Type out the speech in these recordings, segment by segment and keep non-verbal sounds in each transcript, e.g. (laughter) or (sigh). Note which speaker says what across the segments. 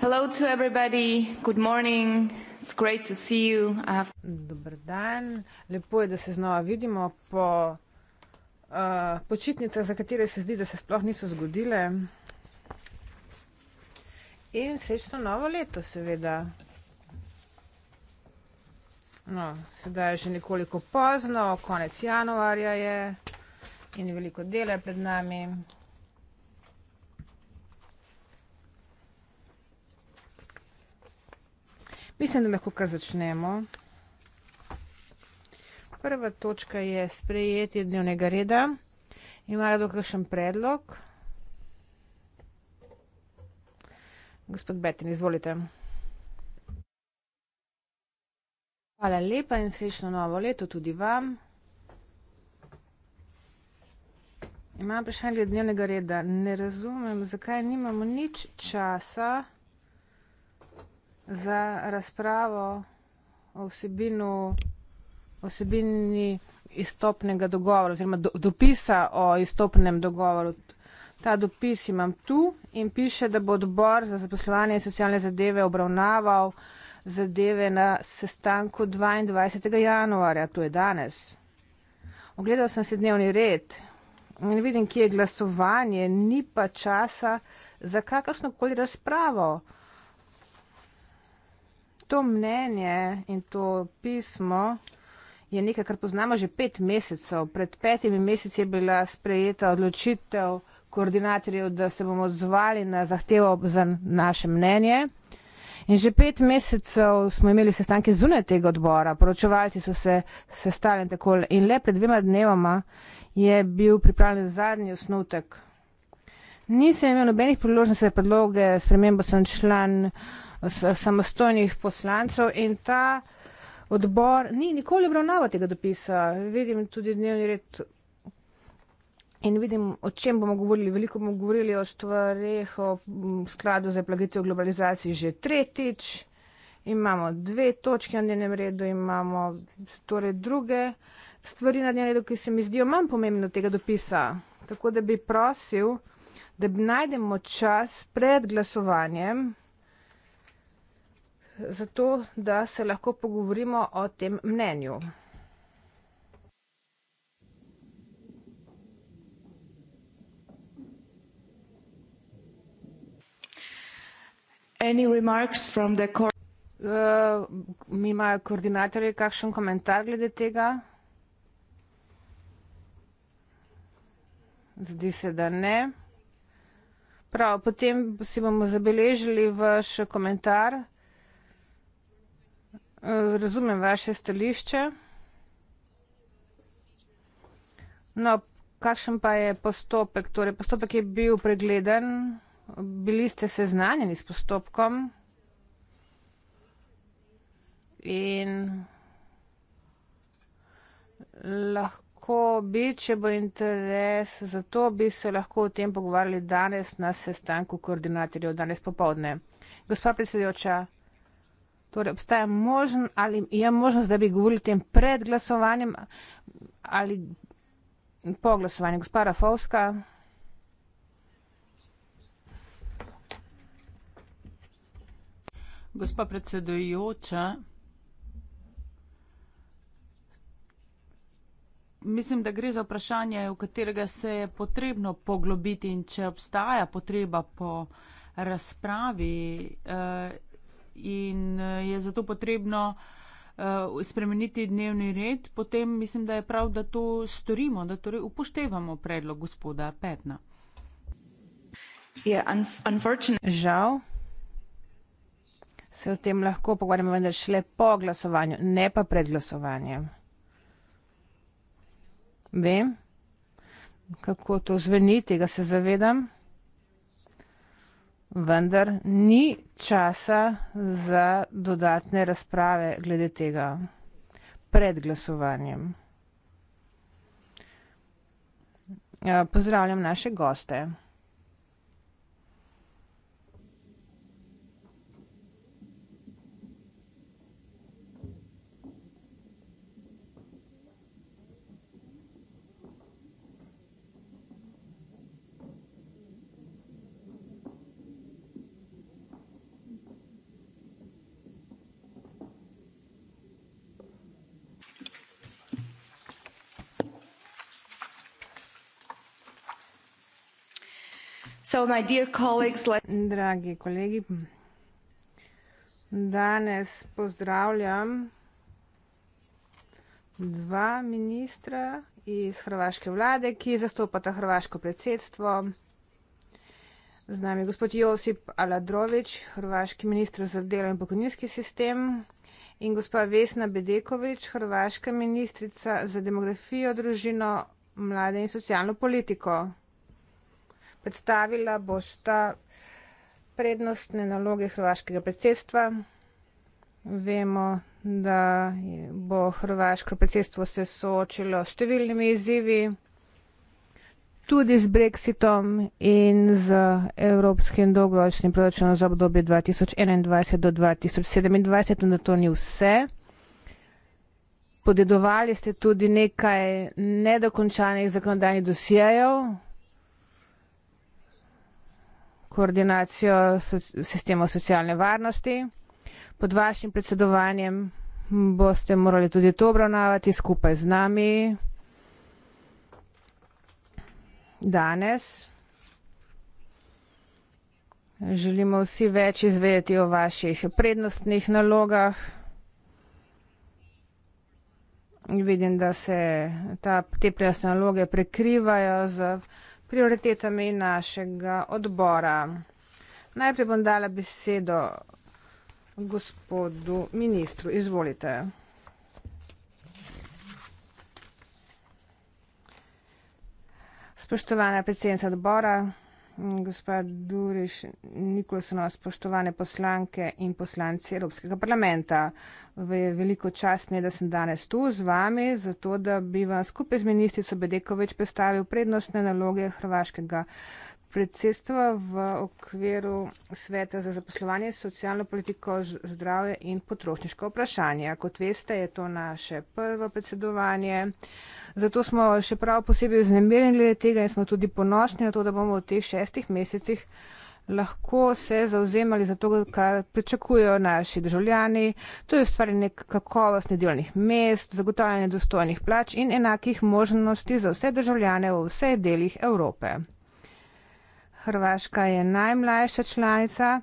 Speaker 1: Hello to everybody, good morning. It's great to see you. Have... Dobr dan, lepo je, da se znova vidimo po uh, počitnicah, za katere se zdi, da se sploh niso zgodile. In srečno novo leto, seveda. No, sedaj je že nekoliko pozno, konec januarja je in veliko dela je pred nami. Mislim, da lahko kar začnemo. Prva točka je sprejetje dnevnega reda. Ima kdo kakšen predlog? Gospod Betin, izvolite. Hvala lepa in srečno novo leto tudi vam. Imam vprašanje dnevnega reda. Ne razumem, zakaj nimamo nič časa za razpravo o vsebinu, vsebini izstopnega dogovora oziroma do, dopisa o izstopnem dogovoru. Ta dopis imam tu in piše, da bo odbor za zaposlovanje in socialne zadeve obravnaval zadeve na sestanku 22. januarja, to je danes. Ogledal sem se dnevni red in vidim, kje je glasovanje, ni pa časa za kakršnokoli razpravo to mnenje in to pismo je nekaj, kar poznamo že pet mesecev. Pred petimi meseci je bila sprejeta odločitev koordinatorjev, da se bomo odzvali na zahtevo za naše mnenje. In že pet mesecev smo imeli sestanke zunaj tega odbora, poročevalci so se sestali in tako. In le pred dvema dnevoma je bil pripravljen zadnji osnutek. Nisem imel nobenih priložnosti za predloge, spremembo sem član. Uh, samostojnih poslancev in ta odbor ni nikoli obravnaval tega dopisa. Vidim tudi dnevni red in vidim, o čem bomo govorili. Veliko bomo govorili o stvareh, o skladu za plagitev globalizacije že tretjič. Imamo dve točke na dnevnem redu, imamo torej druge stvari na dnevnem redu, ki se mi zdijo manj pomembne od tega dopisa. Tako da bi prosil, da bi najdemo čas pred glasovanjem, zato, da se lahko pogovorimo o tem mnenju. Uh, mi imajo koordinatorje kakšen komentar glede tega? Zdi se, da ne. Prav, potem si bomo zabeležili vaš komentar. Razumem vaše stališče. No, kakšen pa je postopek? Torej, postopek je bil pregleden, bili ste seznanjeni s postopkom in lahko bi, če bo interes za to, bi se lahko o tem pogovarjali danes na sestanku koordinatorjev, danes popovdne. Gospa predsedujoča, Torej, obstaja možen ali je možnost, da bi govorili o tem pred glasovanjem ali po glasovanju. Gospa Rafovska. Gospa predsedujoča,
Speaker 2: mislim, da gre za vprašanje, v katerega se je potrebno poglobiti in če obstaja potreba po razpravi. Eh, in eh, je zato potrebno eh, spremeniti dnevni red, potem mislim, da je prav, da to storimo, da torej upoštevamo predlog gospoda Petna.
Speaker 1: Žal se o tem lahko pogovarjamo vendar šele po glasovanju, ne pa pred glasovanjem. Vem, kako to zveni, tega se zavedam vendar ni časa za dodatne razprave glede tega pred glasovanjem. Ja, pozdravljam naše goste. So, my dear colleagues, let... Dragi kolegi, danes pozdravljam dva ministra iz Hrvaške vlade, ki zastopata Hrvaško predsedstvo. Z nami je gospod Josip Aladrovič, Hrvaški ministr za delo in pokojninski sistem in gospa Vesna Bedeković, Hrvaška ministrica za demografijo, družino, mlade in socialno politiko predstavila bošta prednostne naloge hrvaškega predsedstva. Vemo, da bo hrvaško predsedstvo se soočilo s številnimi izzivi, tudi s brexitom in z evropskim dolgoročnim proračunom za obdobje 2021 do 2027, in da to ni vse. Podedovali ste tudi nekaj nedokončanih zakonodajnih dosijev, koordinacijo sistema socialne varnosti. Pod vašim predsedovanjem boste morali tudi to obravnavati skupaj z nami danes. Želimo vsi več izvedeti o vaših prednostnih nalogah. Vidim, da se ta, te prednostne naloge prekrivajo z prioritetami našega odbora. Najprej bom dala besedo gospodu ministru. Izvolite. Spoštovana predsednica odbora, Gospa Duriš, nikoli so nas spoštovane poslanke in poslanci Evropskega parlamenta. Je veliko čas mi je, da sem danes tu z vami, zato da bi vam skupaj z ministrico Bedekovič predstavil prednostne naloge Hrvaškega parlamenta predsedstva v okviru sveta za zaposlovanje, socialno politiko, zdravje in potrošniško vprašanje. Kot veste, je to naše prvo predsedovanje, zato smo še prav posebej vznemirjeni glede tega in smo tudi ponosni na to, da bomo v teh šestih mesecih lahko se zauzemali za to, kar pričakujejo naši državljani. To je ustvarjanje kakovostnih delovnih mest, zagotavljanje dostojnih plač in enakih možnosti za vse državljane v vseh delih Evrope. Hrvaška je najmlajša članica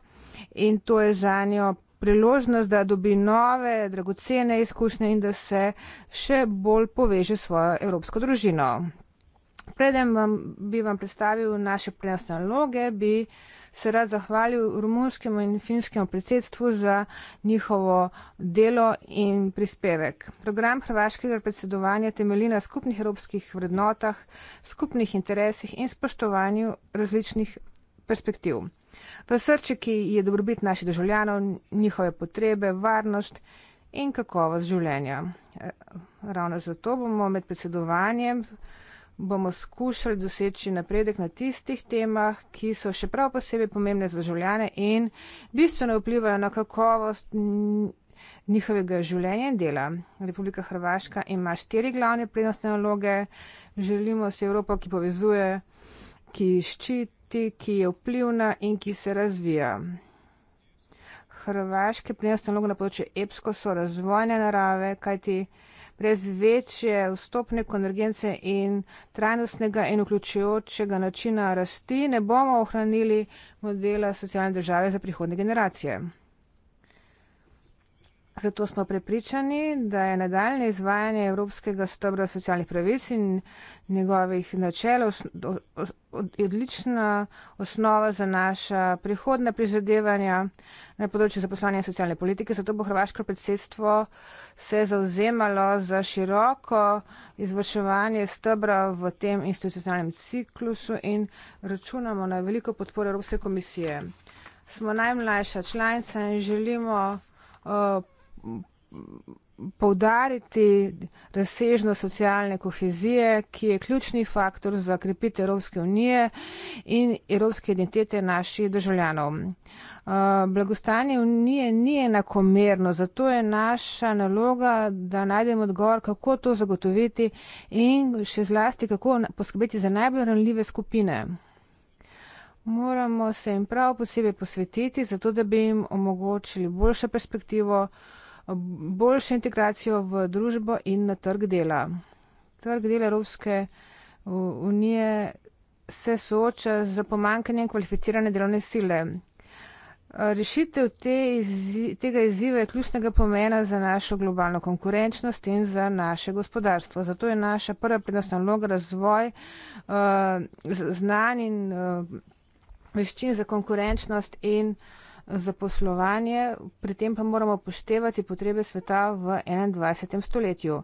Speaker 1: in to je za njo priložnost, da dobi nove, dragocene izkušnje in da se še bolj poveže svojo evropsko družino. Preden vam, bi vam predstavil naše prenosne naloge, bi uh, se rad zahvalil rumunskemu in finskemu predsedstvu za njihovo delo in prispevek. Program hrvaškega predsedovanja temelji na skupnih evropskih vrednotah, skupnih interesih in spoštovanju različnih perspektiv. V srče, ki je dobrobit naših državljanov, njihove potrebe, varnost in kakovost življenja. Ravno zato bomo med predsedovanjem bomo skušali doseči napredek na tistih temah, ki so še prav posebej pomembne za življane in bistveno vplivajo na kakovost njihovega življenja in dela. Republika Hrvaška ima štiri glavne prednostne naloge. Želimo si Evropo, ki povezuje, ki ščiti, ki je vplivna in ki se razvija. Hrvaške prednostne naloge na področju EPSKO so razvojne narave, kajti brez večje vstopne konvergence in trajnostnega in vključujočega načina rasti ne bomo ohranili modela socialne države za prihodne generacije. Zato smo prepričani, da je nadaljne izvajanje Evropskega stebra socialnih pravic in njegovih načelov odlična osnova za naša prihodna prizadevanja na področju zaposlovanja in socialne politike. Zato bo Hrvaško predsedstvo se zauzemalo za široko izvrševanje stebra v tem institucionalnem ciklusu in računamo na veliko podporo Evropske komisije. Smo najmlajša članica in želimo uh, Poudariti razsežnost socialne kohezije, ki je ključni faktor za krepitev Evropske unije in evropske identitete naših državljanov. Uh, blagostanje unije ni enakomerno, zato je naša naloga, da najdemo odgovor, kako to zagotoviti in še zlasti, kako poskrbeti za najbolj ranljive skupine. Moramo se jim prav posebej posvetiti, zato da bi jim omogočili boljšo perspektivo boljšo integracijo v družbo in na trg dela. Trg dela Evropske unije se sooča z pomankanjem kvalificirane delovne sile. Rešitev te izzi, tega izziva je ključnega pomena za našo globalno konkurenčnost in za naše gospodarstvo. Zato je naša prva prednostna vloga razvoj uh, znanj in uh, veščin za konkurenčnost in uh, zaposlovanje, pri tem pa moramo poštevati potrebe sveta v 21. stoletju.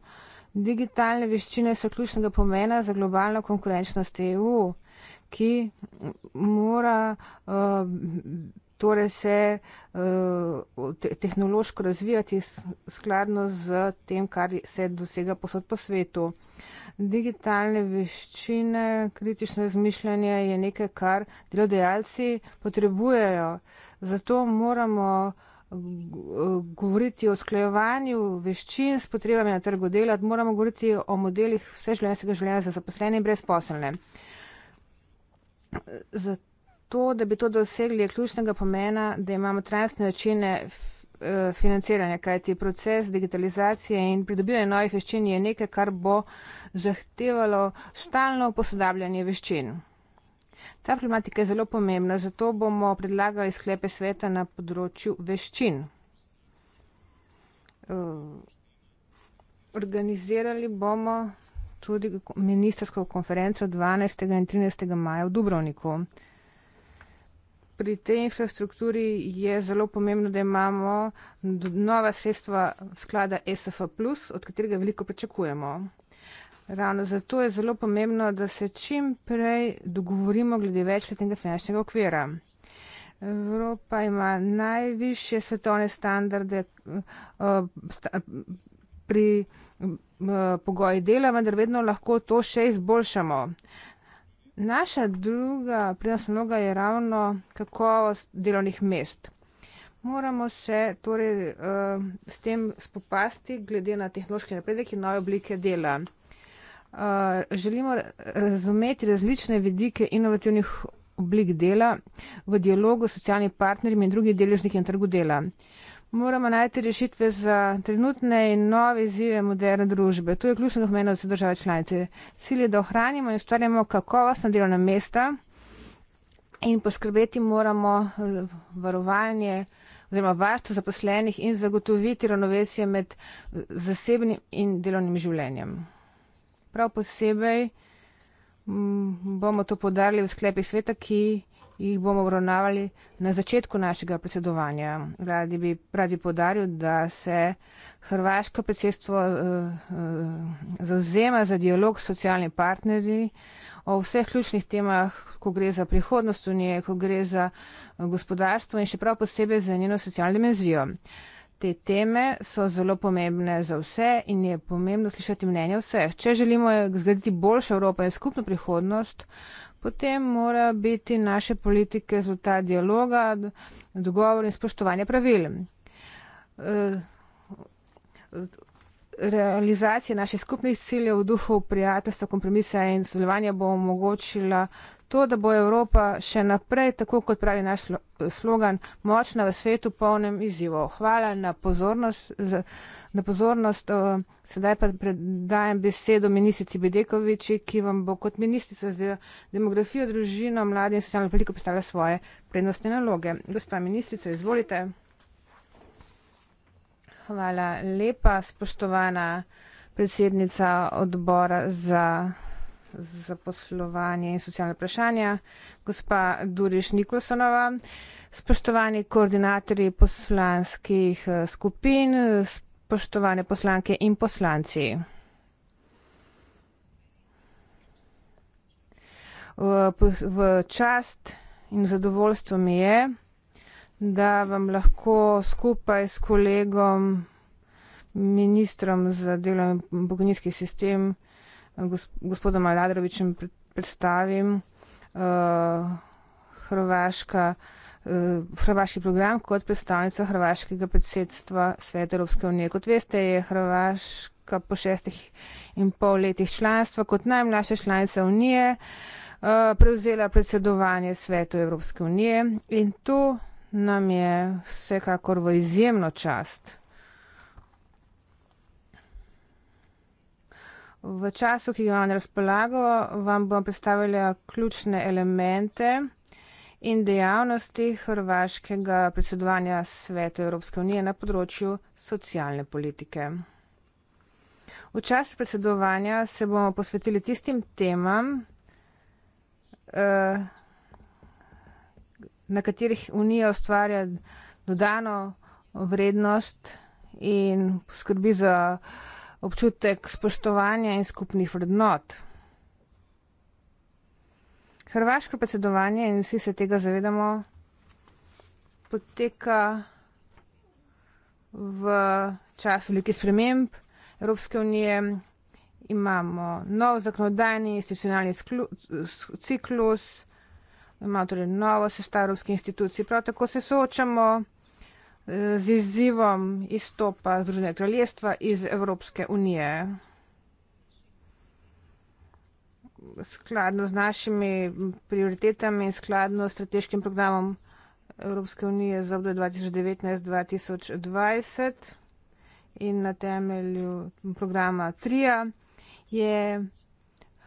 Speaker 1: Digitalne veščine so ključnega pomena za globalno konkurenčnost EU, ki mora uh, torej se uh, tehnološko razvijati skladno z tem, kar se dosega posod po svetu. Uh, digitalne veščine, kritično razmišljanje je nekaj, kar delodajalci potrebujejo. Zato moramo govoriti o sklejevanju veščin s potrebami na trgu dela, moramo govoriti o modelih vseživljenjskega življenja za zaposlene in brezposelne. Zato, da bi to dosegli, je ključnega pomena, da imamo trajnostne načine Eh, financiranja, kaj ti proces digitalizacije in pridobivanje novih veščin je nekaj, kar bo zahtevalo stalno posodabljanje veščin. Ta problematika je zelo pomembna, zato bomo predlagali sklepe sveta na področju veščin. Eh, organizirali bomo tudi ministersko konferenco 12. in 13. maja v Dubrovniku pri tej infrastrukturi je zelo pomembno, da imamo nova sredstva sklada SF, od katerega veliko pričakujemo. Ravno zato je zelo pomembno, da se čim prej dogovorimo glede večletnega finančnega okvira. Evropa ima najvišje svetovne standarde eh, eh, pri eh, pogoji dela, vendar vedno lahko to še izboljšamo. Naša druga prednost naloga je ravno kakovost delovnih mest. Moramo se torej eh, s tem spopasti glede na tehnološki napredek in nove oblike dela. Eh, želimo razumeti različne vidike inovativnih oblik dela v dialogu s socialnimi partnerji in drugimi deležniki na trgu dela moramo najti rešitve za trenutne in nove izzive moderne družbe. To je ključno pomen za vse države članice. Cilj je, da ohranimo in ustvarjamo kakovostna delovna mesta in poskrbeti moramo eh, varovanje oziroma varstvo zaposlenih in zagotoviti ravnovesje med eh, zasebnim in delovnim življenjem. Prav posebej mm, bomo to podarili v sklepih sveta, ki jih bomo obravnavali na začetku našega predsedovanja. Radi bi radi podaril, da se Hrvaško predsedstvo eh, eh, zauzema za dialog s socialnimi partnerji o vseh ključnih temah, ko gre za prihodnost unije, ko gre za eh, gospodarstvo in še prav posebej za njeno socialno dimenzijo. Te teme so zelo pomembne za vse in je pomembno slišati mnenje vseh. Če želimo zgraditi boljšo Evropo in skupno prihodnost, potem mora biti naše politike rezultat dialoga, dogovor in spoštovanja pravil. Eh, realizacija naših skupnih ciljev v duhu prijateljstva, kompromisa in sodelovanja bo omogočila To, da bo Evropa še naprej, tako kot pravi naš slogan, močna v svetu polnem izzivov. Hvala na pozornost. Na pozornost. Sedaj pa predajem besedo ministrici Bedekoviči, ki vam bo kot ministrica za demografijo, družino, mlade in socialno politiko postavila svoje prednostne naloge. Gospa ministrica, izvolite. Hvala lepa, spoštovana predsednica odbora za za poslovanje in socialne vprašanja, gospa Duriš Nikolsonova, spoštovani koordinatorji poslanskih eh, skupin, spoštovane poslanke in poslanci. V, v čast in zadovoljstvo mi je, da vam lahko skupaj s kolegom ministrom za delo in pokojninski sistem gospodom Aladrovičem predstavim uh, Hrvaška, uh, Hrvaški program kot predstavnica Hrvaškega predsedstva Sveta Evropske unije. Kot veste, je Hrvaška po šestih in pol letih članstva kot najmlajša članica unije uh, prevzela predsedovanje Svetu Evropske unije in to nam je vsekakor v izjemno čast. V času, ki ga imam na razpolago, vam bom predstavila ključne elemente in dejavnosti hrvaškega predsedovanja Svetu Evropske unije na področju socialne politike. V času predsedovanja se bomo posvetili tistim temam, eh, na katerih Unija ustvarja dodano vrednost in poskrbi za občutek spoštovanja in skupnih vrednot. Hrvaško predsedovanje, in vsi se tega zavedamo, poteka v času velikih sprememb Evropske unije. Imamo nov zakonodajni institucionalni ciklus, imamo torej novo sestavo Evropske institucije, prav tako se soočamo z izzivom izstopa Združenega kraljestva iz Evropske unije. Skladno z našimi prioritetami in skladno s strateškim programom Evropske unije za obdobje 2019-2020 in na temelju programa TRIA je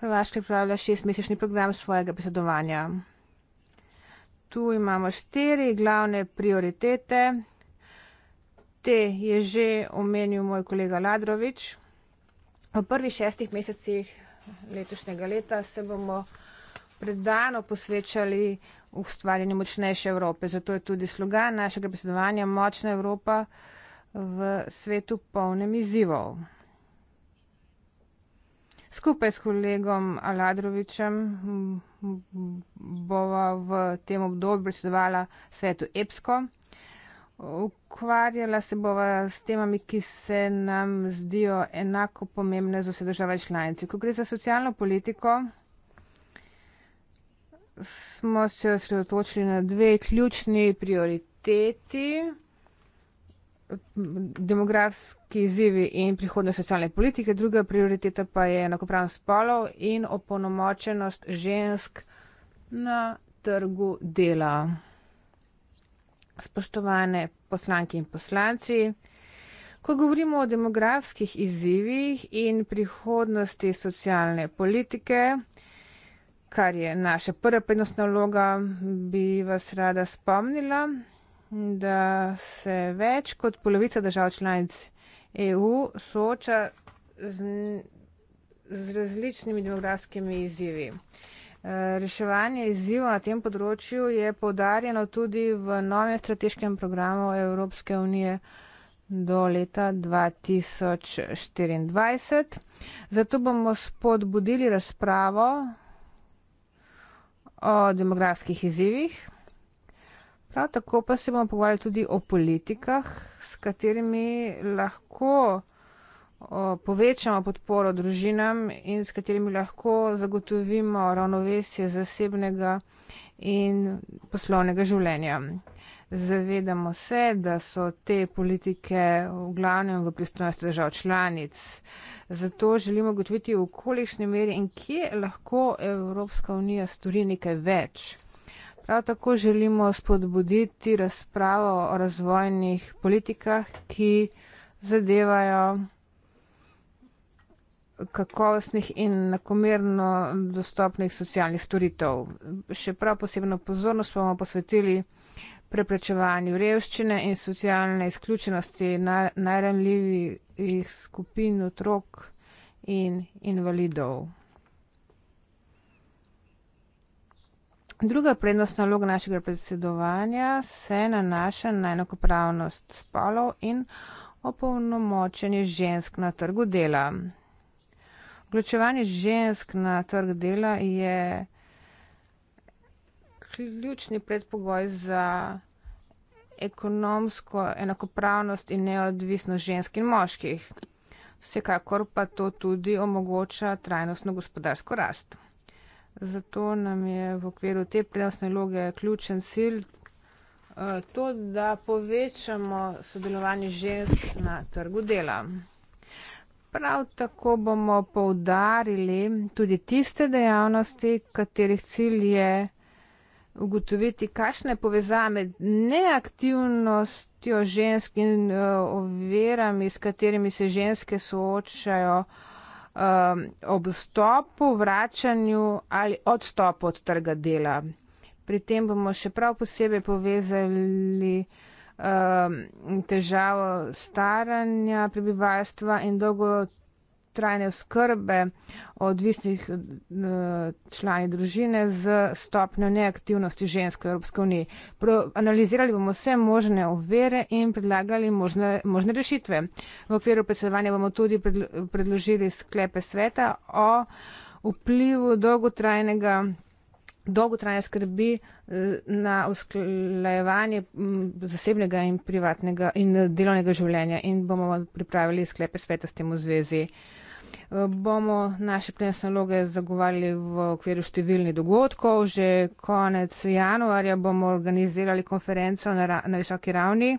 Speaker 1: Hrvaška pripravila šestmesečni program svojega predsedovanja. Tu imamo štiri glavne prioritete, te je že omenil moj kolega Ladrovič. V prvih šestih mesecih letošnjega leta se bomo predano posvečali ustvarjanju močnejše Evrope. Zato je tudi slogan našega predsedovanja Močna Evropa v svetu polnem izzivov. Skupaj s kolegom Aladrovičem bova v tem obdobju predsedovala svetu EPSKO. Ukvarjala se bova s temami, ki se nam zdijo enako pomembne za vse države članice. Ko gre za socialno politiko, smo se osredotočili na dve ključni prioriteti, demografski izzivi in prihodnost socialne politike, druga prioriteta pa je enakopravnost spolov in opolnomočenost žensk na trgu dela spoštovane poslanke in poslanci. Ko govorimo o demografskih izzivih in prihodnosti socialne politike, kar je naša prva prednostna vloga, bi vas rada spomnila, da se več kot polovica držav članic EU sooča z, z različnimi demografskimi izzivi. Reševanje izziva na tem področju je podarjeno tudi v novem strateškem programu Evropske unije do leta 2024. Zato bomo spodbudili razpravo o demografskih izzivih. Prav tako pa se bomo pogovarjali tudi o politikah, s katerimi lahko povečamo podporo družinam in s katerimi lahko zagotovimo ravnovesje zasebnega in poslovnega življenja. Zavedamo se, da so te politike v glavnem v pristojnosti držav članic. Zato želimo gotoviti v kolikšni meri in kje lahko Evropska unija stori nekaj več. Prav tako želimo spodbuditi razpravo o razvojnih politikah, ki zadevajo kakovostnih in nakomerno dostopnih socialnih storitev. Še prav posebno pozornost bomo posvetili preprečevanju revščine in socialne izključenosti najranljivih skupin otrok in invalidov. Druga prednostna naloga našega predsedovanja se nanaša na enakopravnost spolov in opolnomočenje žensk na trgu dela. Vključevanje žensk na trg dela je ključni predpogoj za ekonomsko enakopravnost in neodvisnost žensk in moških. Vsekakor pa to tudi omogoča trajnostno gospodarsko rast. Zato nam je v okviru te prednostne loge ključen cilj eh, to, da povečamo sodelovanje žensk na trgu dela. Prav tako bomo poudarili tudi tiste dejavnosti, katerih cilj je ugotoviti, kakšne povezave med neaktivnostjo žensk in eh, overami, s katerimi se ženske soočajo um, ob vstopu, vračanju ali odstopu od trga dela. Pri tem bomo še prav posebej povezali. Um, težavo staranja prebivalstva in dolgotrajne skrbe odvisnih uh, člani družine z stopnjo neaktivnosti žensk v Evropske unije. Analizirali bomo vse možne ovire in predlagali možne, možne rešitve. V okviru predsedovanja bomo tudi predložili sklepe sveta o vplivu dolgotrajnega dolgotrajne skrbi eh, na usklajevanje mm, zasebnega in privatnega in eh, delovnega življenja in bomo pripravili sklepe sveta s tem v zvezi. Eh, bomo naše prenesne naloge zagovarjali v okviru številnih dogodkov. Že konec januarja bomo organizirali konferenco na, ra na visoki ravni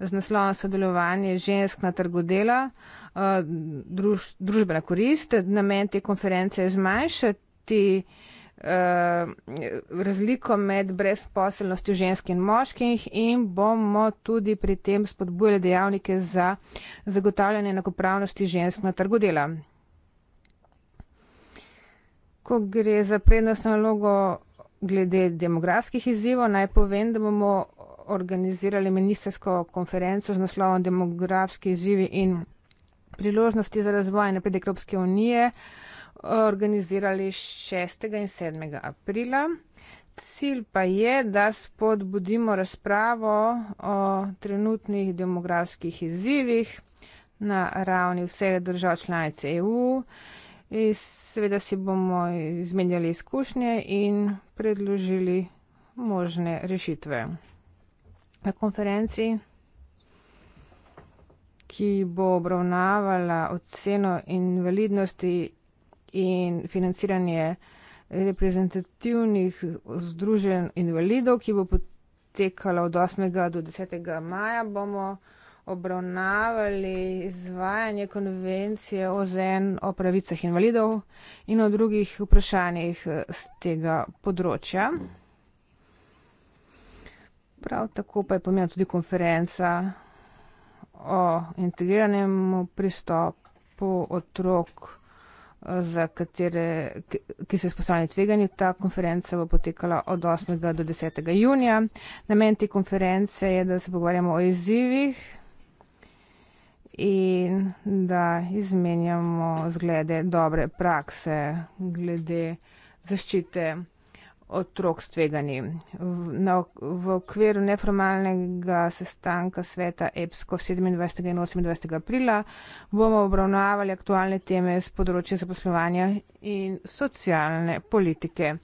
Speaker 1: z naslovom sodelovanje žensk na trgu dela, druž družbena korist. Namen te konference je zmanjšati Eh, razliko med brezposelnostjo žensk in moških in bomo tudi pri tem spodbujali dejavnike za zagotavljanje enakopravnosti žensk na trgu dela. Ko gre za prednostno nalogo glede demografskih izzivov, naj povem, da bomo organizirali ministersko konferenco z naslovom Demografski izzivi in priložnosti za razvoj napredek Evropske unije. Uh, organizirali 6. in 7. aprila. Cilj pa je, da spodbudimo razpravo o trenutnih demografskih izzivih na ravni vseh držav članic EU. In seveda si bomo izmenjali izkušnje in predložili možne rešitve. Na konferenci, ki bo obravnavala oceno invalidnosti in financiranje reprezentativnih združenj invalidov, ki bo potekala od 8. do 10. maja, bomo obravnavali izvajanje konvencije OZN o pravicah invalidov in o drugih vprašanjih z tega področja. Prav tako pa je pomembna tudi konferenca o integriranem pristopu otrok za katere, ki so izpostavljeni tveganju. Ta konferenca bo potekala od 8. do 10. junija. Namen te konference je, da se pogovarjamo o izzivih in da izmenjamo zglede dobre prakse glede zaščite otrok s tveganji. V okviru neformalnega sestanka sveta EPSCO 27. in 28. aprila bomo obravnavali aktualne teme z področja zaposlovanja in socialne politike.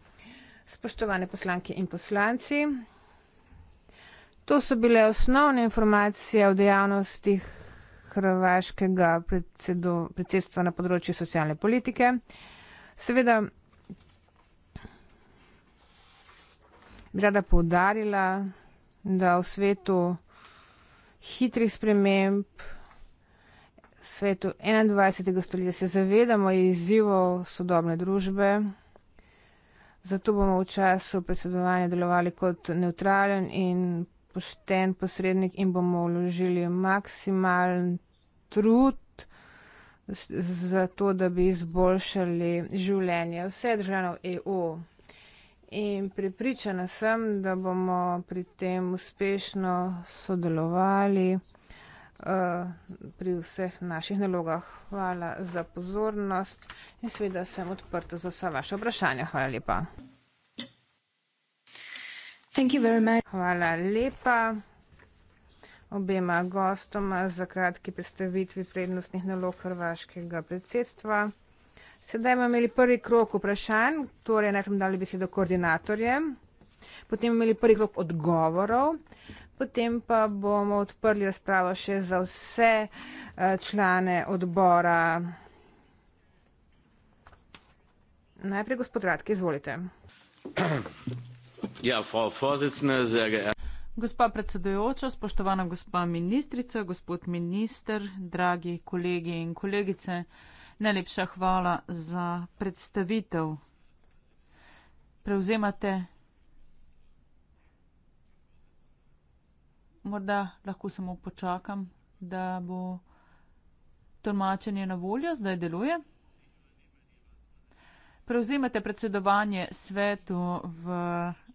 Speaker 1: Spoštovane poslanke in poslanci, to so bile osnovne informacije o dejavnostih hrvaškega predsedstva na področju socialne politike. Seveda, bi rada povdarila, da v svetu hitrih sprememb, svetu 21. stoletja se zavedamo izzivov sodobne družbe. Zato bomo v času predsedovanja delovali kot neutralen in pošten posrednik in bomo vložili maksimalen trud za to, da bi izboljšali življenje vseh državljanov EU in pripričana sem, da bomo pri tem uspešno sodelovali uh, pri vseh naših nalogah. Hvala za pozornost in seveda sem odprta za vsa vaše vprašanja. Hvala lepa. Hvala lepa obema gostoma za kratki predstavitvi prednostnih nalog hrvaškega predsedstva. Sedaj bomo imeli prvi krok vprašanj, torej najprej bomo dali besedo koordinatorjem, potem bomo imeli prvi krok odgovorov, potem pa bomo odprli razpravo še za vse eh, člane odbora. Najprej gospod Radke, izvolite.
Speaker 3: Ja, frau Vorsitzende, sehr geehrte.
Speaker 1: Gospa
Speaker 2: predsedujoča, spoštovana gospa ministrica, gospod minister, dragi kolegi in kolegice. Najlepša hvala za predstavitev. Prevzemate. Morda lahko samo počakam, da bo tolmačenje na voljo, zdaj deluje. Prevzemate predsedovanje svetu v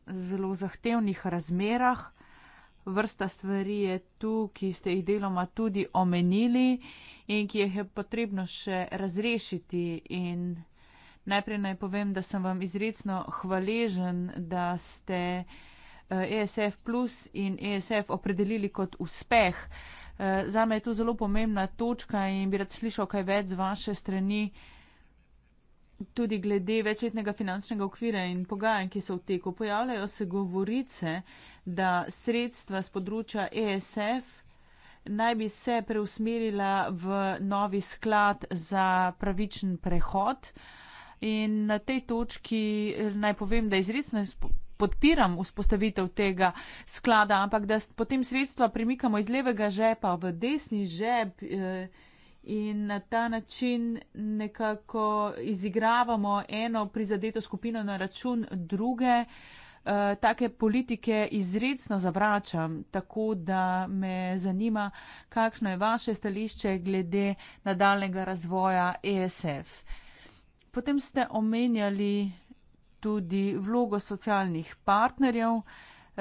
Speaker 2: zelo zahtevnih razmerah vrsta stvari je tu, ki ste jih deloma tudi omenili in ki jih je potrebno še razrešiti. In najprej naj povem, da sem vam izredno hvaležen, da ste ESF eh, e Plus in ESF opredelili kot uspeh. Eh, zame je to zelo pomembna točka in bi rad slišal kaj več z vaše strani tudi glede večletnega finančnega okvira in pogajanj, ki so v teku, pojavljajo se govorice, da sredstva z področja ESF naj bi se preusmerila v novi sklad za pravičen prehod. In na tej točki eh, naj povem, da izredno podpiram vzpostavitev tega sklada, ampak da potem sredstva premikamo iz levega žepa v desni žep. Eh, in na ta način nekako izigravamo eno prizadeto skupino na račun druge. Eh, take politike izredno zavračam, tako da me zanima, kakšno je vaše stališče glede nadaljnega razvoja ESF. Potem ste omenjali tudi vlogo socialnih partnerjev.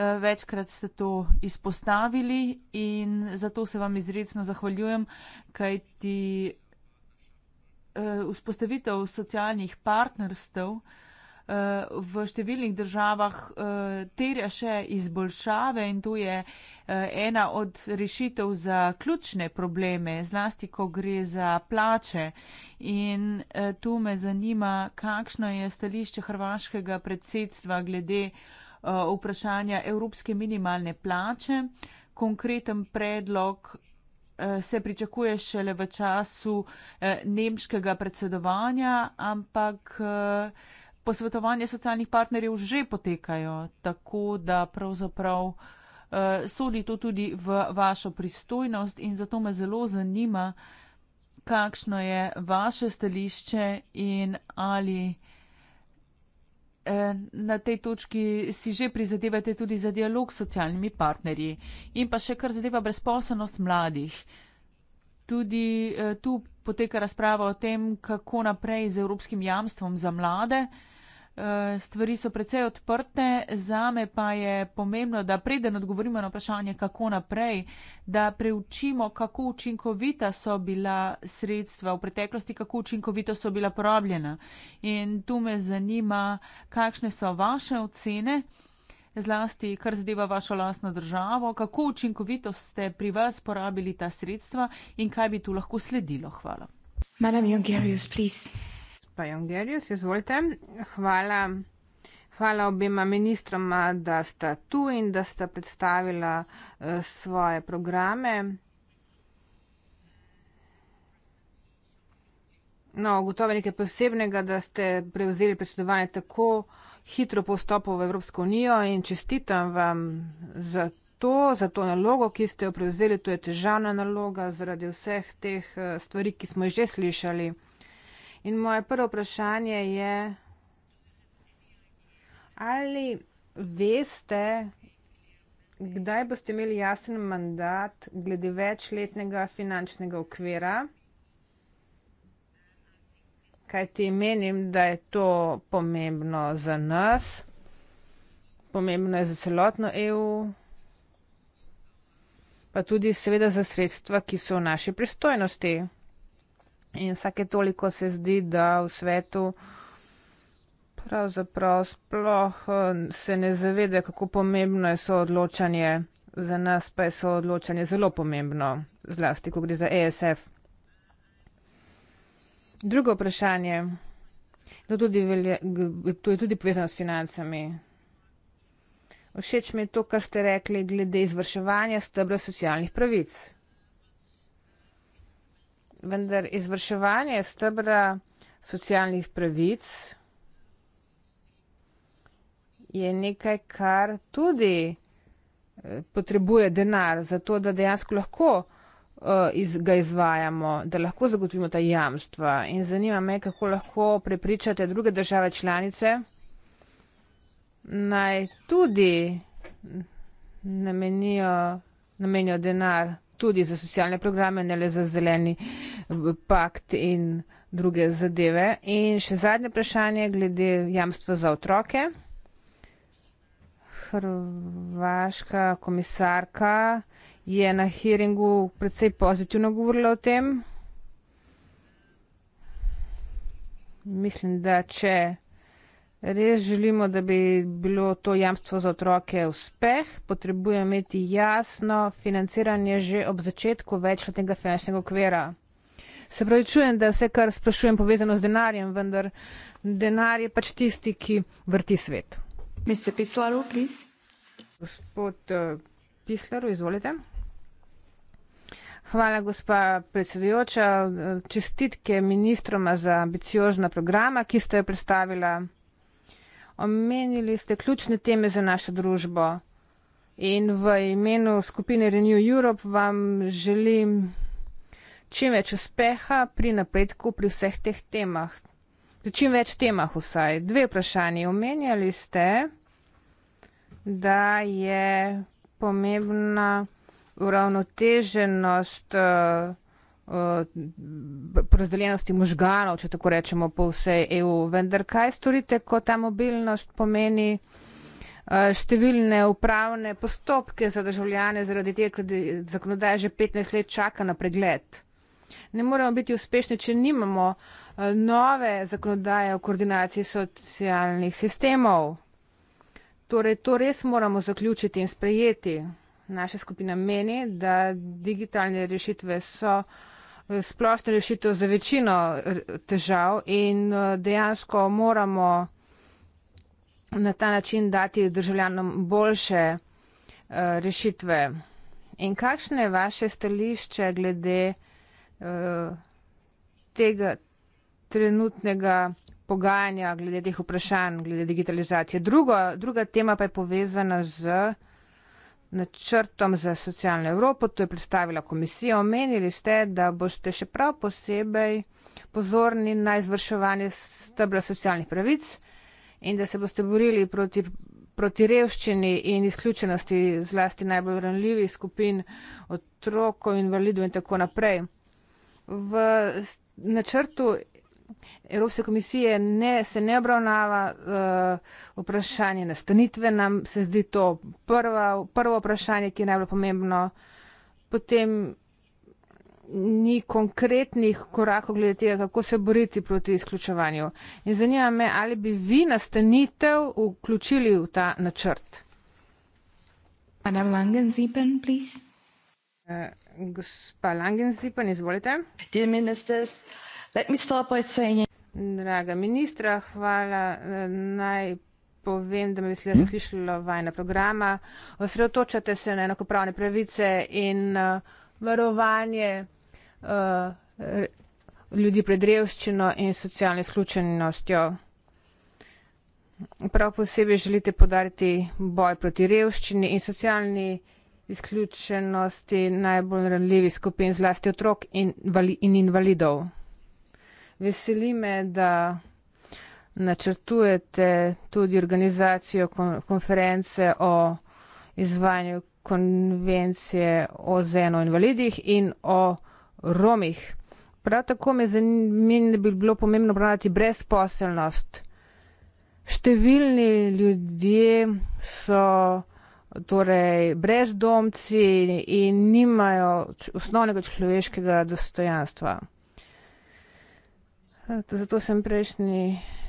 Speaker 2: Eh, večkrat ste to izpostavili in zato se vam izredno zahvaljujem, kajti eh, vzpostavitev socialnih partnerstv eh, v številnih državah terja še izboljšave in to je ena od rešitev za ključne probleme, zlasti ko gre za plače. In tu me zanima, kakšno je stališče hrvaškega predsedstva glede uh, Eh, vprašanja evropske minimalne plače. Konkreten predlog eh, se pričakuje šele v času eh, nemškega predsedovanja, ampak posvetovanje socialnih partnerjev že potekajo, tako da pravzaprav sodi to tudi v vašo pristojnost in zato me zelo zanima, kakšno je vaše stališče in ali Eh, na tej točki si že prizadevate tudi za dialog s socialnimi partnerji in pa še kar zadeva brezposobnost mladih. Tudi eh, tu poteka razprava o tem, kako naprej z evropskim jamstvom za mlade. Uh, Eh, stvari so precej odprte, zame pa je pomembno, da preden odgovorimo na vprašanje, kako naprej, da preučimo, kako učinkovita so bila sredstva v preteklosti, kako učinkovito so bila porabljena. In tu me zanima, kakšne so vaše ocene, zlasti kar zadeva vašo lastno državo, kako učinkovito ste pri vas porabili ta sredstva in kaj bi tu lahko sledilo. Hvala.
Speaker 1: Madam Jungerius, prosim pa Jongerius, izvolite. Hvala. Hvala obima ministroma, da sta tu in da sta predstavila eh, svoje programe. No, gotovo nekaj posebnega, da ste prevzeli predsedovanje tako hitro po vstopu v Evropsko unijo in čestitam vam za to, za to nalogo, ki ste jo prevzeli. To je težavna naloga zaradi vseh teh eh, stvari, ki smo jih že slišali. In moje prvo vprašanje je, ali veste, kdaj boste imeli jasen mandat glede večletnega finančnega okvira? Kaj ti menim, da je to pomembno za nas, pomembno je za celotno EU, pa tudi seveda za sredstva, ki so v naši pristojnosti. In vsake toliko se zdi, da v svetu pravzaprav sploh eh, se ne zaveda, kako pomembno je soodločanje. Za nas pa je soodločanje zelo pomembno, zlasti, ko gre za ESF. Drugo vprašanje, to, tudi velja, to je tudi povezano s financami. Všeč mi je to, kar ste rekli glede izvrševanja stebra socialnih pravic vendar izvrševanje stebra socialnih pravic je nekaj, kar tudi eh, potrebuje denar za to, da dejansko lahko eh, iz, ga izvajamo, da lahko zagotovimo ta jamstva. In zanima me, kako lahko prepričate druge države članice, naj tudi namenijo, namenijo denar tudi za socialne programe, ne le za zeleni eh, pakt in druge zadeve. In še zadnje vprašanje glede jamstva za otroke. Hrvaška komisarka je na hearingu precej pozitivno govorila o tem. Mislim, da če Res želimo, da bi bilo to jamstvo za otroke uspeh, potrebujemo imeti jasno financiranje že ob začetku večletnega finančnega okvira. Se pravi, čujem, da vse, kar sprašujem, povezano z denarjem, vendar denar je pač tisti, ki vrti svet. Mr. Pislaru, please. Gospod eh, Pislaru, izvolite. Hvala, gospa predsedujoča. Čestitke ministroma za ambiciozna programa, ki ste jo predstavila omenili ste ključne teme za našo družbo. In v imenu skupine Renew Europe vam želim čim več uspeha pri napredku pri vseh teh temah. Pri čim več temah vsaj. Dve vprašanje. Omenjali ste, da je pomembna uravnoteženost uh, uh, eh, razdeljenosti možganov, če tako rečemo, po vsej EU. Vendar kaj storite, ko ta mobilnost pomeni uh, številne upravne postopke za državljane, zaradi tega, ker zakonodaja že 15 let čaka na pregled? Ne moremo biti uspešni, če nimamo uh, nove zakonodaje o koordinaciji socialnih sistemov. Torej, to res moramo zaključiti in sprejeti. Naša skupina meni, da digitalne rešitve so uh, splošno rešitev za večino težav in uh, dejansko moramo na ta način dati državljanom boljše uh, rešitve. In kakšno je vaše stališče glede uh, tega trenutnega pogajanja glede teh vprašanj, glede digitalizacije. Drugo, druga tema pa je povezana z načrtom za socialno Evropo, to je predstavila komisija. Omenili ste, da boste še prav posebej pozorni na izvrševanje stebra socialnih pravic in da se boste borili proti, proti revščini in izključenosti zlasti najbolj ranljivih skupin otrokov, invalidov in tako naprej. V načrtu Evropske komisije ne, se ne obravnava uh, vprašanje nastanitve, nam se zdi to prva, prvo vprašanje, ki je najbolj pomembno. Potem ni konkretnih korakov glede tega, kako se boriti proti izključevanju. In zanima me, ali bi vi nastanitev vključili v ta načrt. Madame Langenzipen, please. Uh, gospa Langenzipen, izvolite. Dear ministers, let me start by saying draga ministra, hvala. Eh, naj povem, da me veselja hmm? slišalo vajna programa. Osredotočate se na enakopravne pravice in uh, varovanje uh, ljudi pred revščino in socialno izključenostjo. Prav posebej želite podariti boj proti revščini in socialni izključenosti najbolj ranljivih skupin, zlasti otrok in, in invalidov. Veseli me, da načrtujete tudi organizacijo konference o izvajanju konvencije o ZN o invalidih in o Romih. Prav tako me zanima, da bi bilo pomembno obravnavati brezposelnost. Številni ljudje so torej brezdomci in nimajo osnovnega človeškega dostojanstva. Zato sem prejšnji,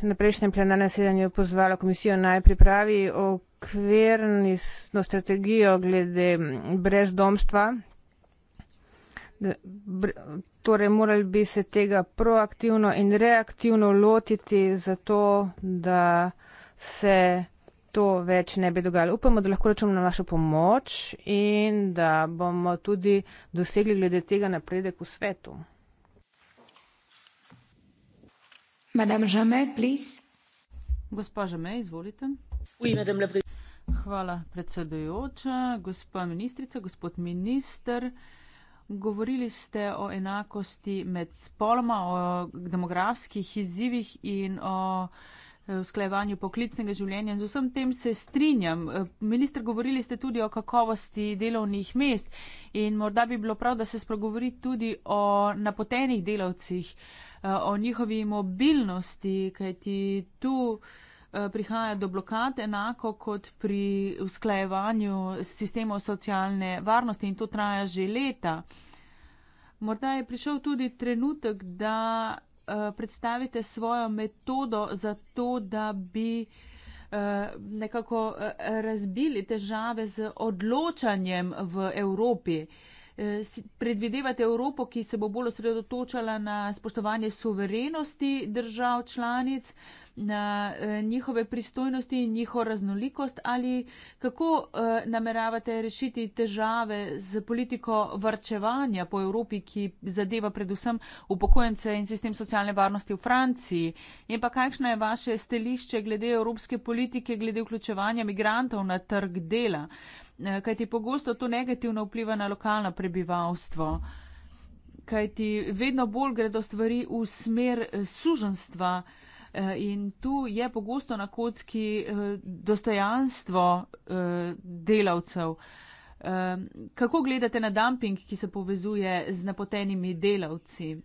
Speaker 1: na prejšnjem plenarnem sedanju pozvala komisijo naj pripravi okvirno strategijo glede brezdomstva. Torej, morali bi se tega proaktivno in reaktivno lotiti, zato da se to več ne bi dogajalo. Upamo, da lahko računamo na vašo pomoč in da bomo tudi dosegli glede tega napredek v svetu.
Speaker 2: Hvala, predsedujoča, gospa ministrica, gospod minister. Govorili ste o enakosti med spoloma, o demografskih izzivih in o eh, usklajevanju poklicnega življenja. Z vsem tem se strinjam. Ministr, govorili ste tudi o kakovosti delovnih mest in morda bi bilo prav, da se spregovori tudi o napotenih delavcih. Eh, o njihovi mobilnosti, kajti tu eh, prihaja do blokad enako kot pri usklajevanju sistemov socialne varnosti in to traja že leta. Morda je prišel tudi trenutek, da eh, predstavite svojo metodo za to, da bi nekako razbili težave z odločanjem v Evropi. Eh, predvidevate Evropo, ki se bo bolj osredotočala na spoštovanje suverenosti držav članic, na eh, njihove pristojnosti in njihovo raznolikost ali kako eh, nameravate rešiti težave z politiko vrčevanja po Evropi, ki zadeva predvsem upokojence in sistem socialne varnosti v Franciji in pa kakšno je vaše stališče glede evropske politike, glede vključevanja migrantov na trg dela. Eh, kajti pogosto to negativno vpliva na lokalno prebivalstvo, kajti vedno bolj gredo stvari v smer eh, suženstva eh, in tu je pogosto na kocki dostojanstvo delavcev. Kako gledate na dumping, ki se povezuje z napotenimi delavci?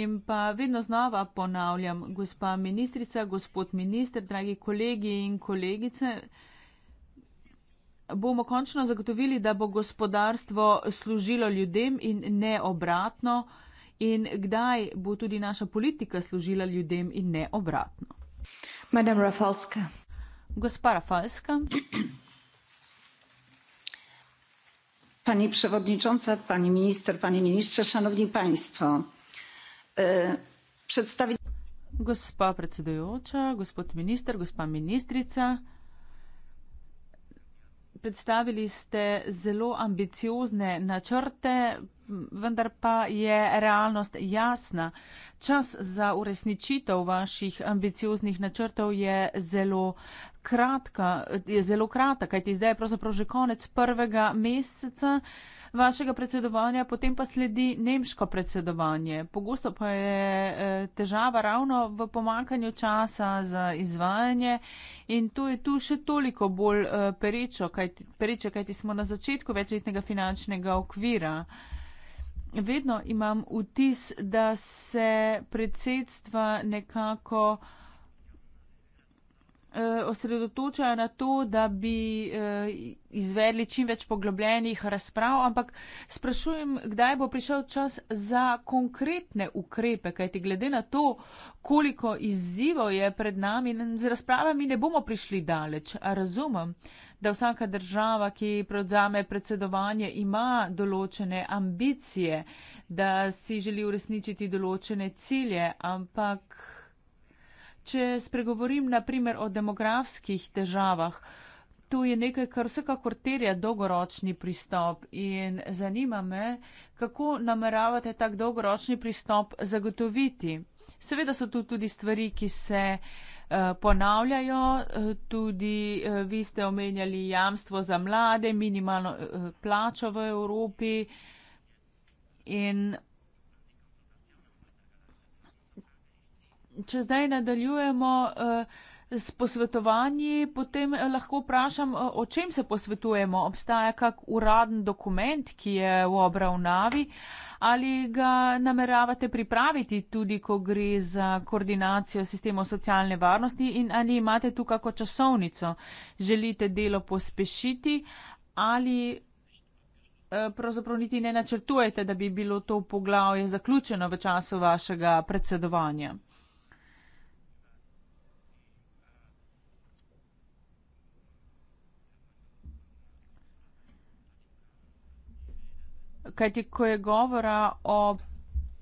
Speaker 2: In pa vedno znova ponavljam, gospa ministrica, gospod minister, dragi kolegi in kolegice, bomo končno zagotovili, da bo gospodarstvo služilo ljudem in ne obratno? In kdaj bo tudi naša politika služila ljudem in ne obratno?
Speaker 1: Madame Rafalska.
Speaker 2: Gospa Rafalska. Pani przewodnicząca, pani minister, pani ministrze, szanowni państwo. E, przedstawi... Gospa predsedujoča, gospod minister, gospa ministrica predstavili ste zelo ambiciozne načrte, vendar pa je realnost jasna. Čas za uresničitev vaših ambicioznih načrtov je zelo kratka, je zelo kratka, kajti zdaj je pravzaprav že konec prvega meseca vašega predsedovanja, potem pa sledi nemško predsedovanje. Pogosto pa je eh, težava ravno v pomankanju časa za izvajanje in to je tu še toliko bolj eh, perečo, kajti, perečo, kajti smo na začetku večletnega finančnega okvira vedno imam vtis, da se predsedstva nekako eh, osredotočajo na to, da bi eh, izvedli čim več poglobljenih razprav, ampak sprašujem, kdaj bo prišel čas za konkretne ukrepe, kajti glede na to, koliko izzivov je pred nami, z razpravami ne bomo prišli daleč, razumem da vsaka država, ki prevzame predsedovanje, ima določene ambicije, da si želi uresničiti določene cilje, ampak če spregovorim naprimer o demografskih težavah, To je nekaj, kar vsekakor terja dolgoročni pristop in zanima me, kako nameravate tak dolgoročni pristop zagotoviti. Seveda so tu tudi stvari, ki se Eh, ponavljajo. Eh, tudi eh, vi ste omenjali jamstvo za mlade, minimalno plačo v Evropi. In če zdaj nadaljujemo, s posvetovanji, potem eh, lahko vprašam, eh, o čem se posvetujemo. Obstaja kak uraden dokument, ki je v obravnavi ali ga nameravate pripraviti tudi, ko gre za koordinacijo sistemov socialne varnosti in ali imate tu kako časovnico. Želite delo pospešiti ali. Eh, pravzaprav niti ne načrtujete, da bi bilo to poglavje zaključeno v času vašega predsedovanja. Kajti, ko je govora o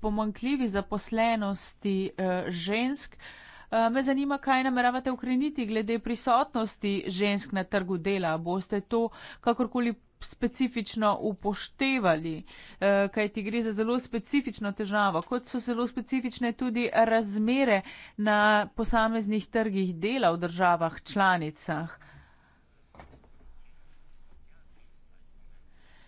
Speaker 2: pomankljivi zaposlenosti eh, žensk, eh, me zanima, kaj nameravate ukreniti glede prisotnosti žensk na trgu dela. Boste to kakorkoli specifično upoštevali, eh, kajti gre za zelo specifično težavo, kot so zelo specifične tudi razmere na posameznih trgih dela v državah članicah.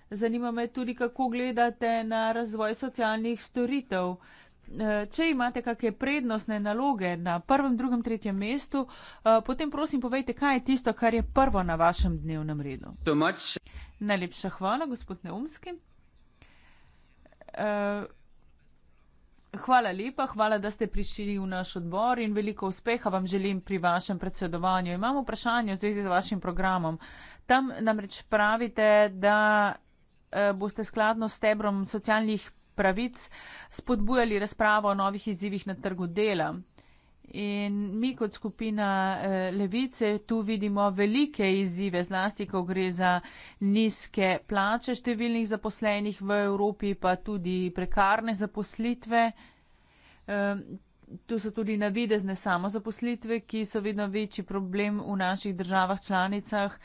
Speaker 2: Zanima me tudi, kako gledate na razvoj socialnih storitev. Eh, če imate kakšne prednostne naloge na prvem, drugem, tretjem mestu, eh, potem prosim povejte, kaj je tisto, kar je prvo na vašem dnevnem redu. Najlepša hvala, gospod Neumski. Eh, hvala lepa, hvala, da ste prišli v naš odbor in veliko uspeha vam želim pri vašem predsedovanju. Imam vprašanje v zvezi z vašim programom. Tam namreč pravite, da Eh, boste skladno s stebrom socialnih pravic spodbujali razpravo o novih izzivih na trgu dela. In mi kot skupina eh, levice tu vidimo velike izzive, zlasti, ko gre za nizke plače številnih zaposlenih v Evropi, pa tudi prekarne zaposlitve. Eh, tu so tudi navidezne samozaposlitve, ki so vedno večji problem v naših državah članicah.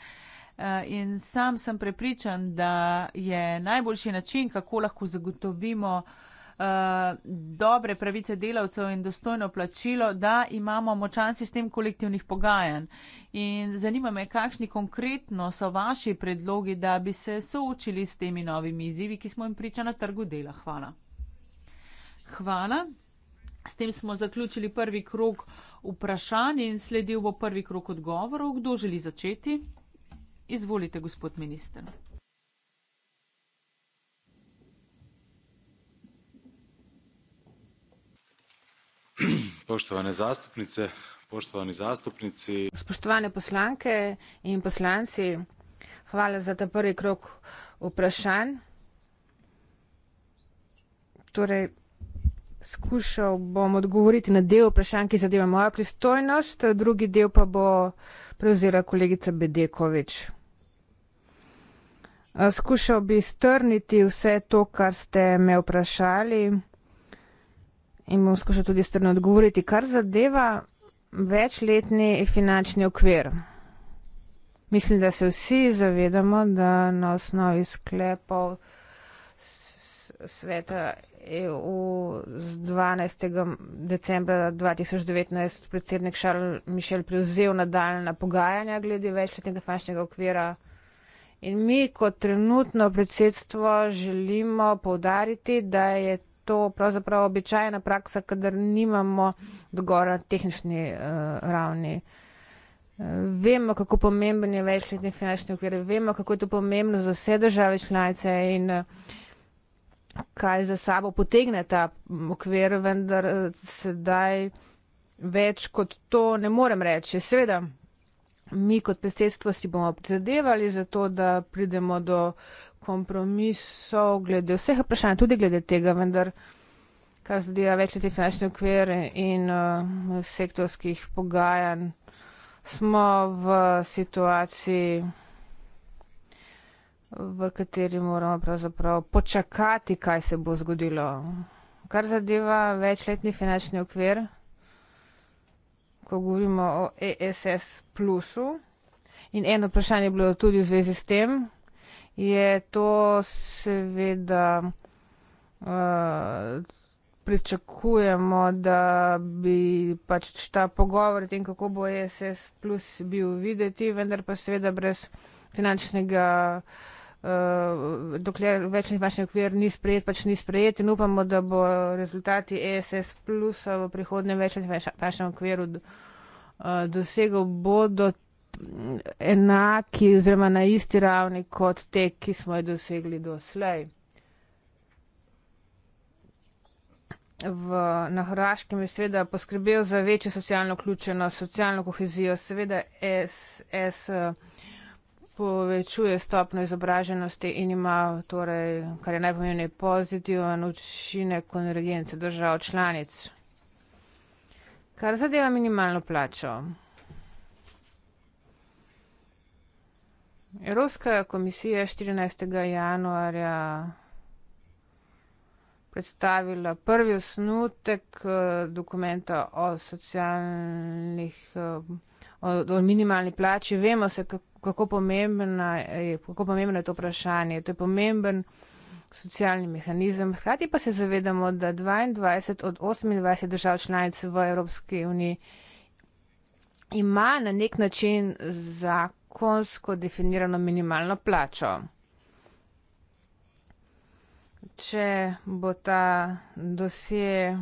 Speaker 2: Eh, in sam sem prepričan, da je najboljši način, kako lahko zagotovimo eh, dobre pravice delavcev in dostojno plačilo, da imamo močan sistem kolektivnih pogajanj. In zanima me, kakšni konkretno so vaši predlogi, da bi se soočili s temi novimi izzivi, ki smo jim priča na trgu dela. Hvala. Hvala. S tem smo zaključili prvi krok vprašanj in sledil bo prvi krok odgovorov. Kdo želi začeti? Izvolite, gospod minister.
Speaker 4: Poštovane zastupnice, poštovani zastupnici.
Speaker 1: Spoštovane poslanke in poslanci, hvala za ta prvi krok vprašanj. Torej, skušal bom odgovoriti na del vprašanj, ki zadeva mojo pristojnost, drugi del pa bo prevzela kolegica Bedekovič. Skušal bi strniti vse to, kar ste me vprašali in bom skušal tudi strno odgovoriti, kar zadeva večletni finančni okvir. Mislim, da se vsi zavedamo, da na osnovi sklepov sveta EU z 12. decembra 2019 predsednik Charles Michel prevzel nadaljna pogajanja glede večletnega finančnega okvira. In mi kot trenutno predsedstvo želimo povdariti, da je to pravzaprav običajna praksa, kadar nimamo dogovora na tehnični uh, ravni. Eh, vemo, kako pomemben je večletni finančni okvir, vemo, kako je to pomembno za vse države članice in uh, kaj za sabo potegne ta okvir, vendar eh, sedaj več kot to ne morem reči. Seveda, mi kot predsedstvo si bomo prizadevali za to, da pridemo do kompromisov glede vseh vprašanj, tudi glede tega, vendar kar zadeva večleti finančni okvir in uh, sektorskih pogajanj, smo v situaciji v kateri moramo pravzaprav počakati, kaj se bo zgodilo. Kar zadeva večletni finančni okvir, ko govorimo o ESS plusu in eno vprašanje je bilo tudi v zvezi s tem, je to seveda uh, pričakujemo, da bi pač ta pogovor o tem, kako bo ESS plus bil videti, vendar pa seveda brez finančnega uh, uh, dokler večni finančni okvir ni sprejet, pač ni sprejet in upamo, da bo rezultati ESS plus v prihodnem večni finančnem okviru eh, dosegel bodo enaki oziroma na isti ravni kot te, ki smo jih dosegli doslej. V, na Hrvaškem je seveda poskrbel za večjo socialno vključenost, socialno kohezijo, seveda SS. E uh, povečuje stopno izobraženosti in ima torej, kar je najpomembnej pozitiven učinek konvergence držav članic. Kar zadeva minimalno plačo. Evropska komisija 14. januarja predstavila prvi osnutek eh, dokumenta o socialnih eh, o, o minimalni plači. Vemo se, kako pomembno, je, kako pomembno je to vprašanje. To je pomemben socialni mehanizem. Hkrati pa se zavedamo, da 22 od 28 držav članic v Evropski uniji ima na nek način zakonsko definirano minimalno plačo. Če bo ta dosje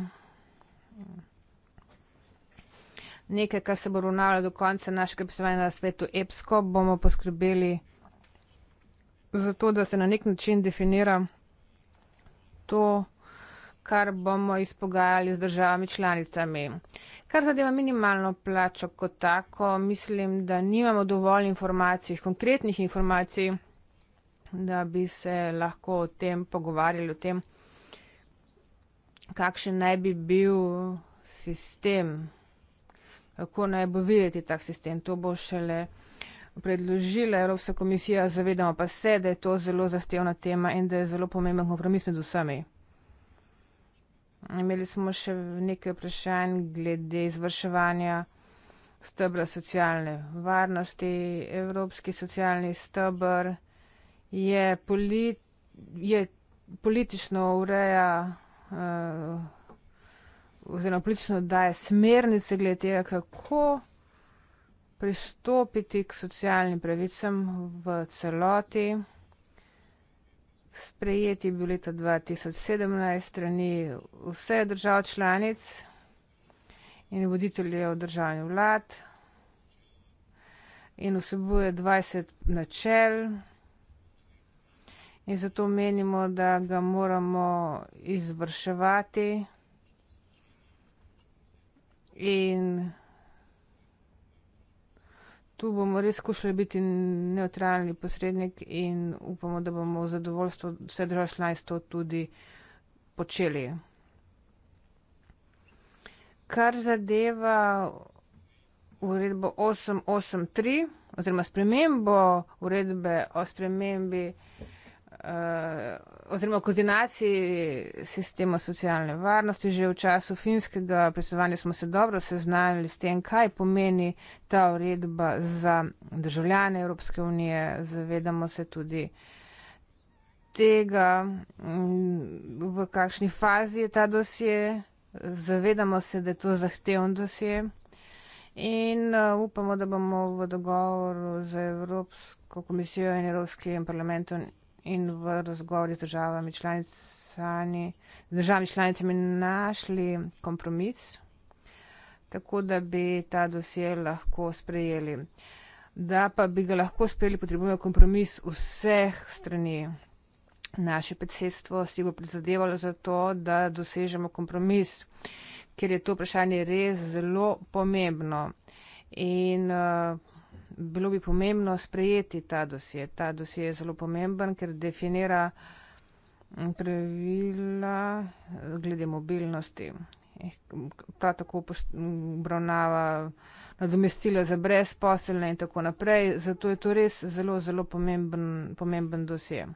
Speaker 1: nekaj, kar se bo ravnalo do konca našega pisovanja na svetu EPSCO, bomo poskrbeli za to, da se na nek način definira to, kar bomo izpogajali z državami članicami. Kar zadeva minimalno plačo kot tako, mislim, da nimamo dovolj informacij, konkretnih informacij, da bi se lahko o tem pogovarjali, o tem, kakšen naj bi bil sistem kako naj bo videti tak sistem. To bo šele predložila Evropska komisija, zavedamo pa se, da je to zelo zahtevna tema in da je zelo pomemben kompromis med vsemi. Imeli smo še nekaj vprašanj glede izvrševanja stebra socialne varnosti. Evropski socialni stebr je, polit, je politično ureja. Uh, oziroma politično daje smernice glede tega, kako pristopiti k socialnim pravicam v celoti. Sprejeti je bil leta 2017 strani vse držav članic in voditeljev državnih vlad in vsebuje 20 načel. In zato menimo, da ga moramo izvrševati. In tu bomo res skušali biti neutralni posrednik in upamo, da bomo v zadovoljstvo vse države članice to tudi počeli. Kar zadeva uredbo 883 oziroma spremembo uredbe o spremembi Eh, oziroma koordinaciji sistema socialne varnosti. Že v času finskega predsedovanja smo se dobro seznanili s tem, kaj pomeni ta uredba za državljane Evropske unije. Zavedamo se tudi tega, mm, v kakšni fazi je ta dosje. Zavedamo se, da je to zahteven dosje. In eh, upamo, da bomo v dogovoru z Evropsko komisijo in Evropskim parlamentom in v razgovorju z državami članicami, državami članicami našli kompromis, tako da bi ta dosje lahko sprejeli. Da pa bi ga lahko sprejeli, potrebujemo kompromis vseh strani. Naše predsedstvo si bo prizadevalo za to, da dosežemo kompromis, ker je to vprašanje res zelo pomembno. In uh, bilo bi pomembno sprejeti ta dosje. Ta dosje je zelo pomemben, ker definira mm, pravila glede mobilnosti. Eh, prav tako obravnava nadomestila za brezposelne in tako naprej. Zato je to res zelo, zelo pomemben, pomemben dosje.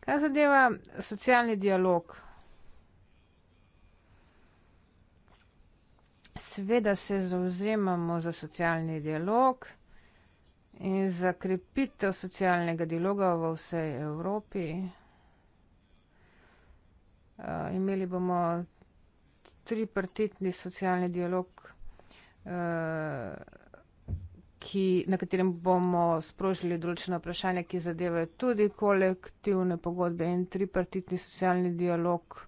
Speaker 1: Kaj zadeva socialni dialog? Sveda se zauzemamo za socialni dialog in za krepitev socialnega dialoga v vsej Evropi. Uh, imeli bomo tripartitni socialni dialog, uh, ki, na katerem bomo sprožili določene vprašanja, ki zadevajo tudi kolektivne pogodbe in tripartitni socialni dialog.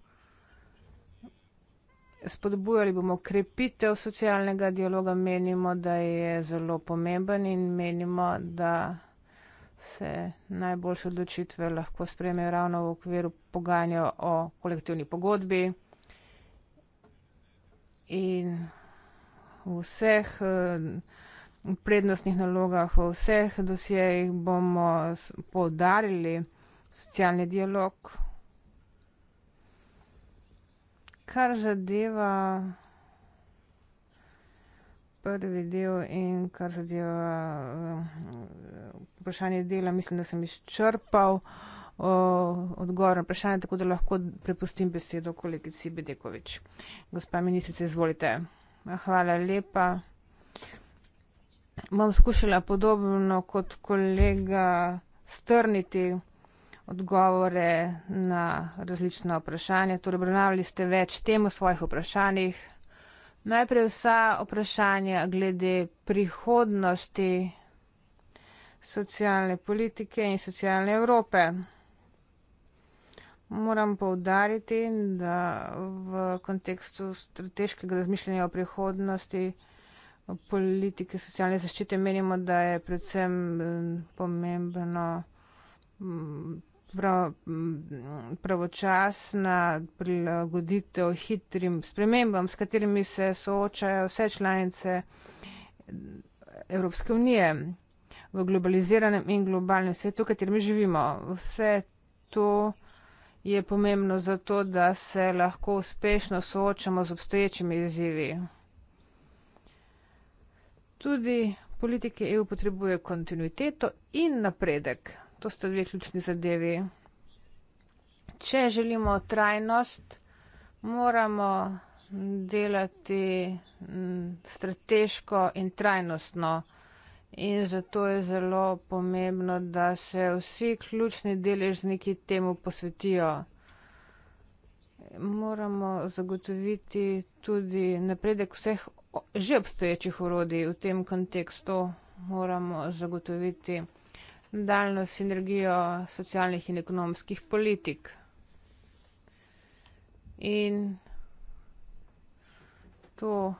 Speaker 1: Spodbujali bomo krepitev socialnega dialoga, menimo, da je zelo pomemben in menimo, da se najboljše odločitve lahko spremejo ravno v okviru pogajanja o kolektivni pogodbi in v vseh eh, prednostnih nalogah, v vseh dosjejih bomo podarili socialni dialog kar zadeva prvi del in kar zadeva uh, vprašanje dela, mislim, da sem izčrpal uh, odgovor na vprašanje, tako da lahko prepustim besedo kolegici Bedekovič. Gospa ministrica, izvolite. Hvala lepa. Bom skušala podobno kot kolega strniti odgovore na različna vprašanja. Torej, obravnavali ste več tem v svojih vprašanjih. Najprej vsa vprašanja glede prihodnosti socialne politike in socialne Evrope. Moram povdariti, da v kontekstu strateškega razmišljanja o prihodnosti politike socialne zaščite menimo, da je predvsem eh, pomembno mm, prav, pravočasna prilagoditev hitrim spremembam, s katerimi se soočajo vse članice Evropske unije v globaliziranem in globalnem svetu, v katerem živimo. Vse to je pomembno zato, da se lahko uspešno soočamo z obstoječimi izzivi. Tudi politike EU potrebuje kontinuiteto in napredek. To sta dve ključni zadevi. Če želimo trajnost, moramo delati strateško in trajnostno. In zato je zelo pomembno, da se vsi ključni deležniki temu posvetijo. Moramo zagotoviti tudi napredek vseh že obstoječih urodij v tem kontekstu. Moramo zagotoviti daljno sinergijo socialnih in ekonomskih politik. In to,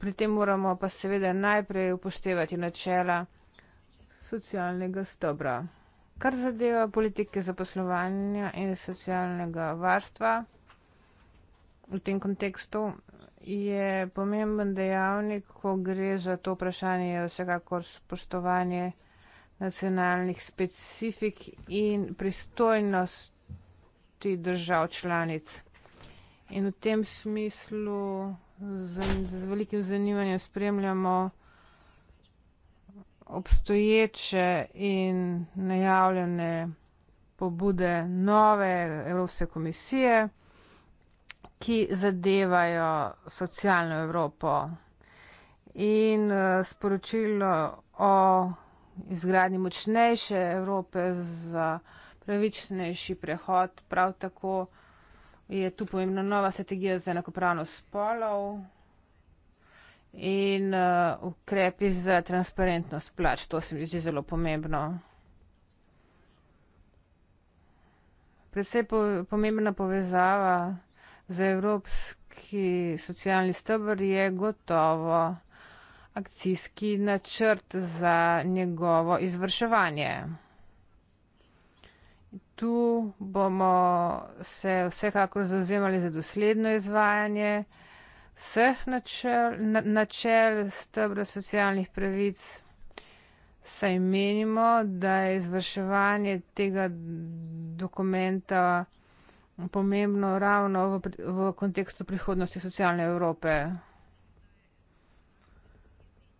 Speaker 1: pri tem moramo pa seveda najprej upoštevati načela socialnega stebra. Kar zadeva politike zaposlovanja in socialnega varstva v tem kontekstu, je pomemben dejavnik, ko gre za to vprašanje, vsekakor spoštovanje nacionalnih specifik in pristojnosti držav članic. In v tem smislu z, z velikim zanimanjem spremljamo obstoječe in najavljene pobude nove Evropske komisije, ki zadevajo socialno Evropo. In uh, sporočilo o izgradnji močnejše Evrope za pravičnejši prehod. Prav tako je tu pomembna nova strategija za enakopravnost spolov in uh, ukrepi za transparentnost plač. To se mi zdi zelo pomembno. Predvsej po, pomembna povezava za evropski socialni stebr je gotovo akcijski načrt za njegovo izvrševanje. Tu bomo se vsekakor zauzemali za dosledno izvajanje vseh načel, na, načel stebra socialnih pravic, saj menimo, da je izvrševanje tega dokumenta pomembno ravno v, v kontekstu prihodnosti socialne Evrope.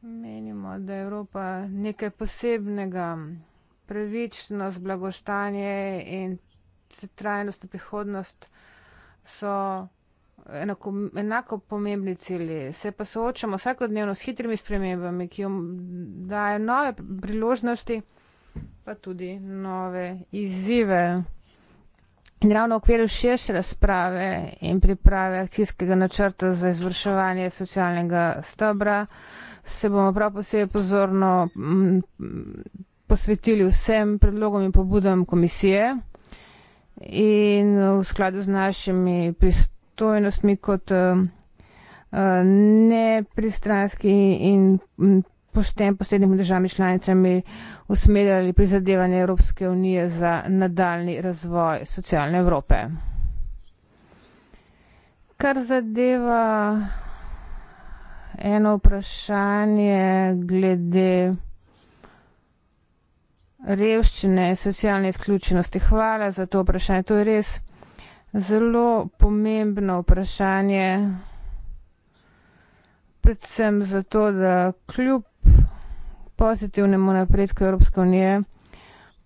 Speaker 1: Menimo, da je Evropa nekaj posebnega, pravičnost, blagostanje in trajnost in prihodnost so enako, enako pomembni cilji. Se pa soočamo vsakodnevno s hitrimi spremembami, ki jim dajo nove priložnosti, pa tudi nove izzive. In ravno v okviru širše razprave in priprave akcijskega načrta za izvrševanje socialnega stabra se bomo prav posebej pozorno mm, posvetili vsem predlogom in pobudam komisije in eh, v skladu z našimi pristojnostmi kot eh, eh, nepristranski in mm, poštem poslednjim državami članicami usmerjali prizadevanje Evropske unije za nadaljni razvoj socialne Evrope. Kar zadeva eno vprašanje glede revščine, socialne izključenosti. Hvala za to vprašanje. To je res zelo pomembno vprašanje. Predvsem zato, da kljub pozitivnemu napredku Evropske unije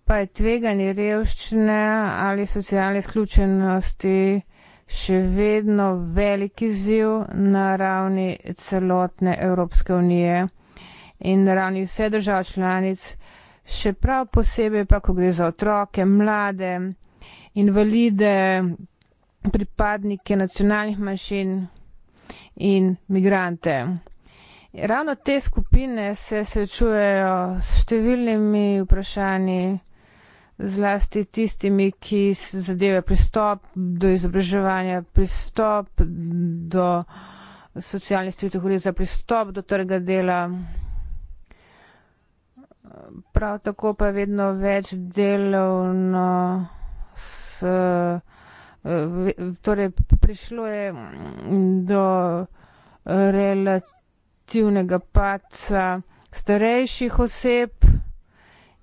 Speaker 1: pa je tveganje revščine ali socialne izključenosti še vedno veliki ziv na ravni celotne Evropske unije in na ravni vse držav članic, še prav posebej pa, ko gre za otroke, mlade, invalide, pripadnike nacionalnih manjšin in migrante. Ravno te skupine se srečujejo s številnimi vprašanji, zlasti tistimi, ki zadeve pristop do izobraževanja, pristop do socialnih stvitev, gre za pristop do trga dela. Prav tako pa je vedno več delovno, s, eh, torej prišlo je do relativnega paca starejših oseb,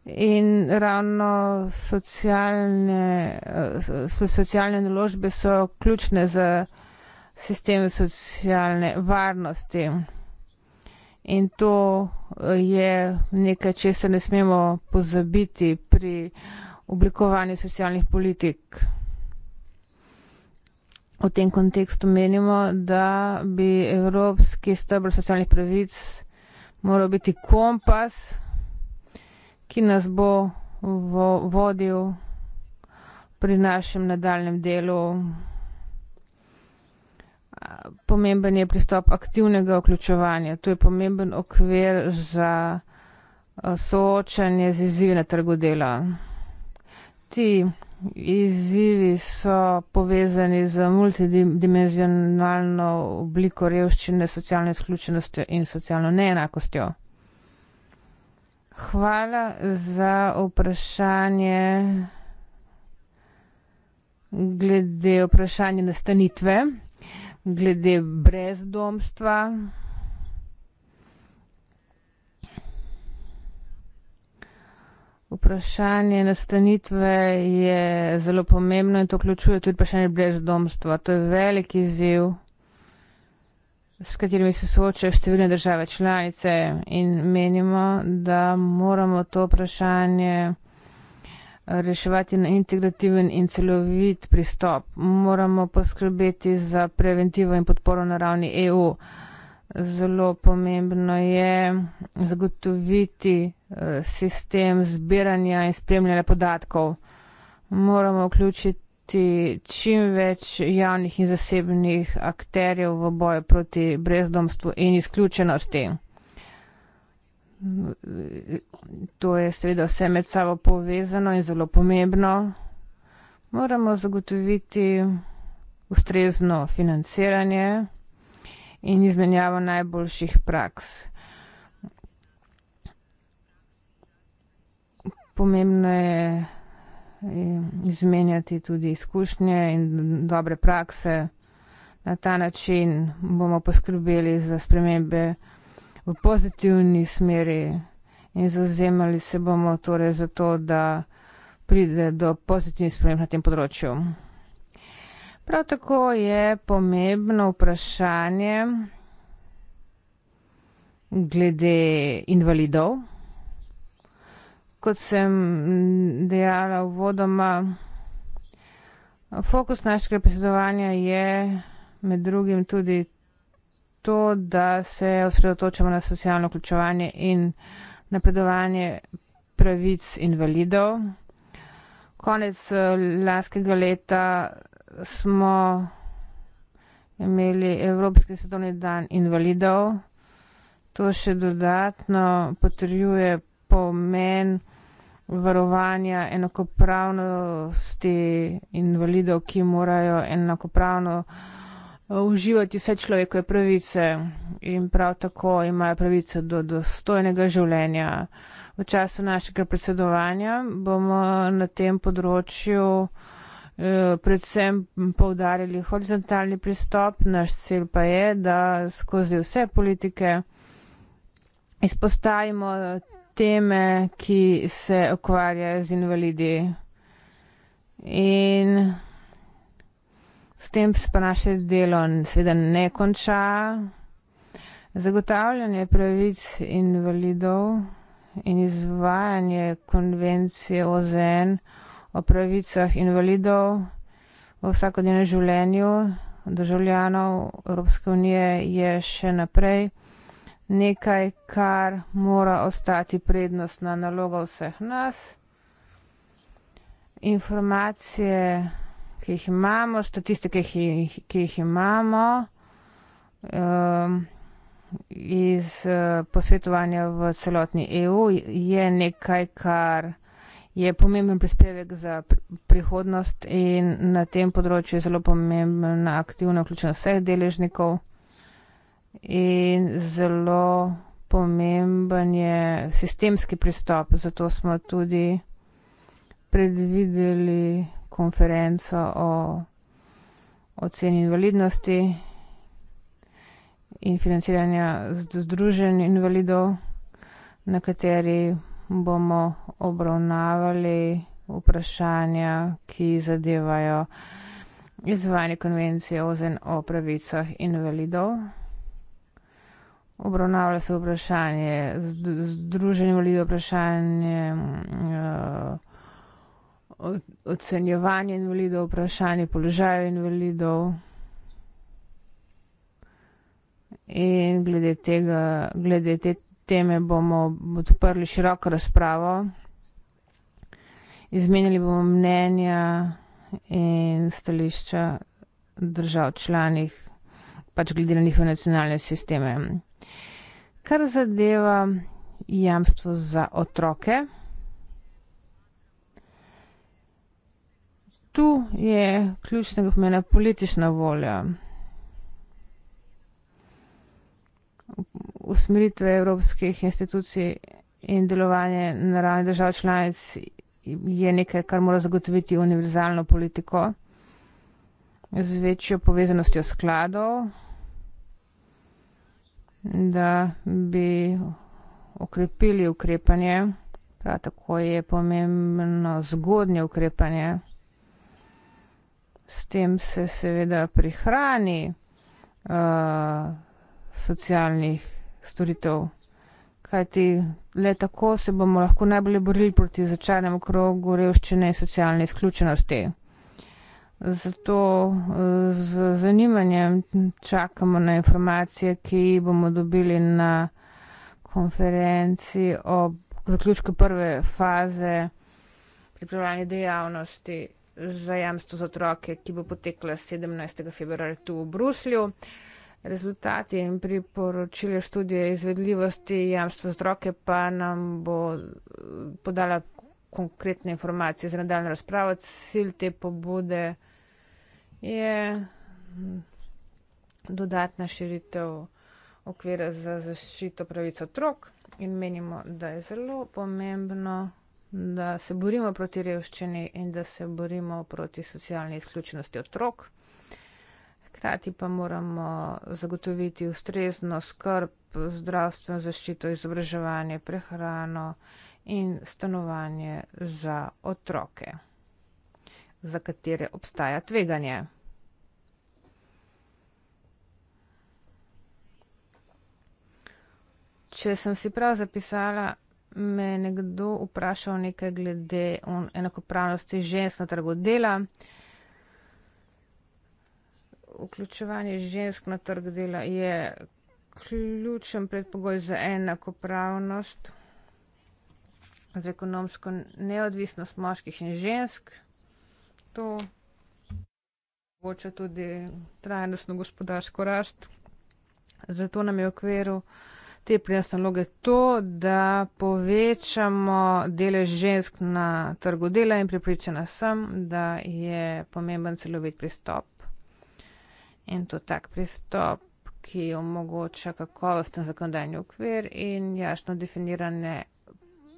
Speaker 1: In ravno socialne, eh, so socialne naložbe so ključne za sistem socialne varnosti. In to eh, je nekaj, če se ne smemo pozabiti pri oblikovanju socialnih politik. V tem kontekstu menimo, da bi evropski stebr socialnih pravic moral biti kompas ki nas bo vo, vodil pri našem nadaljem delu. Pomemben je pristop aktivnega vključevanja. To je pomemben okvir za eh, soočanje z izzivi na trgu dela. Ti izzivi so povezani z multidimenzionalno obliko revščine, socialne izključenostjo in socialno neenakostjo. Hvala za vprašanje. Glede vprašanja nastanitve, glede brezdomstva. Vprašanje nastanitve je zelo pomembno in to vključuje tudi vprašanje brezdomstva. To je velik izziv s katerimi se soočajo številne države članice in menimo, da moramo to vprašanje reševati na integrativen in celovit pristop. Moramo poskrbeti za preventivo in podporo na ravni EU. Zelo pomembno je zagotoviti eh, sistem zbiranja in spremljanja podatkov. Moramo vključiti vključiti čim več javnih in zasebnih akterjev v boju proti brezdomstvu in izključenosti. To je seveda vse med sabo povezano in zelo pomembno. Moramo zagotoviti ustrezno financiranje in izmenjavo najboljših praks. Pomembno je Eh, izmenjati tudi izkušnje in dobre prakse. Na ta način bomo poskrbeli za spremembe v pozitivni smeri in zauzemali se bomo torej za to, da pride do pozitivnih sprememb na tem področju. Prav tako je pomembno vprašanje glede invalidov kot sem dejala v vodoma, fokus našega predsedovanja je med drugim tudi to, da se osredotočamo na socialno vključevanje in napredovanje pravic invalidov. Konec eh, lanskega leta smo imeli Evropski svetovni dan invalidov. To še dodatno potrjuje pomen varovanja enakopravnosti invalidov, ki morajo enakopravno eh, uživati vse človekove pravice in prav tako imajo pravice do dostojnega življenja. V času našega predsedovanja bomo na tem področju eh, predvsem poudarjali horizontalni pristop. Naš cel pa je, da skozi vse politike izpostavimo teme, ki se ukvarjajo z invalidi. In s tem pa naše delo seveda ne konča. Zagotavljanje pravic invalidov in izvajanje konvencije OZN o pravicah invalidov v vsakodnevnem življenju državljanov Evropske unije je še naprej nekaj, kar mora ostati prednostna naloga vseh nas. Informacije, ki jih imamo, statistike, ki jih imamo um, iz uh, posvetovanja v celotni EU, je nekaj, kar je pomemben prispevek za prihodnost in na tem področju je zelo pomembna aktivna vključenost vseh deležnikov in zelo pomemben je sistemski pristop. Zato smo tudi predvideli konferenco o oceni invalidnosti in financiranja združenj invalidov, na kateri bomo obravnavali vprašanja, ki zadevajo izvajanje konvencije OZN o pravicah invalidov obravnavala se vprašanje, združenje invalidov, vprašanje uh, eh, ocenjevanja invalidov, vprašanje položaja invalidov. In glede, tega, glede te teme bomo odprli široko razpravo, izmenili bomo mnenja in stališča držav članih, pač glede na njihove nacionalne sisteme. Kar zadeva jamstvo za otroke, tu je ključnega pomena politična volja. Usmeritve evropskih institucij in delovanje na ravni držav članic je nekaj, kar mora zagotoviti univerzalno politiko z večjo povezanostjo skladov, da bi okrepili ukrepanje, prav tako je pomembno zgodnje ukrepanje. S tem se seveda prihrani uh, socialnih storitev, kajti le tako se bomo lahko najbolje borili proti začarnemu krogu revščine in socialne izključenosti. Zato eh, z zanimanjem čakamo na informacije, ki jih bomo dobili na konferenci ob zaključku prve faze pripravljanja dejavnosti za jamstvo za otroke, ki bo potekla 17. februarja tu v Bruslju. Rezultati in priporočile študije izvedljivosti jamstva za otroke pa nam bo eh, podala konkretne informacije za nadaljno razpravo. Cilj te pobude je, je hm, dodatna širitev okvira za zaščito pravico otrok in menimo, da je zelo pomembno, da se borimo proti revščini in da se borimo proti socialni izključenosti otrok. Hkrati pa moramo zagotoviti ustrezno skrb, zdravstveno zaščito, izobraževanje, prehrano in stanovanje za otroke za katere obstaja tveganje. Če sem si prav zapisala, me je nekdo vprašal nekaj glede enakopravnosti žensk na trgu dela. Vključevanje žensk na trg dela je ključen predpogoj za enakopravnost, za ekonomsko neodvisnost moških in žensk to, mogoče tudi trajnostno gospodarsko rast. Zato nam je v okviru te prijazne naloge to, da povečamo delež žensk na trgu dela in pripričana sem, da je pomemben celovit pristop. In to tak pristop, ki omogoča kakovosten zakonodajni okvir in jasno definirane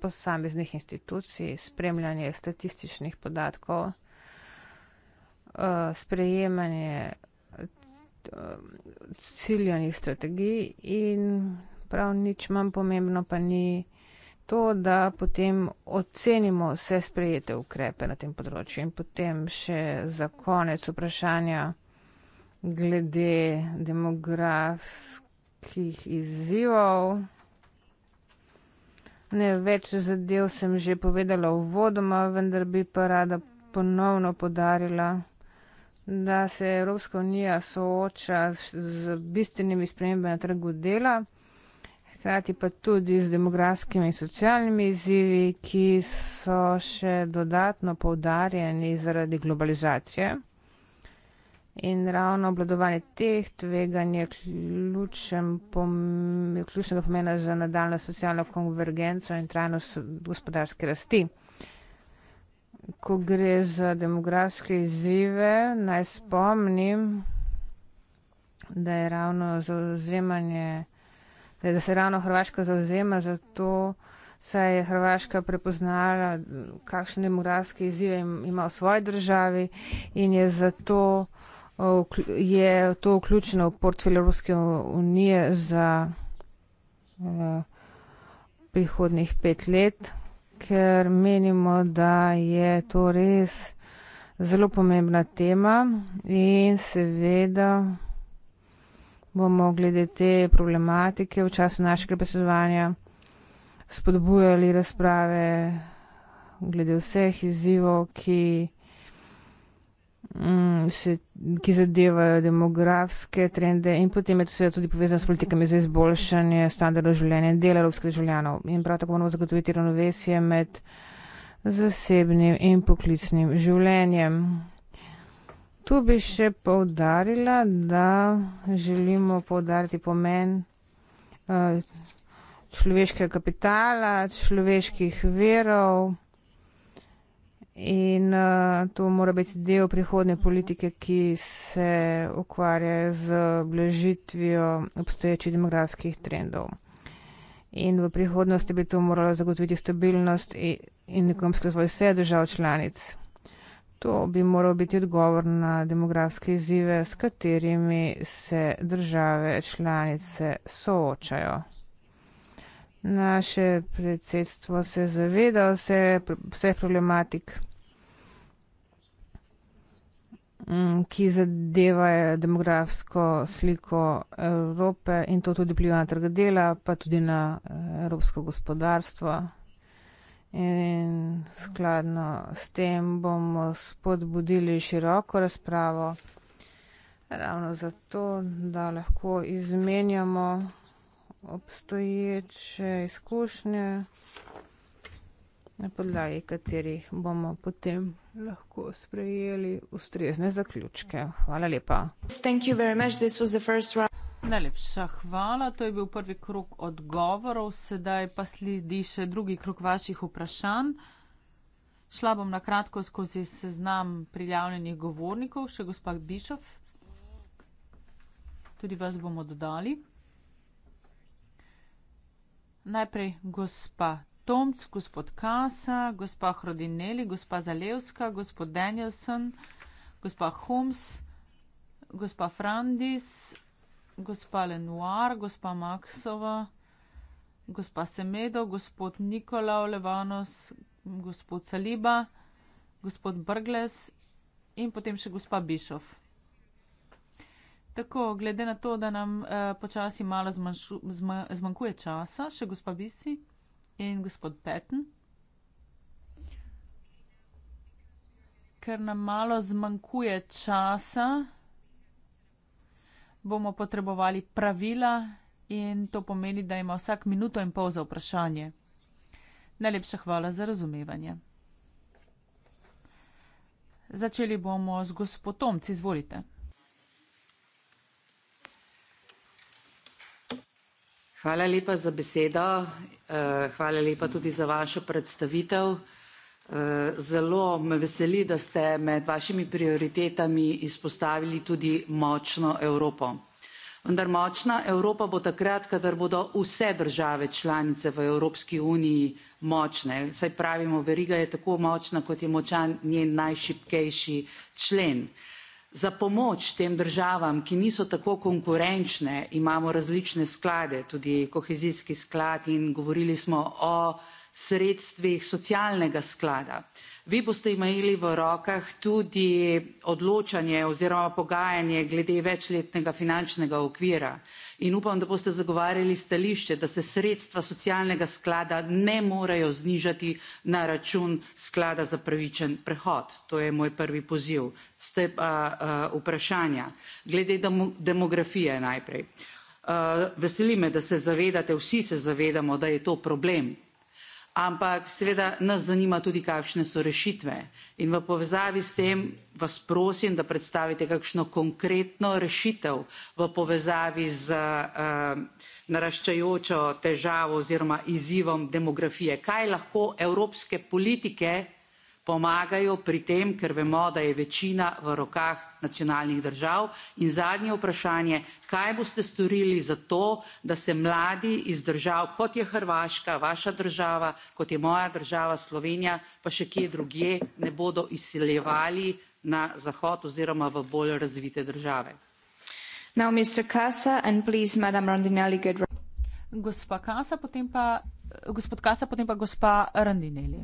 Speaker 1: posameznih institucij, spremljanje statističnih podatkov. Eh, sprejemanje eh, ciljanih strategij in prav nič manj pomembno pa ni to, da potem ocenimo vse sprejete ukrepe na tem področju in potem še za konec vprašanja glede demografskih izzivov. Ne več zadev sem že povedala v vodoma, vendar bi pa rada ponovno podarila da se Evropska unija sooča z, z bistvenimi spremembami na trgu dela, hkrati pa tudi z demografskimi in socialnimi izzivi, ki so še dodatno poudarjeni zaradi globalizacije. In ravno obladovanje teh tveganj je, pom, je ključnega pomena za nadaljno socialno konvergenco in trajnost gospodarske rasti ko gre za demografske izzive, naj spomnim, da je ravno zauzemanje, da, da se ravno Hrvaška zauzema za to, saj je Hrvaška prepoznala, kakšne demografske izzive ima v svoji državi in je zato je to vključeno v portfelj Evropske unije za uh, eh, prihodnih pet let ker menimo, da je to res zelo pomembna tema in seveda bomo glede te problematike v času našega predsedovanja spodbujali razprave glede vseh izzivov, ki jih. Mm, se, ki zadevajo demografske trende in potem je to seveda tudi povezano s politikami za izboljšanje standarda življenja in dela evropskih državljanov. In prav tako moramo zagotoviti ravnovesje med zasebnim in poklicnim življenjem. Tu bi še povdarila, da želimo povdariti pomen uh, človeškega kapitala, človeških verov. In uh, to mora biti del prihodne politike, ki se ukvarja z blažitvijo obstoječih demografskih trendov. In v prihodnosti bi to moralo zagotoviti stabilnost in ekonomski razvoj vse držav članic. To bi moral biti odgovor na demografske izzive, s katerimi se države članice soočajo. Naše predsedstvo se zaveda vse, vseh problematik Mm, ki zadevajo demografsko sliko Evrope in to tudi vpliva na trg dela, pa tudi na eh, evropsko gospodarstvo. In skladno s tem bomo spodbudili široko razpravo, ravno zato, da lahko izmenjamo obstoječe izkušnje na podlagi katerih bomo potem lahko sprejeli ustrezne zaključke. Hvala lepa.
Speaker 2: Najlepša hvala. To je bil prvi krok odgovorov, sedaj pa sledi še drugi krok vaših vprašanj. Šla bom na kratko skozi seznam prijavljenih govornikov, še gospod Bišov. Tudi vas bomo dodali. Najprej gospa Tomc, gospod Kasa, gospa Hrodineli, gospa Zalevska, gospod Danielson, gospa Holmes, gospa Frandis, gospa Lenoir, gospa Maksova, gospa Semedo, gospod Nikolao Levanos, gospod Saliba, gospod Brgles in potem še gospa Bišov. Tako, glede na to, da nam eh, počasi malo zmanjšu, zma, zmanjkuje časa, še gospa Bisi in gospod Patten. Ker nam malo zmanjkuje časa, bomo potrebovali pravila in to pomeni, da ima vsak minuto in pol za vprašanje. Najlepša hvala za razumevanje. Začeli bomo z gospodom, izvolite.
Speaker 5: Hvala lepa za besedo. Eh, hvala lepa tudi za vašo predstavitev. Eh, zelo me veseli, da ste med vašimi prioritetami izpostavili tudi močno Evropo. Vendar močna Evropa bo takrat, kadar bodo vse države članice v Evropski uniji močne, saj pravimo, veriga je tako močna, kot je močan njen najšibkejši člen. Za pomoč tem državam, ki niso tako konkurenčne, imamo različne sklade, tudi kohezijski sklad in govorili smo o sredstvih socialnega sklada. Vi boste imeli v rokah tudi odločanje oziroma pogajanje glede večletnega finančnega okvira in upam, da boste zagovarjali stališče, da se sredstva socialnega sklada ne morejo znižati na račun sklada za pravičen prehod. To je moj prvi poziv. Ste pa eh, vprašanja. Glede demografije najprej. Eh, veseli me, da se zavedate, vsi se zavedamo, da je to problem, ampak seveda nas zanima tudi, kakšne so rešitve. In v povezavi s tem vas prosim, da predstavite kakšno konkretno rešitev v povezavi z eh, naraščajočo težavo oziroma izzivom demografije. Kaj lahko evropske politike pomagajo pri tem, ker vemo, da je večina v rokah nacionalnih držav. In zadnje vprašanje, kaj boste storili za to, da se mladi iz držav, kot je Hrvaška, vaša država, kot je moja država Slovenija, pa še kje druge, ne bodo izsiljevali na zahod oziroma v bolj razvite države?
Speaker 1: Now, Mr. Kasa, and please, Madam Rondinelli, good
Speaker 2: Gospa Kasa, potem pa gospod Kasa, potem pa gospa Randinelli.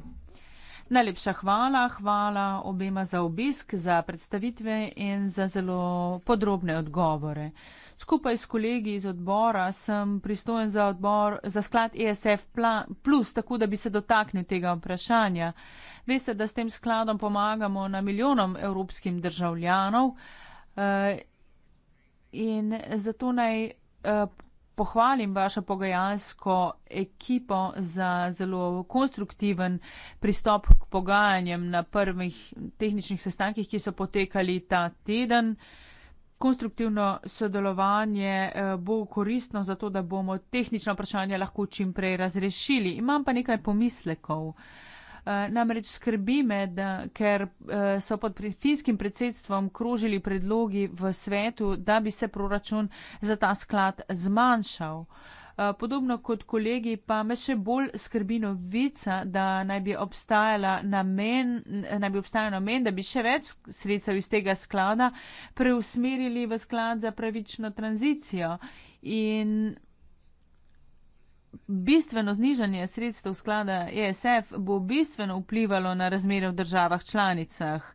Speaker 2: Najlepša hvala, hvala obema za obisk, za predstavitve in za zelo podrobne odgovore. Skupaj s kolegi iz odbora sem pristojen za odbor za sklad ESF Plus, tako da bi se dotaknil tega vprašanja. Veste, da s tem skladom pomagamo na milijonom evropskim državljanov eh, in zato naj eh, pohvalim vašo pogajalsko ekipo za zelo konstruktiven pristop k pogajanjem na prvih tehničnih sestankih, ki so potekali ta teden. Konstruktivno sodelovanje eh, bo koristno za to, da bomo tehnično vprašanje lahko čim prej razrešili. Imam pa nekaj pomislekov. Eh, namreč skrbi me, da, ker eh, so pod finskim predsedstvom krožili predlogi v svetu, da bi se proračun za ta sklad zmanjšal. Eh, podobno kot kolegi pa me še bolj skrbi novica, da naj bi, namen, naj bi obstajal namen, da bi še več sredstev iz tega sklada preusmerili v sklad za pravično tranzicijo. In bistveno znižanje sredstev sklada ESF bo bistveno vplivalo na razmere v državah članicah.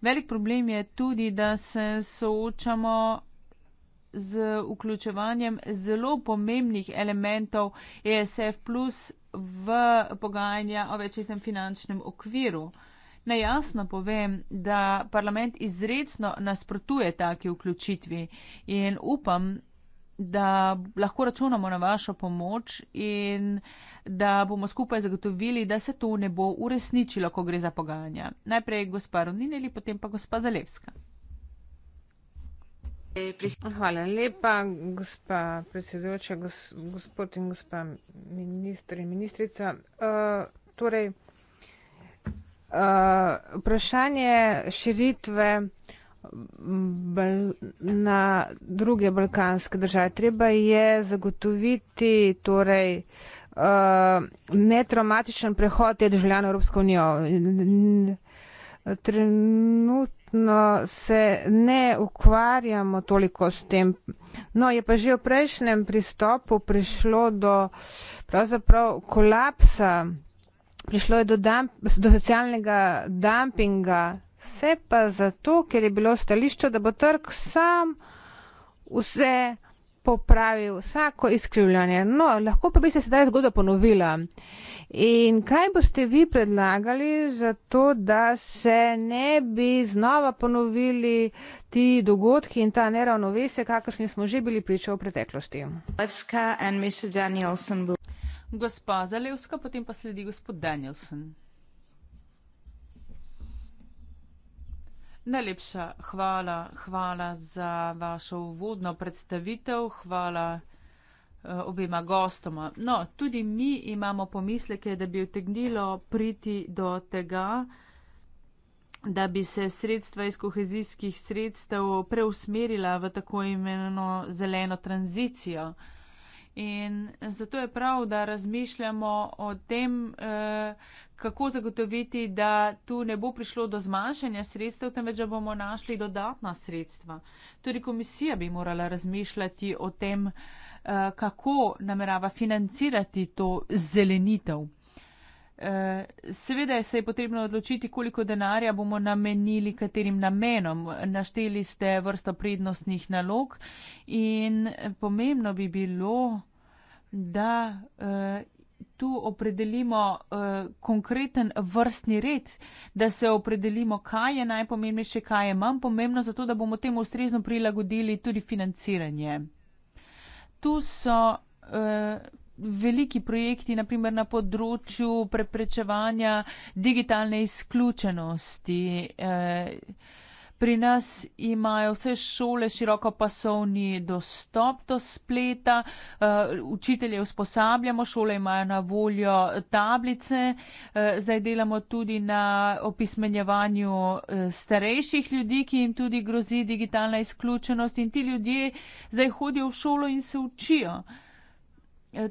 Speaker 2: Velik problem je tudi, da se soočamo z vključevanjem zelo pomembnih elementov ESF plus v pogajanja o večjem finančnem okviru. Najjasno povem, da parlament izredno nasprotuje taki vključitvi in upam, da lahko računamo na vašo pomoč in da bomo skupaj zagotovili, da se to ne bo uresničilo, ko gre za pogajanja. Najprej gospa Ronineli, potem
Speaker 1: pa gospa Zalevska. Hvala lepa, gospa predsedujoča, gospod in gospa ministr in ministrica. Uh, torej, uh, vprašanje širitve uh, na druge balkanske države. Treba je zagotoviti torej, uh, netraumatičen prehod te državljane Evropske unije. Trenutno se ne ukvarjamo toliko s tem. No, je pa že v prejšnjem pristopu prišlo do pravzaprav kolapsa, prišlo je do, damp, do socialnega dumpinga Vse pa zato, ker je bilo stališče, da bo trg sam vse popravil, vsako izkrivljanje. No, lahko pa bi se sedaj zgodba ponovila. In kaj boste vi predlagali za to, da se ne bi znova ponovili ti dogodki in ta neravnovesje, kakršni smo že bili priča v preteklosti?
Speaker 2: Gospa Zalevska, potem pa sledi gospod Danielson. Najlepša hvala, hvala za vašo uvodno predstavitev, hvala eh, obima gostoma. No, tudi mi imamo pomisleke, da bi utegnilo priti do tega, da bi se sredstva iz kohezijskih sredstev preusmerila v tako imenovano zeleno tranzicijo. In zato je prav, da razmišljamo o tem, eh, kako zagotoviti, da tu ne bo prišlo do zmanjšanja sredstev, temveč da bomo našli dodatna sredstva. Tudi komisija bi morala razmišljati o tem, eh, kako namerava financirati to zelenitev. Eh, seveda se je potrebno odločiti, koliko denarja bomo namenili katerim namenom. Našteli ste vrsto prednostnih nalog in pomembno bi bilo, da eh, tu opredelimo eh, konkreten vrstni red, da se opredelimo, kaj je najpomembnejše, kaj je manj pomembno, zato da bomo temu ustrezno prilagodili tudi financiranje. Tu so veliki projekti, naprimer na področju preprečevanja digitalne izključenosti. Eh, pri nas imajo vse šole široko pasovni dostop do spleta, eh, učitelje usposabljamo, šole imajo na voljo tablice, eh, zdaj delamo tudi na opismenjevanju starejših ljudi, ki jim tudi grozi digitalna izključenost in ti ljudje zdaj hodijo v šolo in se učijo.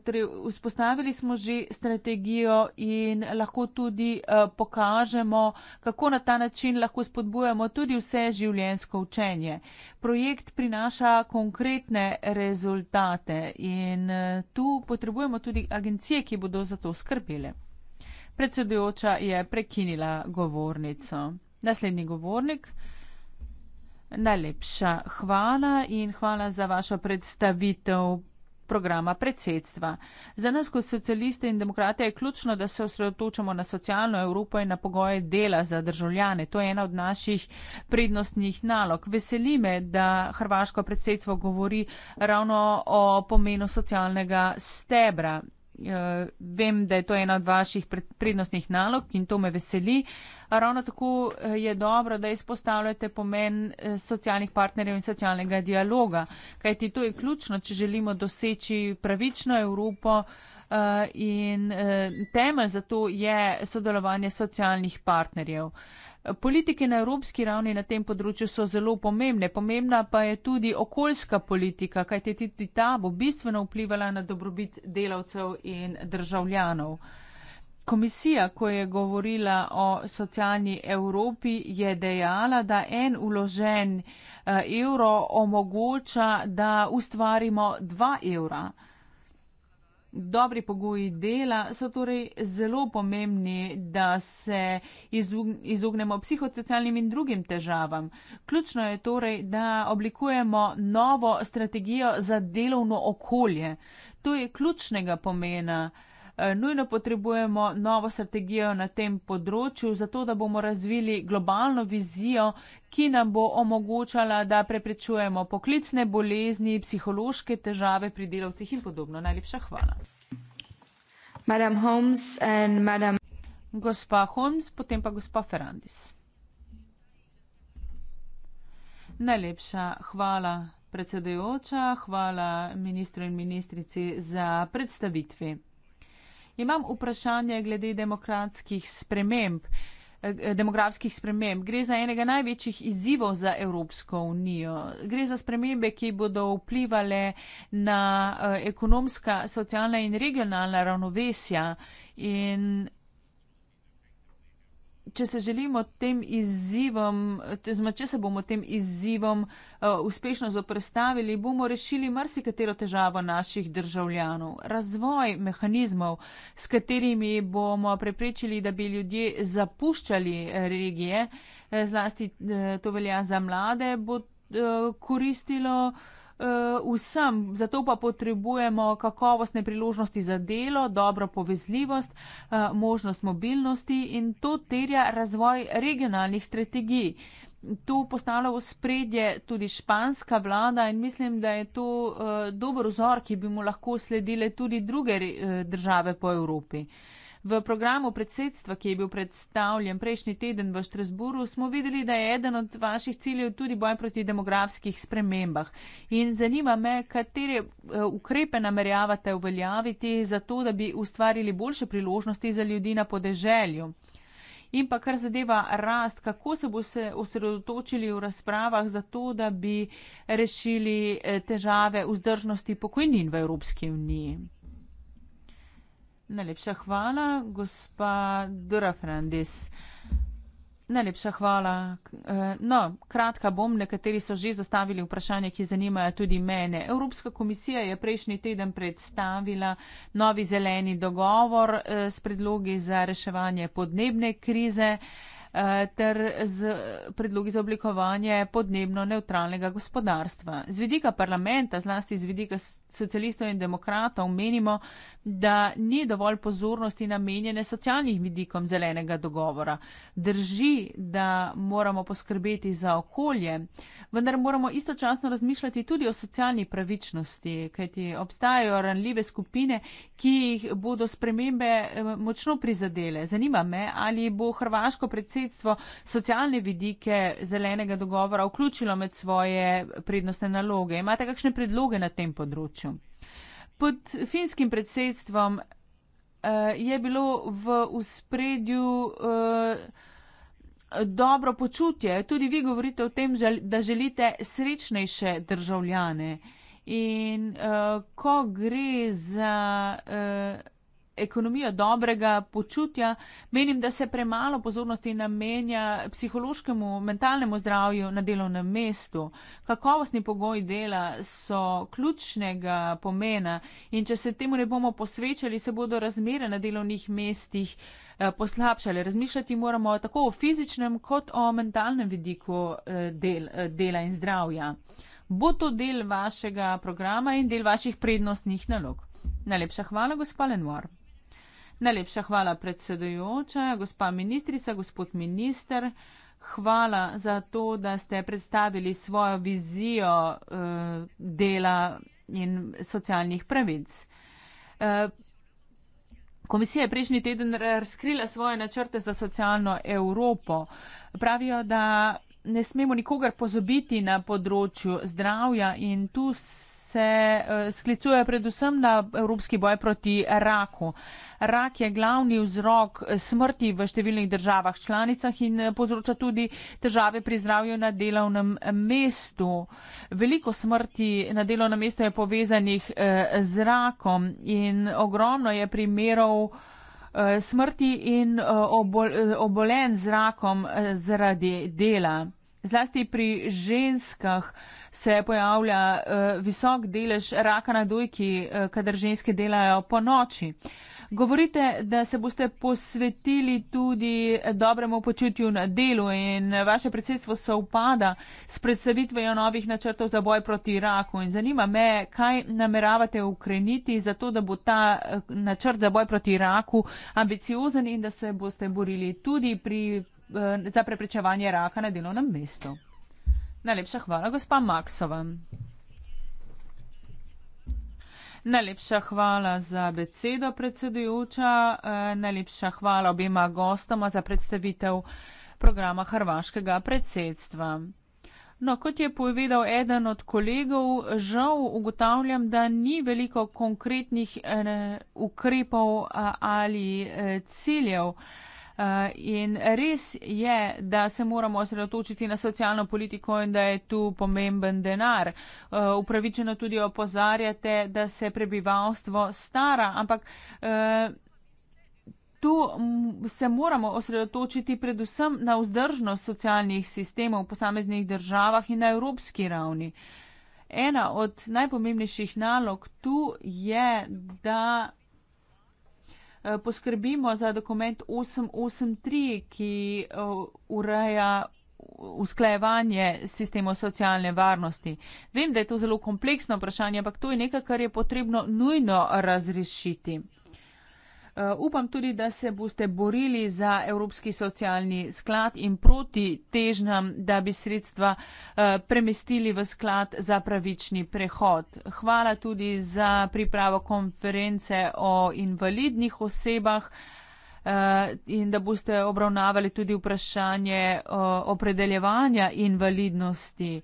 Speaker 2: Tre, vzpostavili smo že strategijo in lahko tudi eh, pokažemo, kako na ta način lahko spodbujamo tudi vse življensko učenje. Projekt prinaša konkretne rezultate in eh, tu potrebujemo tudi agencije, ki bodo za to skrbele. Predsedujoča je prekinila govornico. Naslednji govornik. Najlepša hvala in hvala za vašo predstavitev programa predsedstva. Za nas, kot socialiste in demokrate, je ključno, da se osredotočamo na socialno Evropo in na pogoje dela za državljane. To je ena od naših prednostnih nalog. Veseli me, da Hrvaško predsedstvo govori ravno o pomenu socialnega stebra Uh, vem, da je to ena od vaših prednostnih nalog in to me veseli. A ravno tako eh, je dobro, da izpostavljate pomen eh, socialnih partnerjev in socialnega dialoga, kajti to je ključno, če želimo doseči pravično Evropo uh, in uh, temelj za to je sodelovanje socialnih partnerjev. Uh, Politike na evropski ravni na tem področju so zelo pomembne. Pomembna pa je tudi okoljska politika, kajte tudi ta bo bistveno vplivala na dobrobit delavcev in državljanov. Komisija, ko je govorila o socialni Evropi, je dejala, da en uložen eh, evro omogoča, da ustvarimo dva evra. Dobri pogoji dela so torej zelo pomembni, da se izognemo psihosocialnim in drugim težavam. Ključno je torej, da oblikujemo novo strategijo za delovno okolje. To je ključnega pomena. Eh, nujno potrebujemo novo strategijo na tem področju, zato da bomo razvili globalno vizijo, ki nam bo omogočala, da preprečujemo poklicne bolezni, psihološke težave pri delavcih in podobno. Najlepša hvala. Madame Holmes in madame. Gospa Holmes, potem pa gospa Ferrandis. Najlepša hvala predsedujoča, hvala ministru in ministrici za predstavitvi. Imam vprašanje glede demokratskih sprememb, eh, demografskih sprememb. Gre za enega največjih izzivov za Evropsko unijo. Gre za spremembe, ki bodo vplivali na eh, ekonomska, socialna in regionalna ravnovesja. In če se želimo tem izzivom, oziroma če se bomo tem izzivom uh, uspešno zoprestavili, bomo rešili marsikatero težavo naših državljanov. Razvoj mehanizmov, s katerimi bomo preprečili, da bi ljudje zapuščali eh, regije, eh, zlasti to velja za mlade, bo uh, koristilo. Uh, Eh, vsem, zato pa potrebujemo kakovostne priložnosti za delo, dobro povezljivost, eh, možnost mobilnosti in to terja razvoj regionalnih strategij. To postalo v spredje tudi španska vlada in mislim, da je to eh, dober vzor, ki bi mu lahko sledile tudi druge države po Evropi. V programu predsedstva, ki je bil predstavljen prejšnji teden v Štrasburu, smo videli, da je eden od vaših ciljev tudi boj proti demografskih spremembah. In zanima me, katere eh, ukrepe nameravate uveljaviti za to, da bi ustvarili boljše priložnosti za ljudi na podeželju. In pa kar zadeva rast, kako se bo se osredotočili v razpravah za to, da bi rešili eh, težave vzdržnosti pokojnin v Evropski uniji. Najlepša hvala, gospa Dora Fernandez. Najlepša hvala. No, kratka bom, nekateri so že zastavili vprašanje, ki zanimajo tudi mene. Evropska komisija je prejšnji teden predstavila novi zeleni dogovor eh, s predlogi za reševanje podnebne krize. Eh, ter z predlogi za oblikovanje podnebno neutralnega gospodarstva. Z vidika parlamenta, zlasti z vidika socialistov in demokratov, menimo, da ni dovolj pozornosti namenjene socialnih vidikom zelenega dogovora. Drži, da moramo poskrbeti za okolje, vendar moramo istočasno razmišljati tudi o socialni pravičnosti, kajti obstajajo ranljive skupine, ki jih bodo spremembe eh, močno prizadele. Zanima me, ali bo Hrvaško predsednik ministrstvo socialne vidike zelenega dogovora vključilo med svoje prednostne naloge? Imate kakšne predloge na tem področju? Pod finskim predsedstvom uh, je bilo v uspredju uh, eh, dobro počutje. Tudi vi govorite o tem, da želite srečnejše državljane. In uh, ko gre za. Uh, ekonomijo dobrega počutja, menim, da se premalo pozornosti namenja psihološkemu, mentalnemu zdravju na delovnem mestu. Kakovostni pogoji dela so ključnega pomena in če se temu ne bomo posvečali, se bodo razmere na delovnih mestih eh, poslabšale. Razmišljati moramo tako o fizičnem kot o mentalnem vidiku eh, del, eh, dela in zdravja. Bo to del vašega programa in del vaših prednostnih nalog. Najlepša hvala, gospod Lenoir. Najlepša hvala predsedujoča, gospa ministrica, gospod minister. Hvala za to, da ste predstavili svojo vizijo uh, dela in socialnih pravic. Uh, Komisija je prejšnji teden razkrila svoje načrte za socialno Evropo. Pravijo, da ne smemo nikogar pozobiti na področju zdravja in tu se eh, sklicuje predvsem na evropski boj proti raku. Rak je glavni vzrok eh, smrti v številnih državah članicah in eh, povzroča tudi težave pri zdravju na delovnem mestu. Veliko smrti na delovnem mestu je povezanih z rakom in ogromno je primerov smrti in obolen z rakom zaradi dela. Zlasti pri ženskah se pojavlja eh, visok delež raka na dojki, eh, kadar ženske delajo po noči. Govorite, da se boste posvetili tudi dobremu počutju na delu in vaše predsedstvo se upada s predstavitvijo novih načrtov za boj proti raku. In zanima me, kaj nameravate ukreniti za to, da bo ta eh, načrt za boj proti raku ambiciozen in da se boste borili tudi pri Eh, za preprečevanje raka na delovnem mestu. Najlepša hvala, gospa Maksova. Najlepša hvala za besedo, predsedujoča. Eh, najlepša hvala obima gostoma za predstavitev programa Hrvaškega predsedstva. No, kot je povedal eden od kolegov, žal ugotavljam, da ni veliko konkretnih eh, ukrepov eh, ali eh, ciljev eh, Eh, in res je, da se moramo osredotočiti na socialno politiko in da je tu pomemben denar. Eh, upravičeno tudi opozarjate, da se prebivalstvo stara, ampak. Eh, tu se moramo osredotočiti predvsem na vzdržnost socialnih sistemov v posameznih državah in na evropski ravni. Ena od najpomembnejših nalog tu je, da Eh, poskrbimo za dokument 883, ki eh, ureja usklajevanje sistemov socialne varnosti. Vem, da je to zelo kompleksno vprašanje, ampak to je nekaj, kar je potrebno nujno razrešiti. Eh, upam tudi, da se boste borili za Evropski socialni sklad in proti težnam, da bi sredstva eh, premestili v sklad za pravični prehod. Hvala tudi za pripravo konference o invalidnih osebah eh, in da boste obravnavali tudi vprašanje opredeljevanja invalidnosti.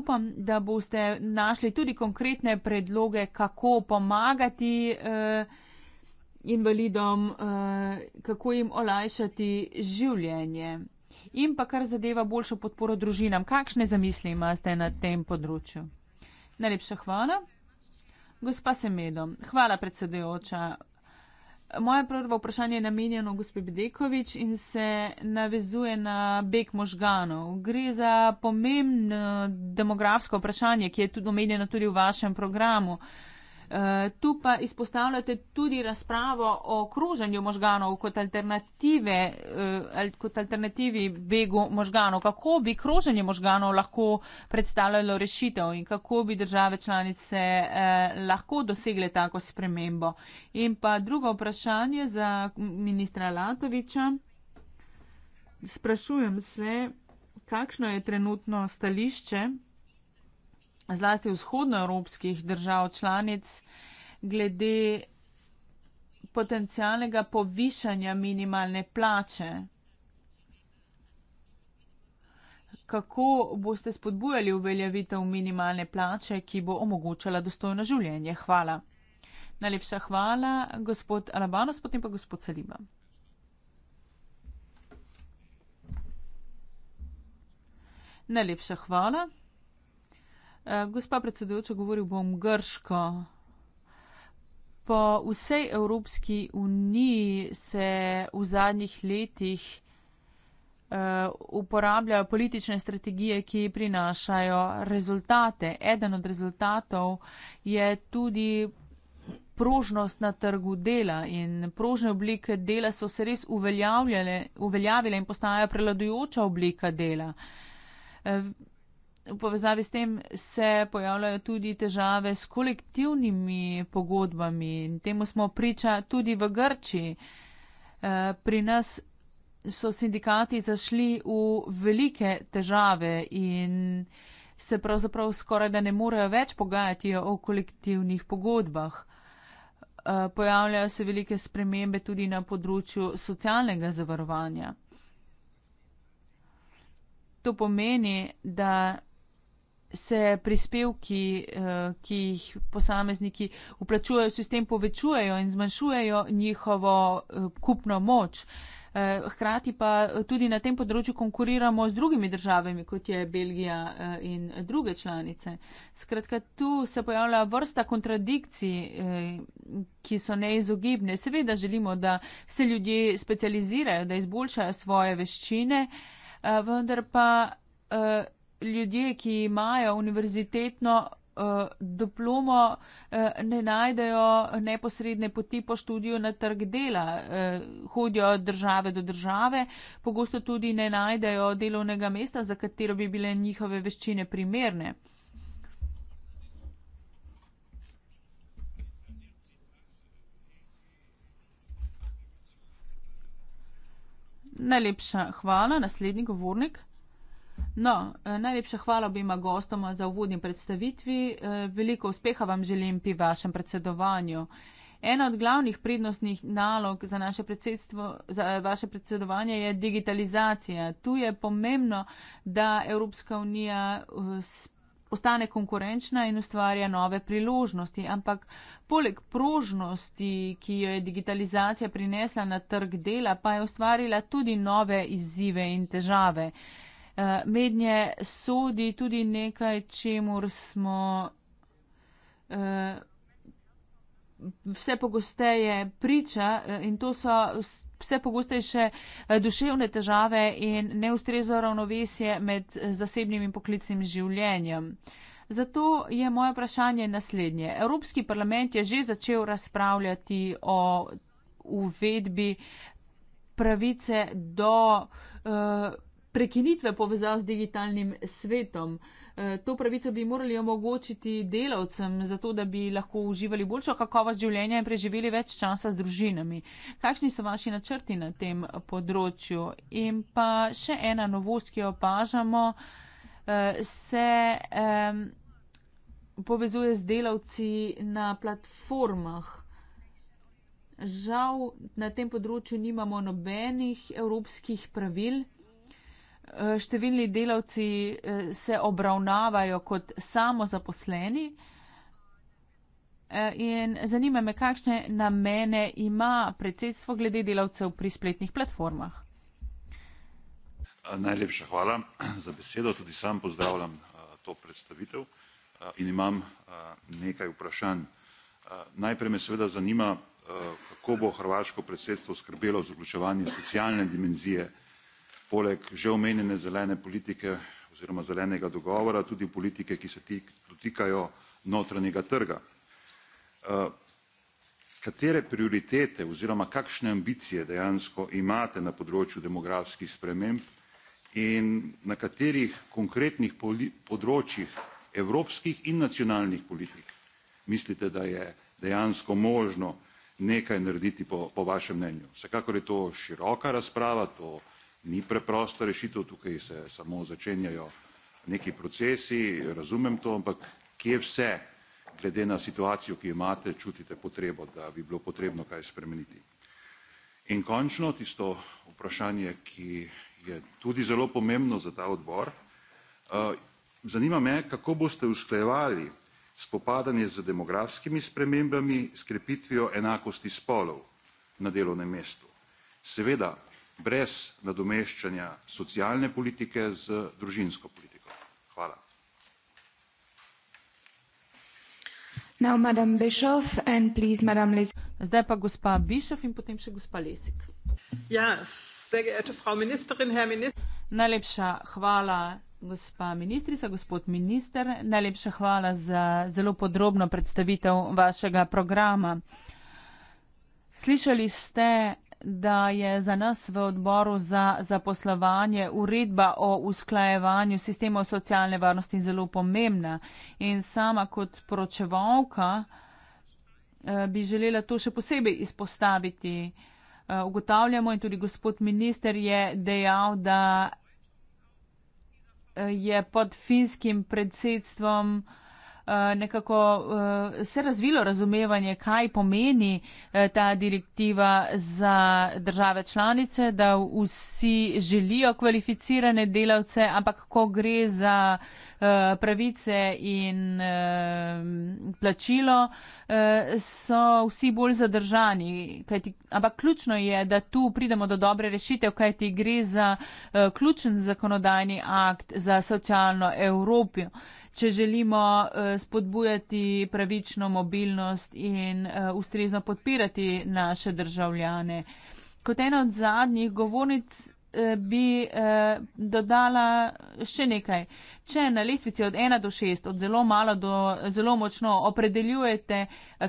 Speaker 2: Upam, da boste našli tudi konkretne predloge, kako pomagati eh, invalidom, eh, kako jim olajšati življenje in pa kar zadeva boljšo podporo družinam. Kakšne zamisli imate na tem področju? Najlepša hvala. Gospa Semedo, hvala predsedujoča. Moje prvo vprašanje je namenjeno gospe Bedekovič in se navezuje na beg možganov. Gre za pomembno demografsko vprašanje, ki je tudi omenjeno tudi v vašem programu. Uh, Eh, tu pa izpostavljate tudi razpravo o kroženju možganov kot, alternative, eh, kot alternativi begu možganov. Kako bi kroženje možganov lahko predstavljalo rešitev in kako bi države članice eh, lahko dosegle tako spremembo. In pa drugo vprašanje za ministra Latoviča. Sprašujem se, kakšno je trenutno stališče zlasti vzhodnoevropskih držav članic glede potencijalnega povišanja minimalne plače. Kako boste spodbujali uveljavitev minimalne plače, ki bo omogočala dostojno življenje? Hvala. Najlepša hvala, gospod Alabanos, potem pa gospod Saliba. Najlepša hvala. Eh, gospa predsedujoča, govoril bom grško. Po vsej Evropski uniji se v zadnjih letih eh, uporabljajo politične strategije, ki prinašajo rezultate. Eden od rezultatov je tudi prožnost na trgu dela in prožne oblike dela so se res uveljavljale, uveljavile in postajajo prelodujoča oblika dela. Eh, v povezavi s tem se pojavljajo tudi težave s kolektivnimi pogodbami in temu smo priča tudi v Grči. Eh, pri nas so sindikati zašli v velike težave in se pravzaprav skoraj da ne morejo več pogajati o kolektivnih pogodbah. Eh, pojavljajo se velike spremembe tudi na področju socialnega zavarovanja. To pomeni, da se prispevki, eh, ki jih posamezniki uplačujejo v sistem, povečujejo in zmanjšujejo njihovo eh, kupno moč. Eh, hkrati pa tudi na tem področju konkuriramo z drugimi državami, kot je Belgija in druge članice. Skratka, tu se pojavlja vrsta kontradikcij, ki so neizogibne. Seveda želimo, da se ljudje specializirajo, da izboljšajo svoje veščine, vendar pa ljudje, ki imajo univerzitetno uh, diplomo, uh, ne najdejo neposredne poti po študiju na trg dela. Uh, hodijo od države do države, pogosto tudi ne najdejo delovnega mesta, za katero bi bile njihove veščine primerne. Najlepša hvala, naslednji govornik. No, eh, najlepša hvala obima gostoma za uvodni predstavitvi. Eh, veliko uspeha vam želim pri vašem predsedovanju. Ena od glavnih prednostnih nalog za, za eh, vaše predsedovanje je digitalizacija. Tu je pomembno, da Evropska unija postane konkurenčna in ustvarja nove priložnosti. Ampak poleg prožnosti, ki jo je digitalizacija prinesla na trg dela, pa je ustvarila tudi nove izzive in težave. Eh, mednje sodi tudi nekaj, čemur smo eh, vse pogosteje priča eh, in to so vse pogostejše duševne težave in neustrezo ravnovesje med zasebnim in poklicnim življenjem. Zato je moje vprašanje naslednje. Evropski parlament je že začel razpravljati o uvedbi pravice do. Uh, prekinitve povezav z digitalnim svetom. E, to pravico bi morali omogočiti delavcem, zato da bi lahko uživali boljšo kakovost življenja in preživeli več časa z družinami. Kakšni so vaši načrti na tem področju? In pa še ena novost, ki jo opažamo, e, se e, povezuje z delavci na platformah. Žal na tem področju nimamo nobenih evropskih pravil, Eh, številni delavci eh, se obravnavajo kot samozaposleni. Eh, in zanima me, kakšne namene ima predsedstvo glede delavcev pri spletnih platformah.
Speaker 4: Najlepša hvala (clears throat) za besedo. Tudi sam pozdravljam to predstavitev in imam nekaj vprašanj. Najprej me seveda zanima, kako bo hrvaško predsedstvo skrbelo za vključevanje socialne dimenzije poleg že omenjene zelene politike oziroma zelenega dogovora tudi politike, ki se dotikajo notranjega trga. Eh, katere prioritete oziroma kakšne ambicije dejansko imate na področju demografskih sprememb in na katerih konkretnih področjih evropskih in nacionalnih politik mislite, da je dejansko možno nekaj narediti po, po vašem mnenju? Vsekakor je to široka razprava, to ni preprosta rešitev, tukaj se samo začenjajo neki procesi, razumem to, ampak kje vse, glede na situacijo, ki imate, čutite potrebo, da bi bilo potrebno kaj spremeniti. In končno tisto vprašanje, ki je tudi zelo pomembno za ta odbor, eh, zanima me, kako boste usklajevali spopadanje z demografskimi spremembami s krepitvijo enakosti spolov na delovnem mestu. Seveda brez nadomeščanja socialne politike z družinsko politiko. Hvala.
Speaker 1: Now, madam
Speaker 2: Bischoff and please, madam Les Zdaj pa gospa Bischoff in potem še gospa Lesik. Ja, sehr geehrte Frau Ministerin, Herr Minister. Najlepša hvala, gospa ministrica, gospod minister. Najlepša hvala za zelo podrobno predstavitev vašega programa. Slišali ste da je za nas v odboru za zaposlovanje uredba o usklajevanju sistemov socialne varnosti zelo pomembna in sama kot poročevalka eh, bi želela to še posebej izpostaviti. Eh, ugotavljamo in tudi gospod minister je dejal, da eh, je pod finskim predsedstvom Eh, nekako eh, se razvilo razumevanje, kaj pomeni eh, ta direktiva za države članice, da vsi želijo kvalificirane delavce, ampak ko gre za pravice in plačilo, so vsi bolj zadržani. Kajti, ampak ključno je, da tu pridemo do dobre rešitev, kajti gre za ključen zakonodajni akt za socialno Evropijo če želimo eh, spodbujati pravično mobilnost in eh, ustrezno podpirati naše državljane. Kot ena od zadnjih govornic eh, bi dodala še nekaj. Če na lestvici od 1 do 6, od zelo malo do zelo močno, opredeljujete,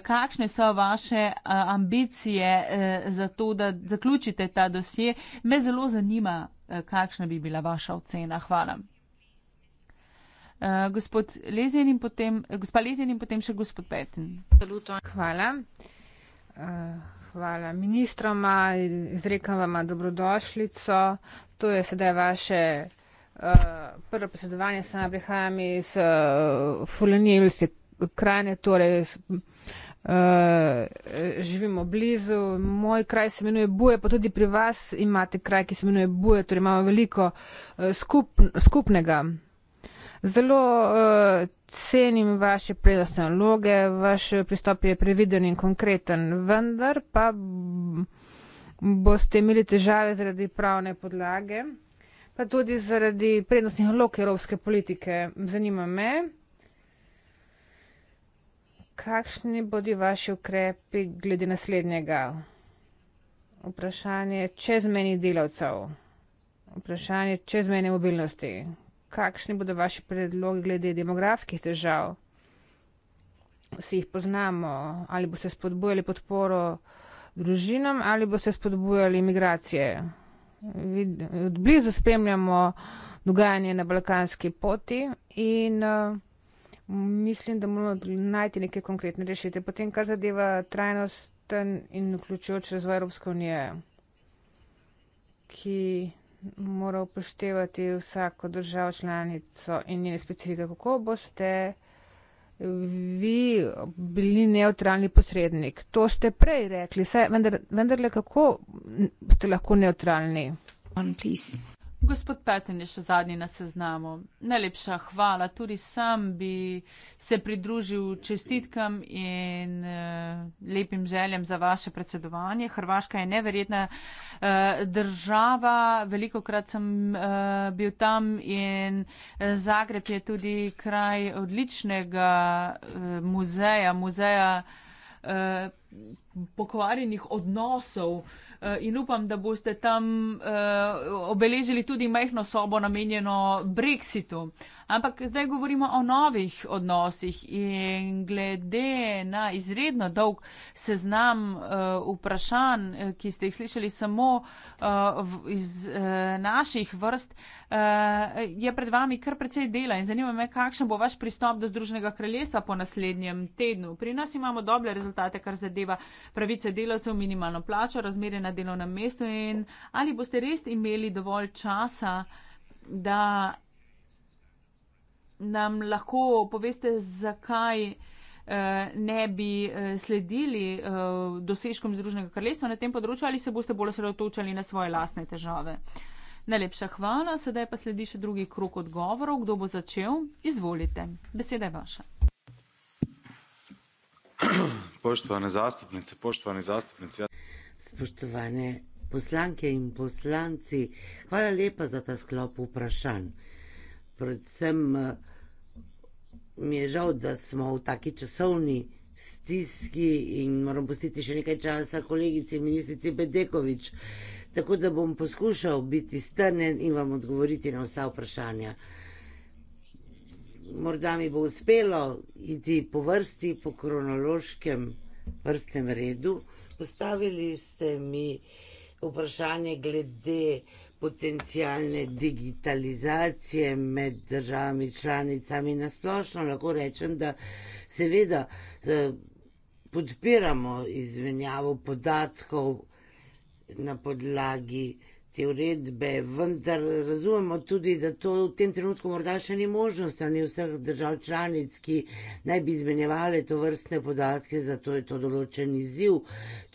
Speaker 2: kakšne so vaše ambicije za to, da zaključite ta dosje, me zelo zanima, kakšna bi bila vaša ocena. Hvala. Eh, gospod Lezen in potem, eh, gospa Lezen in potem še gospod Peten.
Speaker 1: Hvala. Uh, hvala ministroma, izrekam vam dobrodošlico. To je sedaj vaše uh, prvo posredovanje, sama prihajam iz uh, Fulanilske krajine, torej uh, živimo blizu. Moj kraj se imenuje Buje, pa tudi pri vas imate kraj, ki se imenuje Buje, torej imamo veliko uh, skup, skupnega. Zelo uh, cenim vaše prednostne naloge, vaš pristop je previden in konkreten, vendar pa boste imeli težave zaradi pravne podlage, pa tudi zaradi prednostnih nalog evropske politike. Zanima me, kakšni bodo vaši ukrepi glede naslednjega vprašanje čezmenih delavcev, vprašanje čezmene mobilnosti kakšni bodo vaši predlogi glede demografskih težav? Vsi jih poznamo, ali boste spodbujali podporo družinam, ali boste spodbujali imigracije. Odblizu spremljamo dogajanje na balkanski poti in uh, mislim, da moramo najti neke konkretne rešitve. Potem, kar zadeva trajnosten in vključujoč razvoj Evropske unije, ki mora upoštevati vsako državo članico in njene specifike. Kako boste vi bili neutralni posrednik? To ste prej rekli, saj vendar, vendarle kako ste lahko neutralni? One,
Speaker 2: Gospod Peten je še zadnji na seznamu. Najlepša hvala, tudi sam bi se pridružil čestitkam in uh, lepim željem za vaše predsedovanje. Hrvaška je neverjetna uh, država, veliko krat sem uh, bil tam in Zagreb je tudi kraj odličnega uh, muzeja, muzeja uh, Eh, pokvarjenih odnosov eh, in upam, da boste tam eh, obeležili tudi majhno sobo namenjeno Brexitu. Ampak zdaj govorimo o novih odnosih in glede na izredno dolg seznam uh, vprašanj, eh, ki ste jih slišali samo uh, v, iz uh, naših vrst, uh, je pred vami kar precej dela in zanima me, kakšen bo vaš pristop do Združenega kraljestva po naslednjem tednu. Pri nas imamo dobre rezultate, kar zadeva pravice delavcev, minimalno plačo, razmere na delovnem mestu in ali boste res imeli dovolj časa, da nam lahko poveste, zakaj eh, ne bi eh, sledili eh, dosežkom Združenega kraljestva na tem področju ali se boste bolj osredotočali na svoje lastne težave. Najlepša hvala, sedaj pa sledi še drugi krok odgovorov. Kdo bo začel? Izvolite, beseda je vaša.
Speaker 4: (clears throat) Poštovane zastupnice, poštovani zastupnici. Ja.
Speaker 3: Spoštovane poslanke in poslanci, hvala lepa za ta sklop vprašanj predvsem eh, mi je žal, da smo v taki časovni stiski in moram pustiti še nekaj časa kolegici ministrici Bedekovič. Tako da bom poskušal biti strnen in vam odgovoriti na vsa vprašanja. Morda mi bo uspelo iti po vrsti, po kronološkem vrstnem redu. Postavili ste mi vprašanje glede potencijalne digitalizacije med državami članicami nasplošno, lahko rečem, da seveda e, podpiramo izmenjavo podatkov na podlagi te uredbe, vendar razumemo tudi, da to v tem trenutku morda še ni možno strani vseh držav članic, ki naj bi izmenjevali to vrstne podatke, zato je to določen izziv,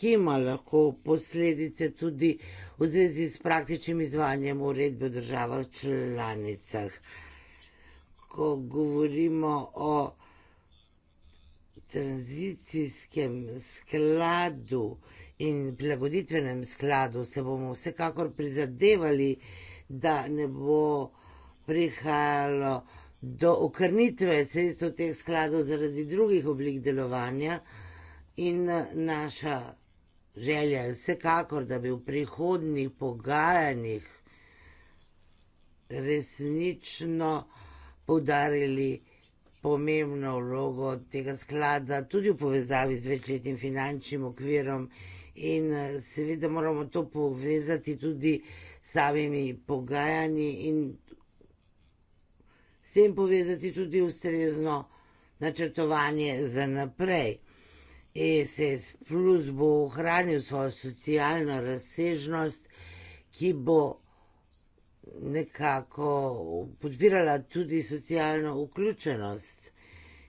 Speaker 3: ki ima lahko posledice tudi v zvezi s praktičnim izvanjem uredbe v državah članicah. Ko govorimo o tranzicijskem skladu, in prilagoditvenem skladu se bomo vsekakor prizadevali, da ne bo prihajalo do okrnitve sredstev teh skladov zaradi drugih oblik delovanja. In naša želja je vsekakor, da bi v prihodnih pogajanjih resnično povdarili pomembno vlogo tega sklada tudi v povezavi z večletnim finančnim okvirom in eh, seveda moramo to povezati tudi s samimi pogajanji in s tem povezati tudi ustrezno načrtovanje za naprej. ESS Plus bo ohranil svojo socialno razsežnost, ki bo nekako podpirala tudi socialno vključenost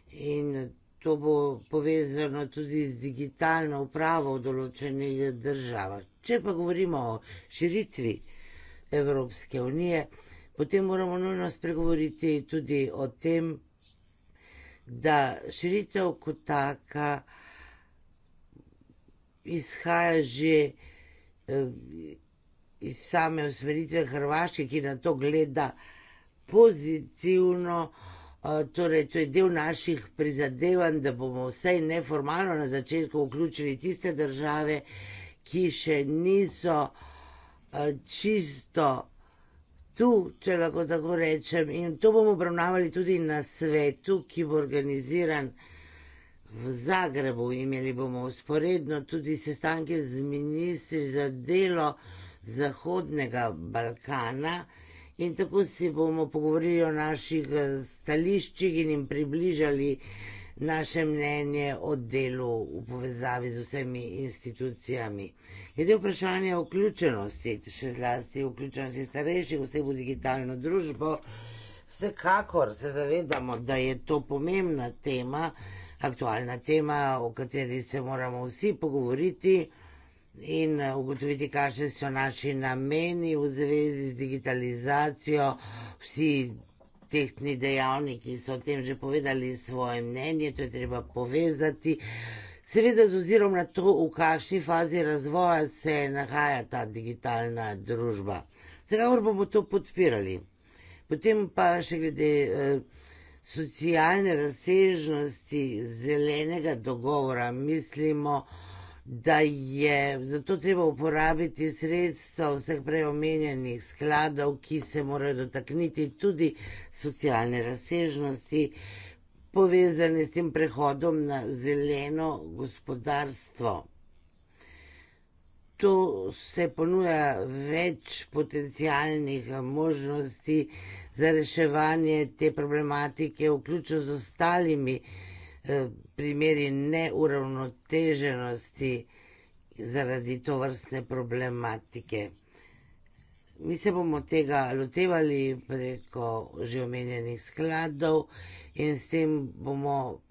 Speaker 3: in to bo povezano tudi z digitalno upravo v določenih državah. Če pa govorimo o širitvi Evropske unije, potem moramo nujno spregovoriti tudi o tem, da širitev kot taka izhaja že eh, iz same usmeritve Hrvaške, ki na to gleda pozitivno. Torej, to je del naših prizadevanj, da bomo vsaj neformalno na začetku vključili tiste države, ki še niso čisto tu, če lahko tako rečem. In to bomo obravnavali tudi na svetu, ki bo organiziran v Zagrebu. Imeli bomo usporedno tudi sestanke z ministri za delo Zahodnega Balkana. In tako si bomo pogovorili o naših eh, stališčih in jim približali naše mnenje o delu v povezavi z vsemi institucijami. Glede vprašanja vključenosti, še zlasti vključenosti starejših oseb v digitalno družbo, vsekakor se zavedamo, da je to pomembna tema, aktualna tema, o kateri se moramo vsi pogovoriti in eh, ugotoviti, kakšne so naši nameni v zvezi z digitalizacijo. Vsi tehtni dejavniki so o tem že povedali svoje mnenje, to je treba povezati. Seveda, z ozirom na to, v kakšni fazi razvoja se nahaja ta digitalna družba. Vsekakor bomo to podpirali. Potem pa še glede eh, socialne razsežnosti zelenega dogovora, mislimo, da je zato treba uporabiti sredstva vseh preomenjenih skladov, ki se morajo dotakniti tudi socialne razsežnosti, povezane s tem prehodom na zeleno gospodarstvo. Tu se ponuja več potencijalnih možnosti za reševanje te problematike, vključno z ostalimi eh, primeri neuravnoteženosti zaradi to vrstne problematike. Mi se bomo tega lotevali preko že omenjenih skladov in s tem bomo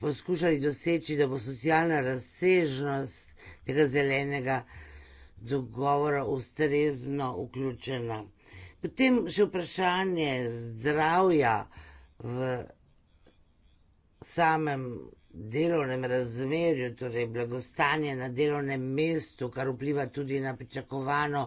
Speaker 3: poskušali doseči, da bo socialna razsežnost tega zelenega dogovora ustrezno vključena. Potem še vprašanje zdravja v samem delovnem razmerju, torej blagostanje na delovnem mestu, kar vpliva tudi na pričakovano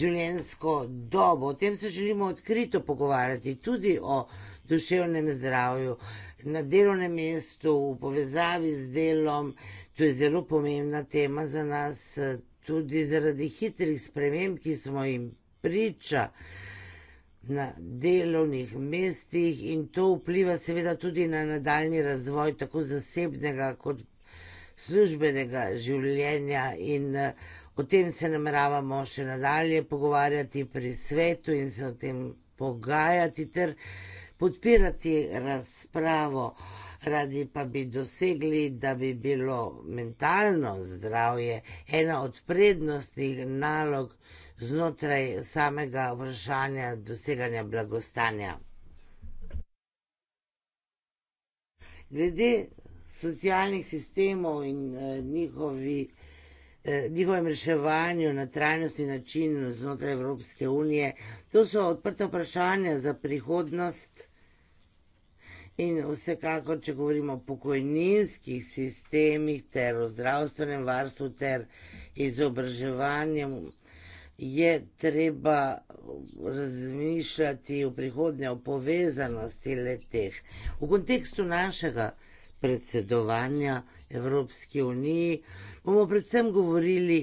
Speaker 3: življenjsko dobo. O tem se želimo odkrito pogovarjati, tudi o duševnem zdravju na delovnem mestu, v povezavi z delom. To je zelo pomembna tema za nas, tudi zaradi hitrih sprememb, ki smo jim priča na delovnih mestih in to vpliva seveda tudi na nadaljni razvoj tako zasebnega kot službenega življenja in eh, o tem se nameravamo še nadalje pogovarjati pri svetu in se o tem pogajati ter podpirati razpravo. Radi pa bi dosegli, da bi bilo mentalno zdravje ena od prednostnih nalog, znotraj samega vprašanja doseganja blagostanja. Glede socialnih sistemov in eh, njihovi, eh, njihovem reševanju na trajnostni način znotraj Evropske unije, to so odprta vprašanja za prihodnost. In vsekakor, če govorimo o pokojninskih sistemih ter o zdravstvenem varstvu ter izobraževanju, je treba razmišljati v prihodnje o povezanosti leteh. V kontekstu našega predsedovanja Evropski uniji bomo predvsem govorili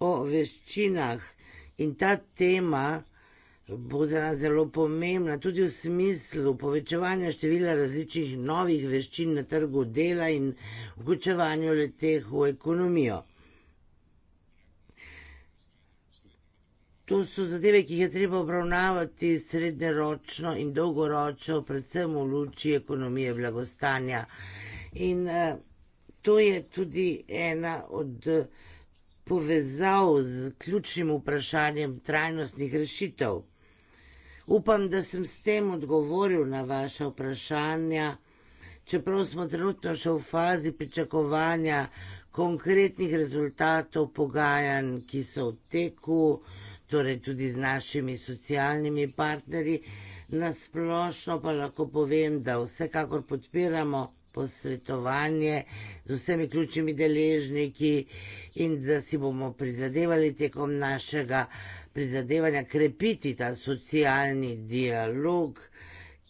Speaker 3: o veščinah in ta tema bo za nas zelo pomembna tudi v smislu povečevanja števila različnih novih veščin na trgu dela in vključevanju leteh v ekonomijo. To so zadeve, ki jih je treba obravnavati srednjeročno in dolgoročno, predvsem v luči ekonomije blagostanja. In eh, to je tudi ena od povezav z ključnim vprašanjem trajnostnih rešitev. Upam, da sem s tem odgovoril na vaše vprašanja, čeprav smo trenutno še v fazi pričakovanja konkretnih rezultatov pogajanj, ki so v teku torej tudi z našimi socialnimi partnerji. Nasplošno pa lahko povem, da vsekakor podpiramo posvetovanje z vsemi ključnimi deležniki in da si bomo prizadevali tekom našega prizadevanja krepiti ta socialni dialog,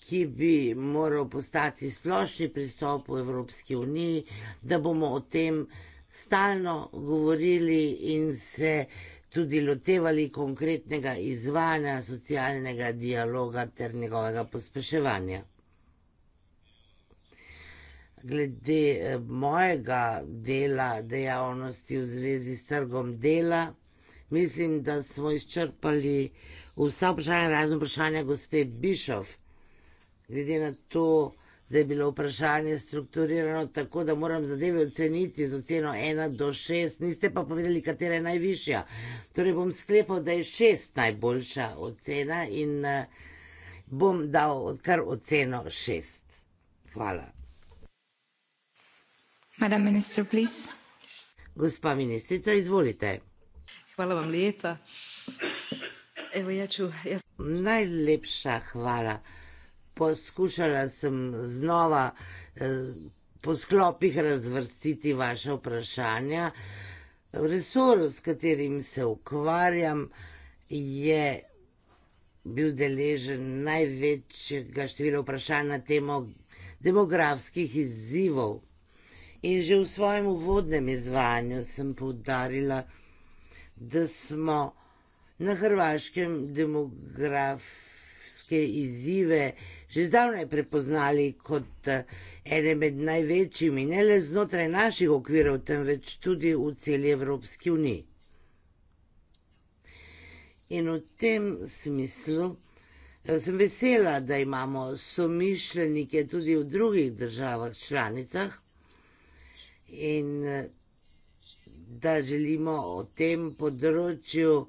Speaker 3: ki bi moral postati splošni pristop v Evropski uniji, da bomo o tem stalno govorili in se tudi lotevali konkretnega izvajanja socialnega dialoga ter njegovega pospeševanja. Glede eh, mojega dela, dejavnosti v zvezi s trgom dela, mislim, da smo izčrpali vsa vprašanja, razen vprašanja gospe Bišov. Glede na to, da je bilo vprašanje strukturirano tako, da moram zadeve oceniti z oceno 1 do 6, niste pa povedali, katera je najvišja. Torej bom sklepal, da je 6 najboljša ocena in eh, bom dal kar oceno 6. Hvala.
Speaker 5: Madam minister, please.
Speaker 3: Gospa ministrica, izvolite.
Speaker 5: Hvala vam lepa. Evo, ja ču, jaz...
Speaker 3: Najlepša hvala poskušala sem znova eh, po sklopih razvrstiti vaše vprašanja. Resor, s katerim se ukvarjam, je bil deležen največjega števila vprašanj na temo demografskih izzivov. In že v svojem uvodnem izvajanju sem poudarila, da smo na Hrvaškem demografske izzive že zdavnaj prepoznali kot eh, ene med največjimi, ne le znotraj naših okvirov, temveč tudi v celi Evropski uniji. In v tem smislu eh, sem vesela, da imamo somišljenike tudi v drugih državah članicah in eh, da želimo o tem področju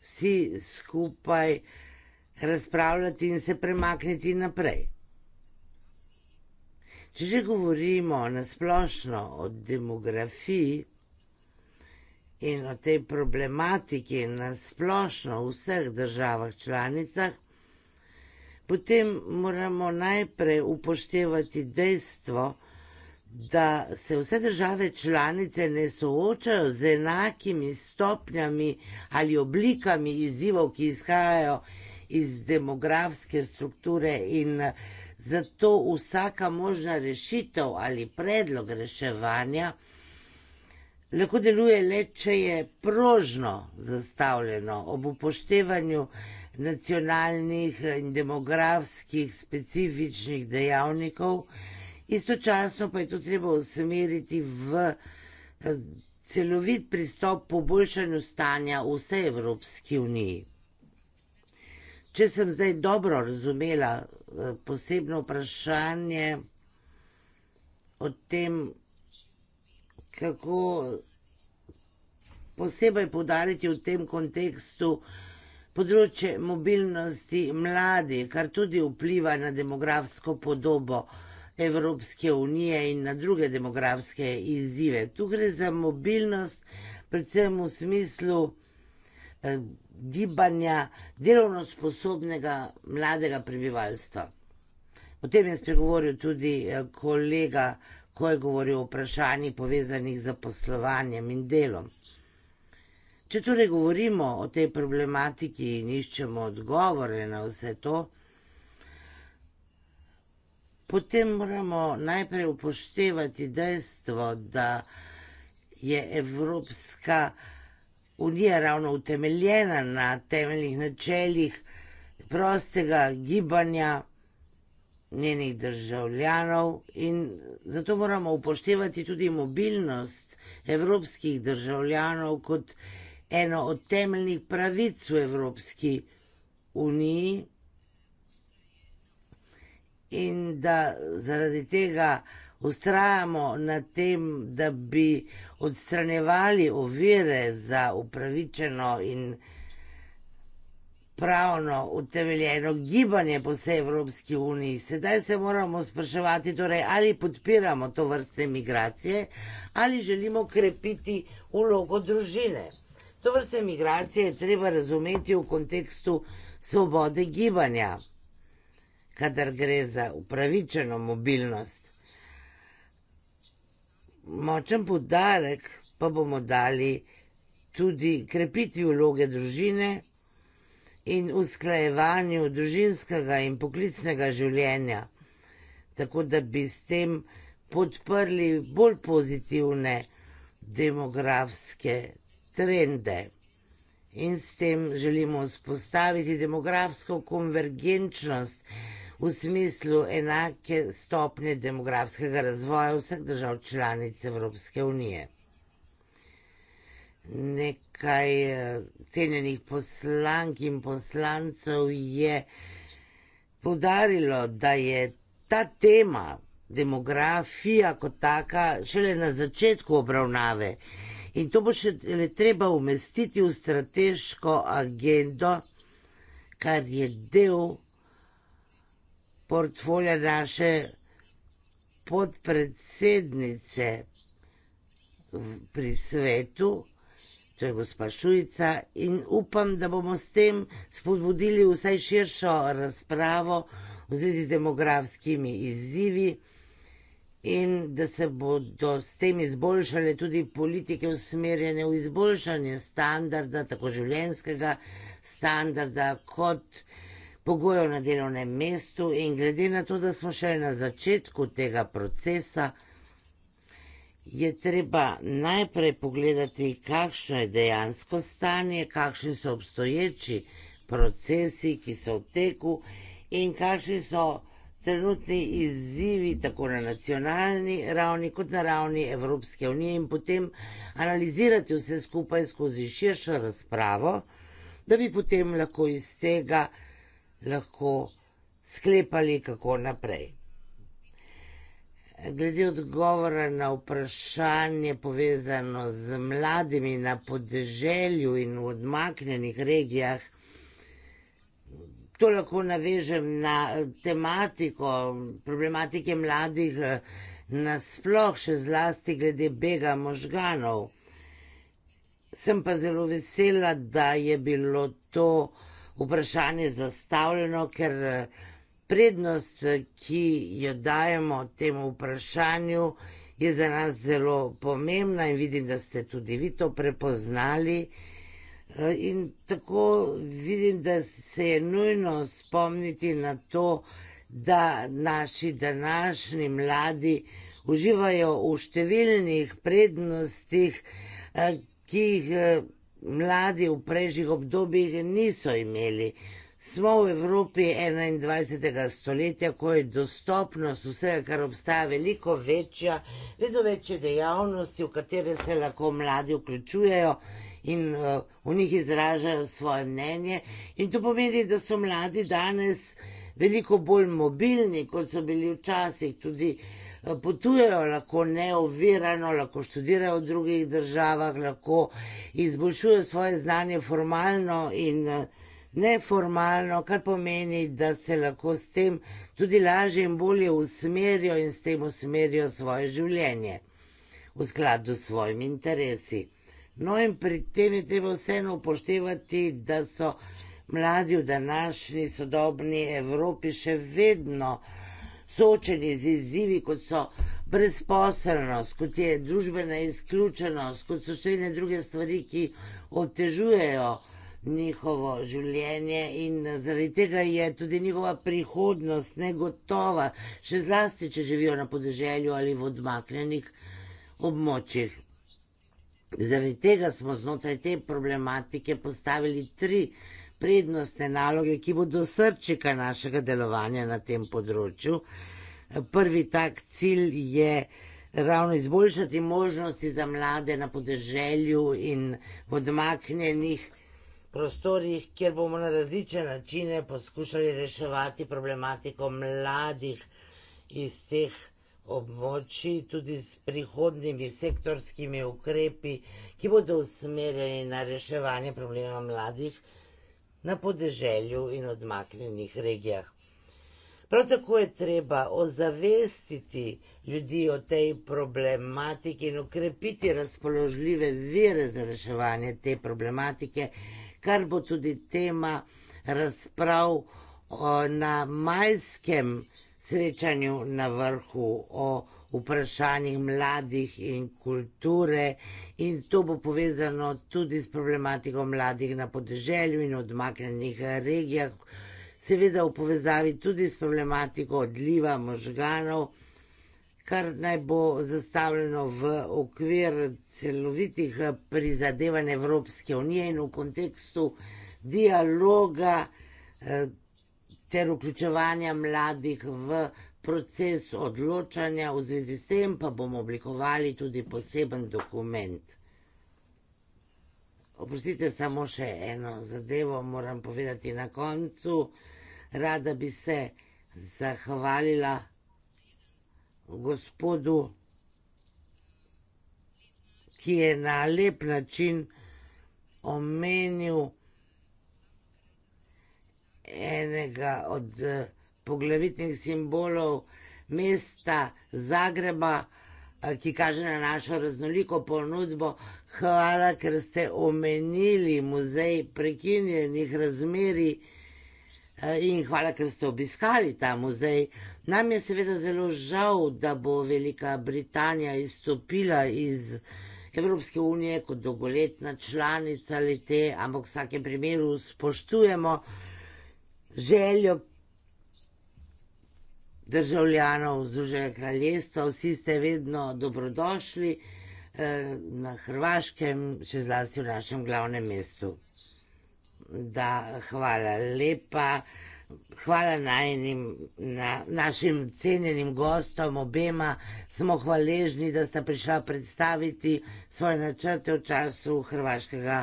Speaker 3: vsi skupaj razpravljati in se premakniti naprej. Če že govorimo na splošno o demografiji in o tej problematiki na splošno v vseh državah članicah, potem moramo najprej upoštevati dejstvo, da se vse države članice ne soočajo z enakimi stopnjami ali oblikami izzivov, ki izhajajo iz iz demografske strukture in zato vsaka možna rešitev ali predlog reševanja lahko deluje le, če je prožno zastavljeno ob upoštevanju nacionalnih in demografskih specifičnih dejavnikov, istočasno pa je to treba usmeriti v eh, celovit pristop poboljšanju stanja v vsej Evropski uniji. Če sem zdaj dobro razumela eh, posebno vprašanje o tem, kako posebej podariti v tem kontekstu področje mobilnosti mladi, kar tudi vpliva na demografsko podobo Evropske unije in na druge demografske izzive. Tu gre za mobilnost, predvsem v smislu. Eh, gibanja delovno sposobnega mladega prebivalstva. O tem je spregovoril tudi eh, kolega, ko je govoril o vprašanjih povezanih z poslovanjem in delom. Če torej govorimo o tej problematiki in iščemo odgovore na vse to, potem moramo najprej upoštevati dejstvo, da je Evropska unija unija ravno utemeljena na temeljnih načeljih prostega gibanja njenih državljanov in zato moramo upoštevati tudi mobilnost evropskih državljanov kot eno od temeljnih pravic v Evropski uniji in da zaradi tega ustrajamo na tem, da bi odstranjevali ovire za upravičeno in pravno utemeljeno gibanje po vsej Evropski uniji. Sedaj se moramo spraševati, torej, ali podpiramo to vrste migracije ali želimo krepiti ulogo družine. To vrste migracije je treba razumeti v kontekstu svobode gibanja, kadar gre za upravičeno mobilnost močen podarek pa bomo dali tudi krepitvi vloge družine in usklajevanju družinskega in poklicnega življenja, tako da bi s tem podprli bolj pozitivne demografske trende. In s tem želimo vzpostaviti demografsko konvergenčnost v smislu enake stopnje demografskega razvoja vseh držav članic Evropske unije. Nekaj eh, cenjenih poslank in poslancev je povdarilo, da je ta tema, demografija kot taka, šele na začetku obravnave in to bo še treba umestiti v strateško agendo, kar je del portfolja naše podpredsednice pri svetu, to je gospa Šujica, in upam, da bomo s tem spodbudili vsaj širšo razpravo v zvezi z demografskimi izzivi in da se bodo s tem izboljšale tudi politike usmerjene v izboljšanje standarda, tako življenjskega standarda kot pogojev na delovnem mestu in glede na to, da smo še na začetku tega procesa, je treba najprej pogledati, kakšno je dejansko stanje, kakšni so obstoječi procesi, ki so v teku in kakšni so trenutni izzivi tako na nacionalni ravni kot na ravni Evropske unije in potem analizirati vse skupaj skozi širšo razpravo, da bi potem lahko iz tega lahko sklepali, kako naprej. Glede odgovora na vprašanje povezano z mladimi na podeželju in v odmaknjenih regijah, to lahko navežem na tematiko problematike mladih eh, nasploh, še zlasti glede bega možganov. Sem pa zelo vesela, da je bilo to vprašanje zastavljeno, ker eh, prednost, eh, ki jo dajemo temu vprašanju, je za nas zelo pomembna in vidim, da ste tudi vi to prepoznali. Eh, in tako vidim, da se je nujno spomniti na to, da naši današnji mladi uživajo v številnih prednostih, ki jih mladi v prejšnjih obdobjih niso imeli. Smo v Evropi 21. stoletja, ko je dostopnost vsega, kar obstaja, veliko večja, vedno večje dejavnosti, v katere se lahko mladi vključujejo in uh, v njih izražajo svoje mnenje. In to pomeni, da so mladi danes veliko bolj mobilni, kot so bili včasih tudi uh, potujejo lahko neovirano, lahko študirajo v drugih državah, lahko izboljšujejo svoje znanje formalno in eh, neformalno, kar pomeni, da se lahko s tem tudi lažje in bolje usmerijo in s tem usmerijo svoje življenje v skladu s svojimi interesi. No in pri tem je treba vseeno upoštevati, da so mladi v današnji sodobni Evropi še vedno soočeni z izzivi, kot so brezposelnost, kot je družbena izključenost, kot so številne druge stvari, ki otežujejo njihovo življenje in zaradi tega je tudi njihova prihodnost negotova, še zlasti, če živijo na podeželju ali v odmaknenih območjih. Zaradi tega smo znotraj te problematike postavili tri vprašanja prednostne naloge, ki bodo srčika našega delovanja na tem področju. Prvi tak cilj je ravno izboljšati možnosti za mlade na podeželju in v odmaknjenih prostorih, kjer bomo na različne načine poskušali reševati problematiko mladih iz teh območji, tudi s prihodnimi sektorskimi ukrepi, ki bodo usmerjeni na reševanje problema mladih na podeželju in odmaknjenih regijah. Prav tako je treba ozavestiti ljudi o tej problematiki in okrepiti razpoložljive vire za reševanje te problematike, kar bo tudi tema razprav eh, na majskem srečanju na vrhu o vprašanjih mladih in kulture, in to bo povezano tudi s problematiko mladih na podeželju in odmaknjenih regijah, seveda v povezavi tudi s problematiko odliva možganov, kar naj bo zastavljeno v okvir celovitih prizadevanj Evropske unije in v kontekstu dialoga. Eh, ter vključevanja mladih v proces odločanja, v zvezi s tem pa bomo oblikovali tudi poseben dokument. Oprostite, samo še eno zadevo moram povedati na koncu. Rada bi se zahvalila gospodu, ki je na lep način omenil enega od uh, poglavitnih simbolov mesta Zagreba, eh, ki kaže na našo raznoliko ponudbo. Hvala, ker ste omenili muzej prekinjenih razmeri eh, in hvala, ker ste obiskali ta muzej. Nam je seveda zelo žal, da bo Velika Britanija izstopila iz Evropske unije kot dolgoletna članica lete, ampak v vsakem primeru spoštujemo željo, državljanov Združenega kraljestva, vsi ste vedno dobrodošli eh, na Hrvaškem, še zlasti v našem glavnem mestu. Da, hvala lepa, hvala najnim, na, našim cenjenim gostom, obema smo hvaležni, da sta prišla predstaviti svoje načrte v času hrvaškega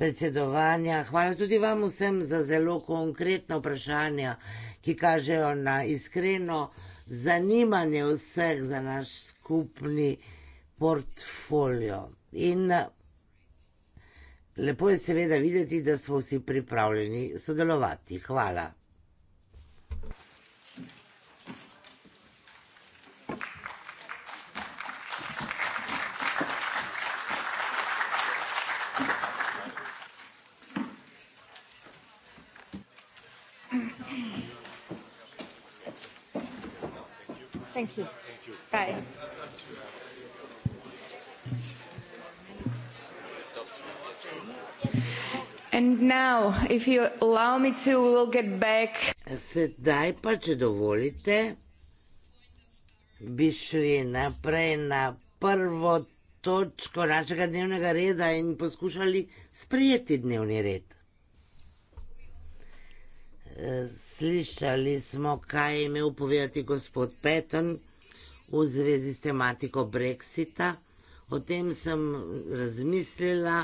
Speaker 3: predsedovanja. Hvala tudi vam vsem za zelo konkretna vprašanja ki kažejo na iskreno zanimanje vseh za naš skupni portfolio. In lepo je seveda videti, da smo vsi pripravljeni sodelovati. Hvala.
Speaker 1: Thank you. Thank you. Bye. And now, if you allow me to, we will get back.
Speaker 3: Sedaj pa, če dovolite, bi šli naprej na prvo točko našega dnevnega reda in poskušali sprejeti dnevni red. Slišali smo, kaj je imel povedati gospod Peton v zvezi s tematiko Brexita. O tem sem razmislila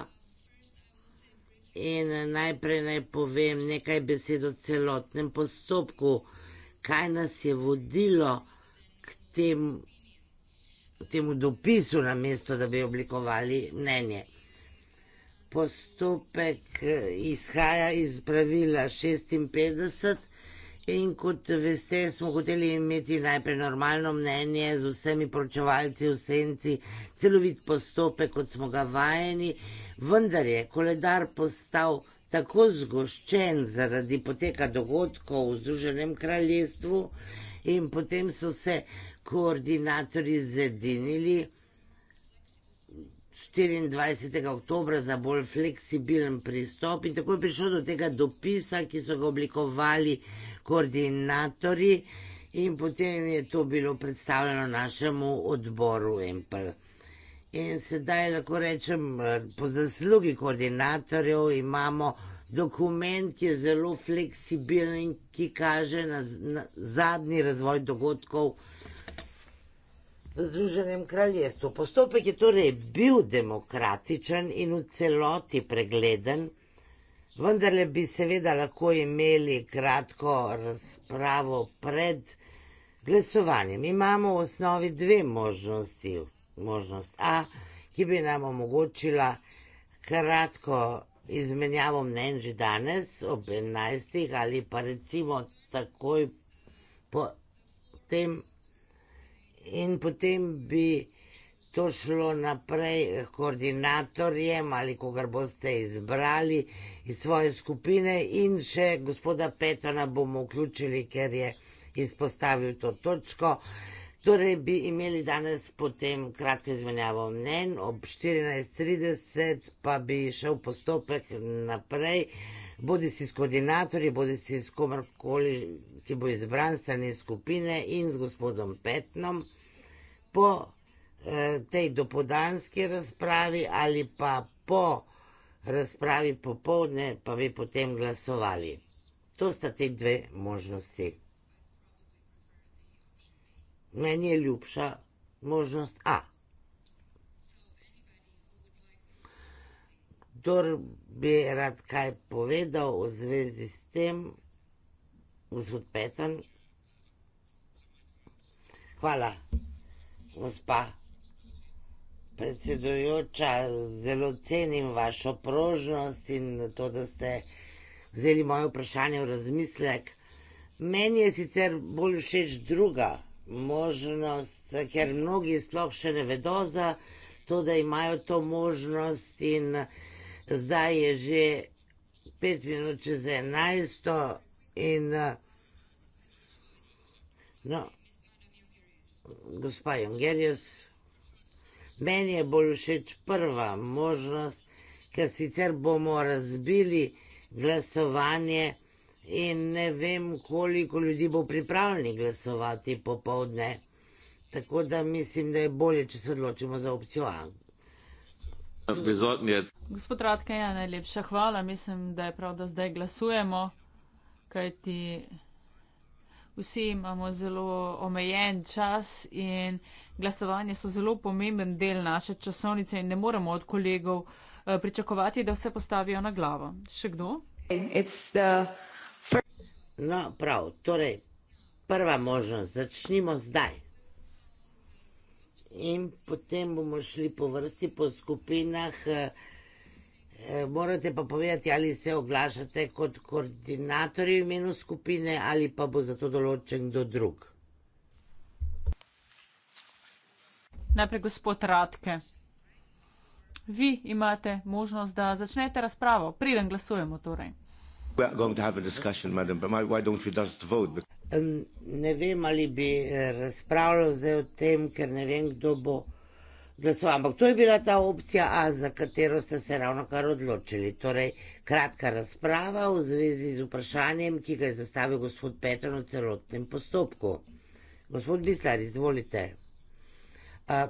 Speaker 3: in najprej naj povem nekaj besed o celotnem postopku, kaj nas je vodilo k tem, temu dopisu na mesto, da bi oblikovali mnenje. Postopek eh, izhaja iz pravila 56. In kot veste, smo hoteli imeti najprej normalno mnenje z vsemi poročevalci v senci, celovit postopek, kot smo ga vajeni, vendar je koledar postal tako zgoščen zaradi poteka dogodkov v Združenem kraljestvu, in potem so se koordinatori zedinili 24. oktober za bolj fleksibilen pristop, in tako je prišlo do tega dopisa, ki so ga oblikovali koordinatorji in potem je to bilo predstavljeno našemu odboru Empel. In sedaj lahko rečem, po zaslugi koordinatorjev imamo dokument, ki je zelo fleksibilen, ki kaže na, na zadnji razvoj dogodkov v Združenem kraljestvu. Postopek je torej bil demokratičen in v celoti pregleden vendarle bi seveda lahko imeli kratko razpravo pred glasovanjem. Imamo v osnovi dve možnosti. Možnost A, ki bi nam omogočila kratko izmenjavo mnen že danes ob 11. ali pa recimo takoj po tem. In potem bi to šlo naprej koordinatorjem ali kogar boste izbrali iz svoje skupine in še gospoda Petona bomo vključili, ker je izpostavil to točko. Torej bi imeli danes potem kratko izmenjavo mnen, ob 14.30 pa bi šel postopek naprej, bodi si s koordinatorji, bodi si s komarkoli, ki bo izbran strani skupine in z gospodom Petnom. Po Eh, tej dopodanski razpravi ali pa po razpravi popovdne, pa bi potem glasovali. To sta te dve možnosti. Meni je ljubša možnost A. Kdor bi rad kaj povedal v zvezi s tem, gospod Peton, hvala, gospa predsedujoča, zelo cenim vašo prožnost in to, da ste vzeli moje vprašanje v razmislek. Meni je sicer bolj všeč druga možnost, ker mnogi sploh še ne vedo za to, da imajo to možnost in zdaj je že pet minut čez enajsto in no, gospa Jungerius, Meni je bolj všeč prva možnost, ker sicer bomo razbili glasovanje in ne vem, koliko ljudi bo pripravljenih glasovati popoldne. Tako da mislim, da je bolje, če se odločimo za opcijo A.
Speaker 2: Gospod Radke, ja, najlepša hvala. Mislim, da je prav, da zdaj glasujemo, kajti vsi imamo zelo omejen čas in glasovanje so zelo pomemben del naše časovnice in ne moremo od kolegov eh, pričakovati, da vse postavijo na glavo. Še kdo?
Speaker 3: No, prav, torej prva možnost, začnimo zdaj. In potem bomo šli po vrsti, po skupinah. Uh, Eh, morate pa povedati, ali se oglašate kot koordinatorji v imenu skupine ali pa bo za to določen kdo drug.
Speaker 2: Najprej gospod Radke. Vi imate možnost, da začnete razpravo, preden glasujemo. Torej.
Speaker 1: Discussion, madam, just
Speaker 3: ne vem, ali bi eh, razpravljal zdaj o tem, ker ne vem, kdo bo glasoval. Ampak to je bila ta opcija A, za katero ste se ravno kar odločili. Torej, kratka razprava v zvezi z vprašanjem, ki ga je zastavil gospod Petr v celotnem postopku. Gospod Bislar, izvolite. A,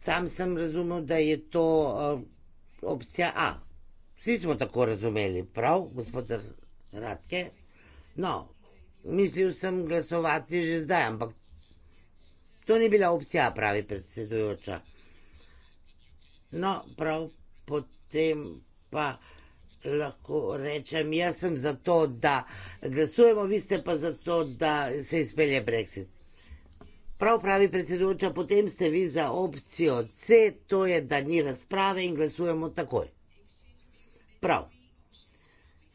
Speaker 3: sam sem razumel, da je to a, opcija A. Vsi smo tako razumeli, prav, gospod Radke? No, mislil sem glasovati že zdaj, ampak to ni bila opcija, pravi predsedujoča. No, prav potem pa lahko rečem, jaz sem za to, da glasujemo, vi ste pa za to, da se izpelje Brexit. Prav pravi predsedujoča, potem ste vi za opcijo C, to je, da ni razprave in glasujemo takoj. Prav.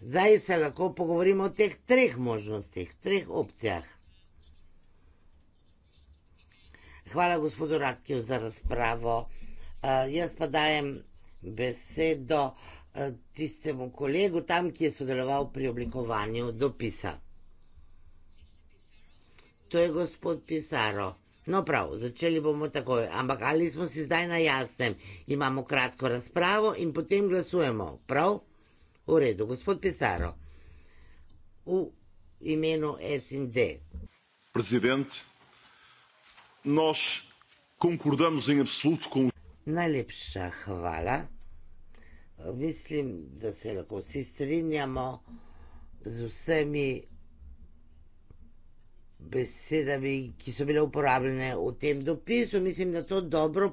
Speaker 3: Zdaj se lahko pogovorimo o teh treh možnostih, treh opcijah. Hvala gospodu Radkev za razpravo. Eh, jaz pa dajem besedo eh, tistemu kolegu tam, ki je sodeloval pri oblikovanju dopisa. To je gospod Pisaro. No prav, začeli bomo takoj, ampak ali smo si zdaj na jasnem, imamo kratko razpravo in potem glasujemo, prav? V redu, gospod Pisaro, v imenu SND.
Speaker 4: Predsednik, naš konkurdamo z enim absolutnim Najlepša
Speaker 3: hvala. Mislim, da se lahko vsi strinjamo z vsemi besedami, ki so bile uporabljene v tem dopisu. Mislim, da to dobro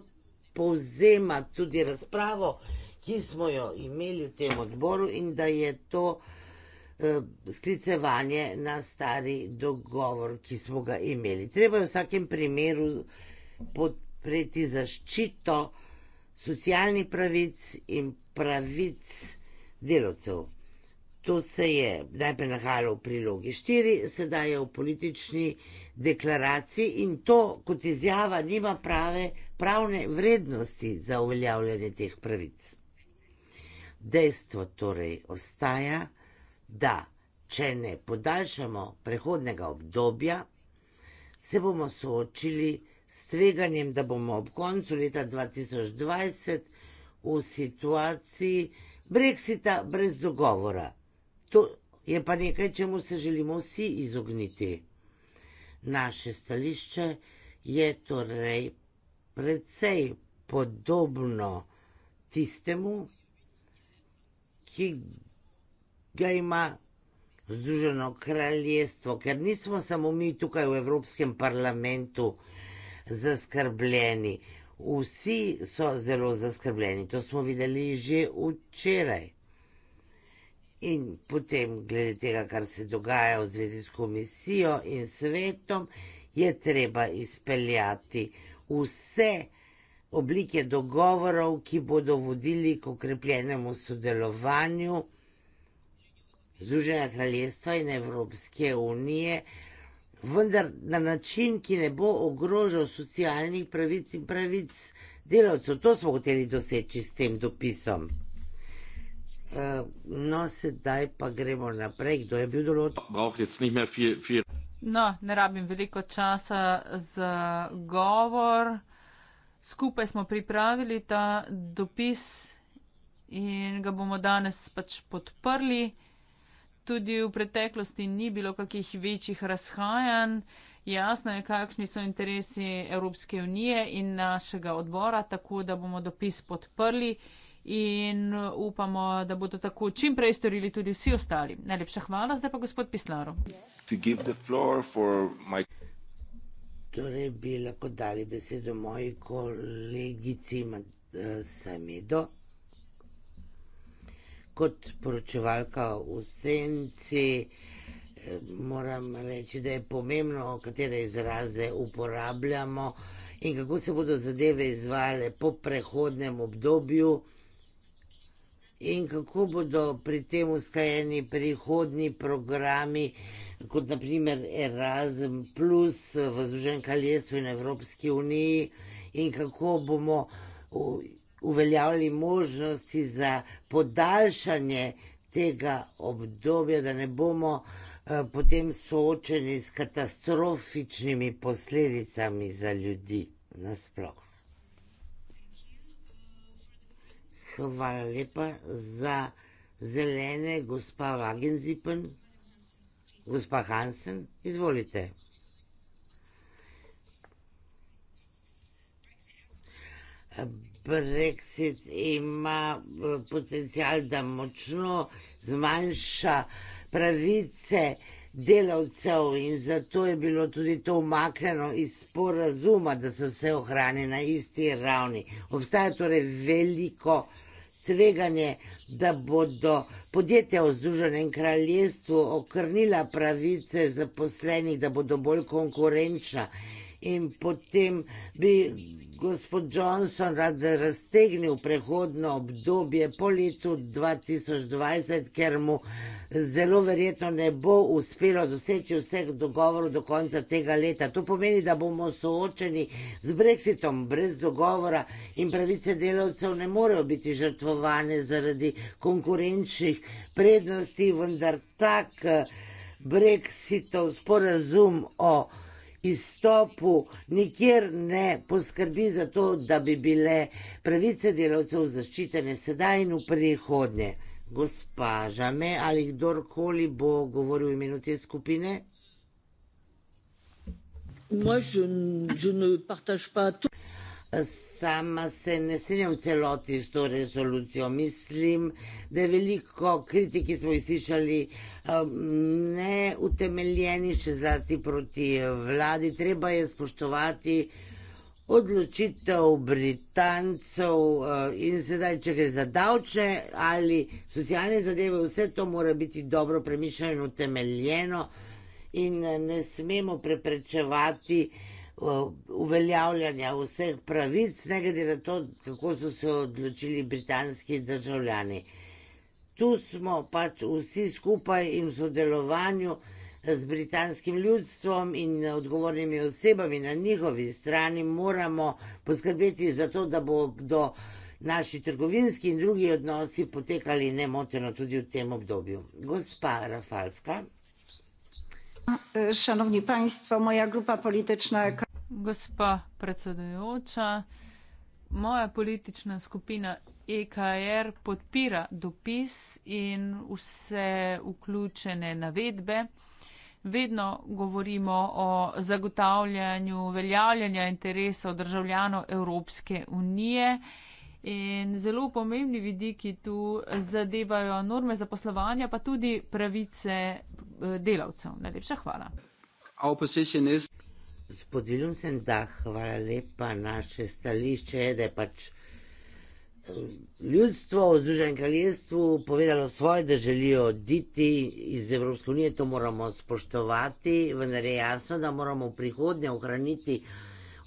Speaker 3: povzema tudi razpravo, ki smo jo imeli v tem odboru in da je to eh, sklicevanje na stari dogovor, ki smo ga imeli. Treba je v vsakem primeru podpreti zaščito, socialnih pravic in pravic delavcev. To se je najprej nahajalo v prilogi 4, sedaj je v politični deklaraciji in to kot izjava nima prave pravne vrednosti za uveljavljanje teh pravic. Dejstvo torej ostaja, da če ne podaljšamo prehodnega obdobja, se bomo soočili s s tveganjem, da bomo ob koncu leta 2020 v situaciji brexita brez dogovora. To je pa nekaj, čemu se želimo vsi izogniti. Naše stališče je torej precej podobno tistemu, ki ga ima Združeno kraljestvo, ker nismo samo mi tukaj v Evropskem parlamentu, zaskrbljeni. Vsi so zelo zaskrbljeni, to smo videli že včeraj. In potem, glede tega, kar se dogaja v zvezi s komisijo in svetom, je treba izpeljati vse oblike dogovorov, ki bodo vodili k okrepljenemu sodelovanju Združenega kraljestva in Evropske unije vendar na način, ki ne bo ogrožal socialnih pravic in pravic delavcev. To smo hoteli doseči s tem dopisom. Eh, no, sedaj pa gremo naprej. Kdo je bil določen? No, ne rabim veliko časa
Speaker 2: za govor. Skupaj smo pripravili ta dopis in ga bomo danes pač podprli tudi v preteklosti ni bilo kakih večjih razhajanj. Jasno je, kakšni so interesi Evropske unije in našega odbora, tako da bomo dopis podprli in upamo, da bodo tako čim prej storili tudi vsi ostali. Najlepša hvala, zdaj pa gospod Pislaro.
Speaker 4: My...
Speaker 3: Torej bi lahko dali besedo moji kolegici eh, Samedo kot poročevalka v senci. Eh, moram reči, da je pomembno, katere izraze uporabljamo in kako se bodo zadeve izvajale po prehodnem obdobju, in kako bodo pri tem uskajeni prihodni programi, kot naprimer Erasmus, v Združenem kraljestvu in Evropski uniji, in kako bomo uveljavljali možnosti za podaljšanje tega obdobja, da ne bomo eh, potem soočeni s katastrofičnimi posledicami za ljudi nasploh. Hvala lepa za zelene, gospa Wagenzipen. Gospa Hansen, izvolite. Um, Brexit ima eh, potencial, da močno zmanjša pravice delavcev in zato je bilo tudi to umakljeno iz sporazuma, da se vse ohrani na isti ravni. Obstaja torej veliko tveganje, da bodo podjetja v Združenem kraljestvu okrnila pravice zaposlenih, da bodo bolj konkurenčna in potem bi gospod Johnson rad raztegnil prehodno obdobje po letu 2020, ker mu zelo verjetno ne bo uspelo doseči vseh dogovorov do konca tega leta. To pomeni, da bomo soočeni z brexitom brez dogovora in pravice delavcev ne morejo biti žrtvovane zaradi konkurenčnih prednosti, vendar tak eh, brexitov sporazum o izstopu, nikjer ne poskrbi za to, da bi bile pravice delavcev zaščitene sedaj in v prihodnje. Gospa Žame ali kdorkoli bo govoril v imenu te skupine. Moi, je, je ne partage pas tout. Sama se ne strinjam celoti s to rezolucijo. Mislim, da je veliko kritik, ki smo jih slišali, um, neutemeljenih, še zlasti proti vladi. Treba je spoštovati odločitev Britancev uh, in sedaj, če gre za davče ali socialne zadeve, vse to mora biti dobro premišljeno in utemeljeno in uh, ne smemo preprečevati uveljavljanja vseh pravic, ne glede na to, kako so se odločili britanski državljani. Tu smo pač vsi skupaj in v sodelovanju z britanskim ljudstvom in odgovornimi osebami na njihovi strani moramo poskrbeti za to, da bo do naši trgovinski in drugi odnosi potekali nemoteno tudi v tem obdobju. Gospa Rafalska.
Speaker 1: Szanowni Państwo, moja grupa polityczna.
Speaker 2: Gospa predsedujoča, moja politična skupina EKR podpira dopis in vse vključene navedbe. Vedno govorimo o zagotavljanju uveljavljanja interesov državljanov Evropske unije in zelo pomembni vidiki tu zadevajo norme zaposlovanja, pa tudi pravice eh, delavcev. Najlepša hvala.
Speaker 3: Spodilim sem, da hvala lepa naše stališče, da je pač eh, ljudstvo v Združenem kraljestvu povedalo svoje, da želijo oditi iz Evropske unije, to moramo spoštovati, vendar je jasno, da moramo v prihodnje ohraniti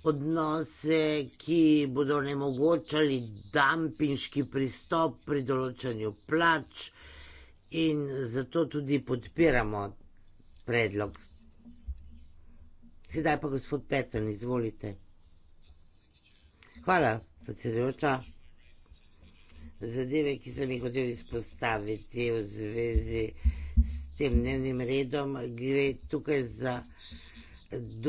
Speaker 3: odnose, ki bodo nemogočali dampinški pristop pri določanju plač in zato tudi podpiramo predlog Sedaj pa gospod Petron, izvolite. Hvala, predsedujoča. Zadeve, ki sem jih hotel izpostaviti v zvezi s tem dnevnim redom, gre tukaj za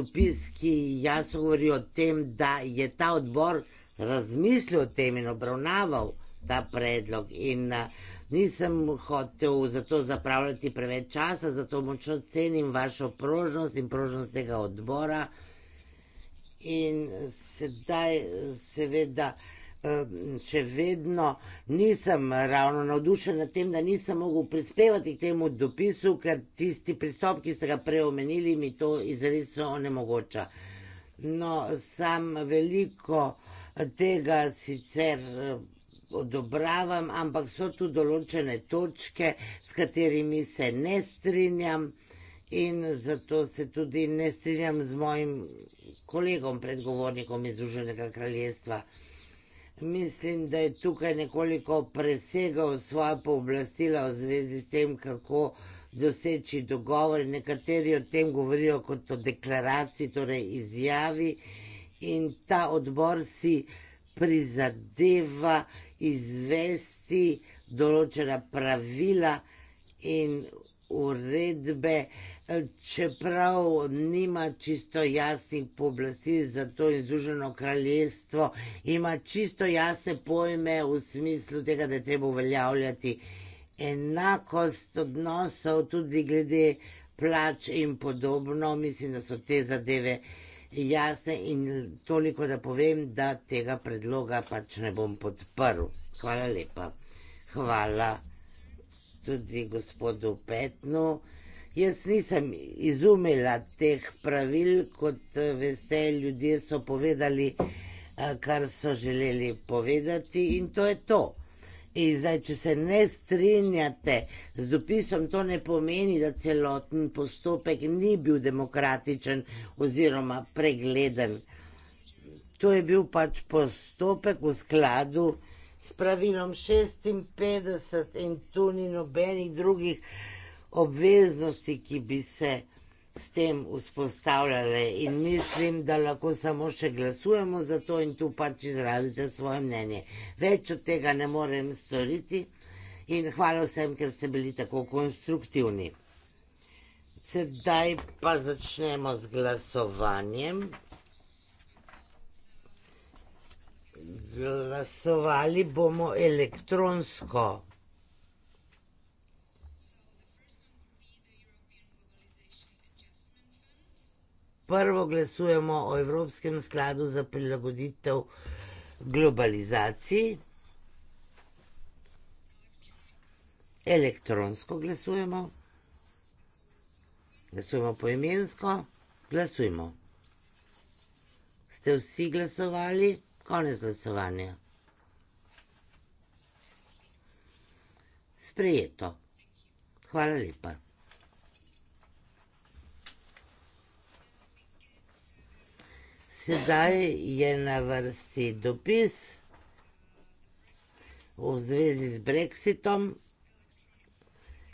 Speaker 3: dopis, ki jasno govori o tem, da je ta odbor razmislil o tem in obravnaval ta predlog. In, uh, nisem hotel za to zapravljati preveč časa, zato močno cenim vašo prožnost in prožnost tega odbora. In sedaj, seveda, eh, še vedno nisem ravno navdušen nad tem, da nisem mogel prispevati k temu dopisu, ker tisti pristop, ki ste ga preomenili, mi to izredno onemogoča. No, sam veliko tega sicer. Eh, odobravam, ampak so tu določene točke, s katerimi se ne strinjam in zato se tudi ne strinjam z mojim kolegom, predgovornikom iz Združenega kraljestva. Mislim, da je tukaj nekoliko presegal svoje pooblastila v zvezi s tem, kako doseči dogovor. Nekateri o tem govorijo kot o deklaraciji, torej izjavi. In ta odbor si prizadeva, izvesti določena pravila in uredbe, čeprav nima čisto jasnih pooblastil za to izruženo kraljestvo, ima čisto jasne pojme v smislu tega, da je treba uveljavljati enakost odnosov, tudi glede plač in podobno. Mislim, da so te zadeve jasne in toliko, da povem, da tega predloga pač ne bom podprl. Hvala lepa. Hvala tudi gospodu Petnu. Jaz nisem izumila teh pravil, kot veste, ljudje so povedali, eh, kar so želeli povedati in to je to. In e zdaj, če se ne strinjate z dopisom, to ne pomeni, da celoten postopek ni bil demokratičen oziroma pregleden. To je bil pač postopek v skladu s pravilom 56 in tu ni nobenih drugih obveznosti, ki bi se s tem vzpostavljale in mislim, da lahko samo še glasujemo za to in tu pač izrazite svoje mnenje. Več od tega ne morem storiti in hvala vsem, ker ste bili tako konstruktivni. Sedaj pa začnemo z glasovanjem. Glasovali bomo elektronsko. prvo glasujemo o Evropskem skladu za prilagoditev globalizaciji, elektronsko glasujemo, glasujemo poimensko, glasujemo. Ste vsi glasovali? Konec glasovanja. Sprejeto. Hvala lepa. Sedaj je na vrsti dopis v zvezi s Brexitom.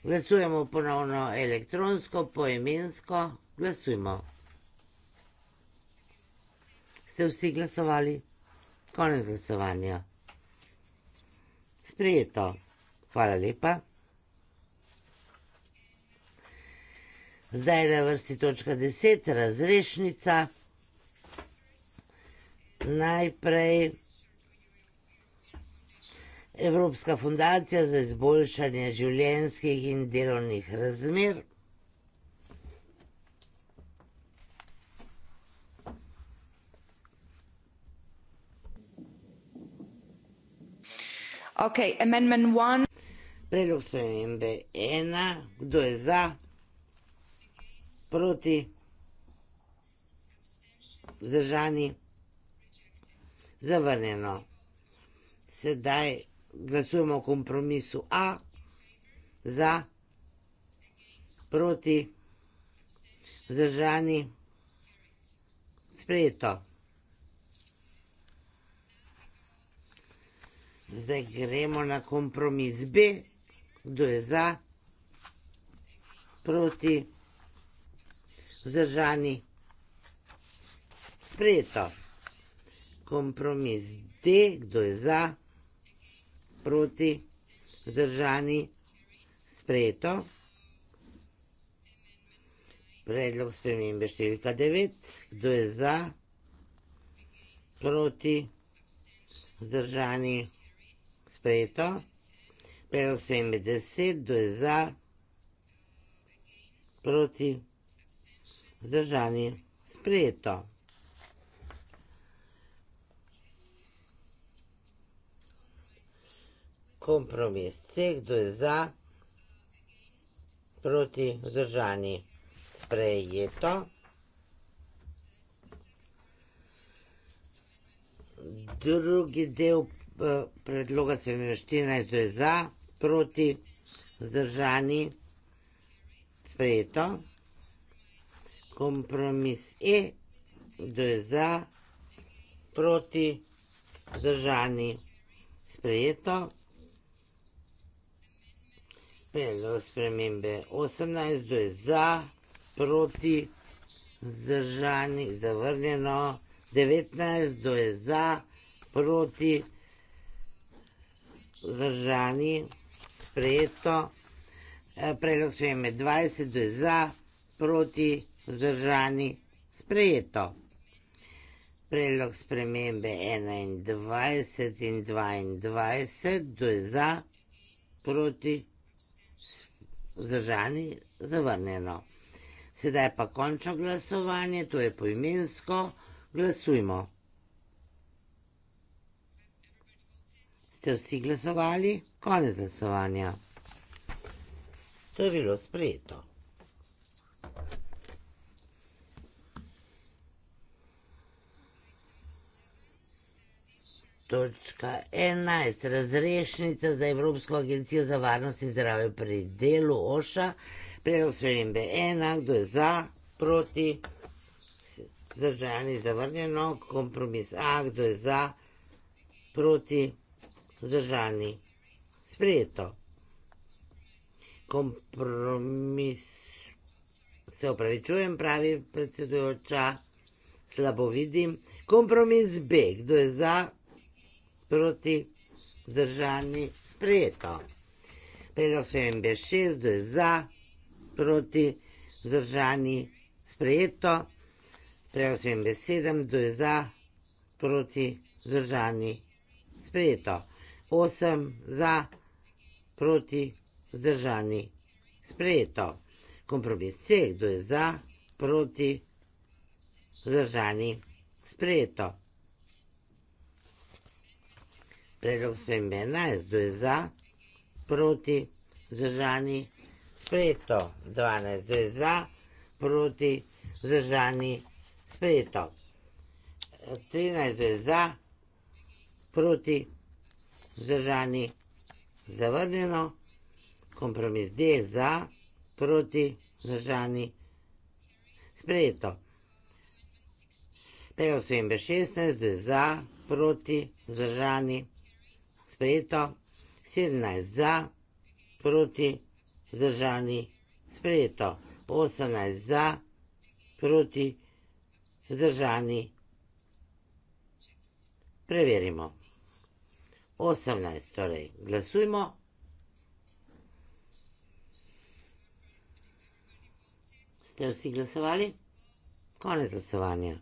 Speaker 3: Glasujemo ponovno elektronsko, poemensko. Glasujmo. Ste vsi glasovali? Konec glasovanja. Sprijeto. Hvala lepa. Zdaj je na vrsti točka deset, razrešnica. Hvala lepa najprej Evropska fundacija za izboljšanje življenjskih in delovnih razmer.
Speaker 1: Okay, amendment one.
Speaker 3: Predlog spremembe ena, kdo je za, proti, vzdržani zavrnjeno. Sedaj glasujemo o kompromisu A za proti vzdržani sprejeto. Zdaj gremo na kompromis B, kdo je za, proti, vzdržani, sprejeto kompromis. Te, kdo je za, proti, vzdržani, sprejeto. Predlog spremembe številka 9. Kdo je za, proti, vzdržani, sprejeto. Predlog spremembe 10. Kdo je za, proti, vzdržani, sprejeto. kompromis. Vse, kdo je za, proti vzdržani sprejeto. Drugi del eh, predloga spremenja 14, kdo je za, proti vzdržani sprejeto. Kompromis E, kdo je za, proti vzdržani sprejeto. Sprejeto pelo spremembe. 18 je za, proti, zdržani, zavrnjeno. 19 je za, proti, zdržani, e, sprejeto. Predlog spremembe 20 je za, proti, zdržani, sprejeto. Predlog spremembe 21 in 22 je za, proti, zdržani vzdržani, zavrnjeno. Sedaj pa končno glasovanje, to je poimensko, glasujmo. Ste vsi glasovali? Konec glasovanja. To je bilo sprejeto. Točka 11. Razrešnica za Evropsko agencijo za varnost in zdravje pri delu OŠA. Predlog sprejem B1, kdo je za, proti, zdržani zavrnjeno, kompromis A, kdo je za, proti, zdržani sprejeto. Kompromis se opravičujem, pravi predsedujoča, slabo vidim. Kompromis B, kdo je za, proti vzdržani sprejeto. Pelo spremembe 6, kdo je za proti vzdržani sprejeto. Pelo spremembe 7, kdo je za proti vzdržani sprejeto. 8 za proti vzdržani sprejeto. Kompromis C, kdo je za proti vzdržani sprejeto predlog spremembe 11, kdo je za, proti, zdržani, sprejeto, 12, kdo je za, proti, zdržani, sprejeto, 13, kdo je za, proti, zdržani, zavrnjeno, kompromis D je za, proti, zdržani, sprejeto. Pega v svembe 16, kdo je za, proti, zdržani, sprejeto sprejeto, 17 za, proti, vzdržani, sprejeto, 18 za, proti, vzdržani, preverimo. 18 torej, glasujmo. Ste vsi glasovali? Konec glasovanja.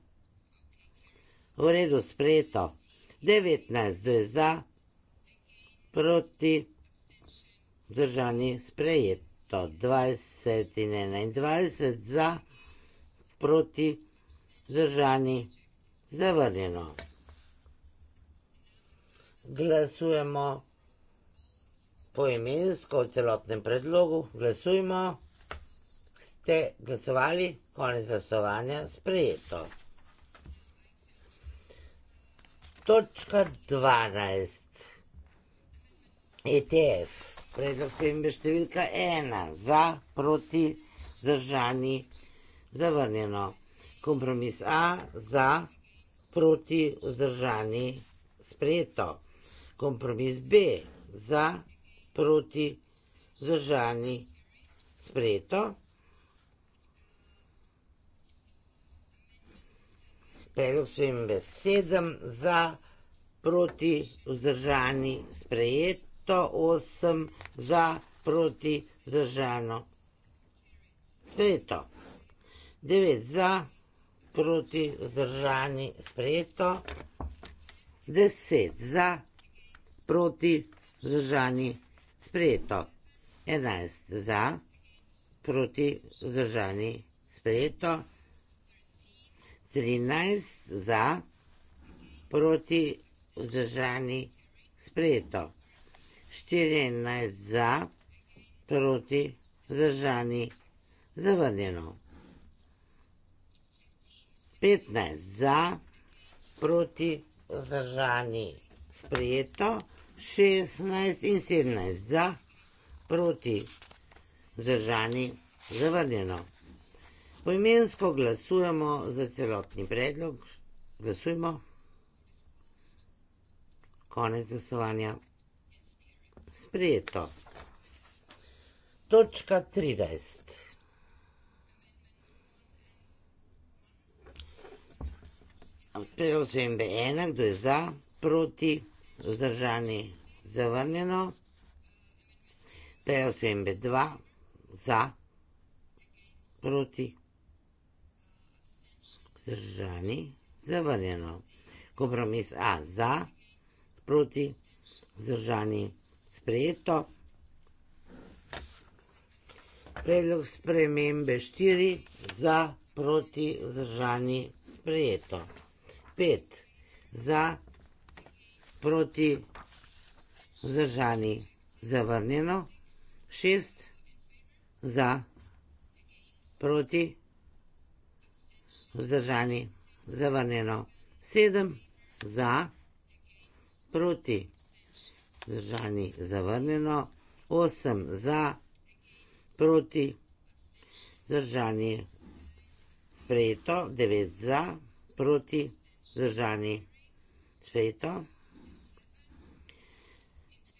Speaker 3: V redu sprejeto, 19 do je za, 18 za, proti državni sprejeto, 20 in 21 za, proti državni zavrnjeno. Glasujemo poimensko v celotnem predlogu, glasujmo, ste glasovali, konec glasovanja sprejeto. Točka dvanajst. ETF. Predlog spremembe številka ena za, proti, zdržani, zavrnjeno. Kompromis A za, proti, zdržani, sprejeto. Kompromis B za, proti, zdržani, sprejeto. Predlog spremembe sedem za, proti, vzdržani, sprejet. 108 za proti zdržano. Sprejeto. 9 za proti zdržani sprejeto. 10 za proti zdržani sprejeto. 11 za proti zdržani sprejeto. 13 za proti zdržani sprejeto. 14 za proti zdržani sprejeto. 14 za, proti, vzdržani, zavrnjeno. 15 za, proti, vzdržani, sprejeto. 16 in 17 za, proti, vzdržani, zavrnjeno. Poimensko glasujemo za celotni predlog. Glasujmo. Konec glasovanja sprejeto. Točka 13. Preozvem B1, kdo je za, proti, vzdržani, zavrnjeno. Preozvem B2, za, proti, vzdržani, zavrnjeno. Kompromis A, za, proti, vzdržani, zavrnjeno sprejeto. Predlog spremembe 4 za proti vzdržani sprejeto. 5 za proti vzdržani zavrnjeno. 6 za proti vzdržani zavrnjeno. 7 za proti vzdržani zavrnjeno zdržanih zavrnjeno, 8 za, proti, zdržani sprejeto, 9 za, proti, zdržani sprejeto,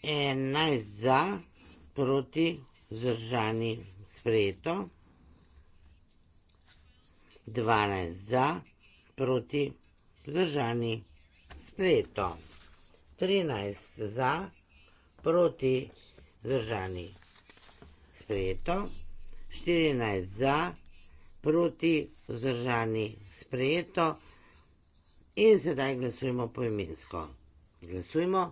Speaker 3: 11 za, proti, zdržani sprejeto, 12 za, proti, zdržani sprejeto. 13 za, proti zdržani. Sprejeto. 14 za, proti zdržani. Sprejeto. In sedaj glasujemo poimensko. Glasujemo.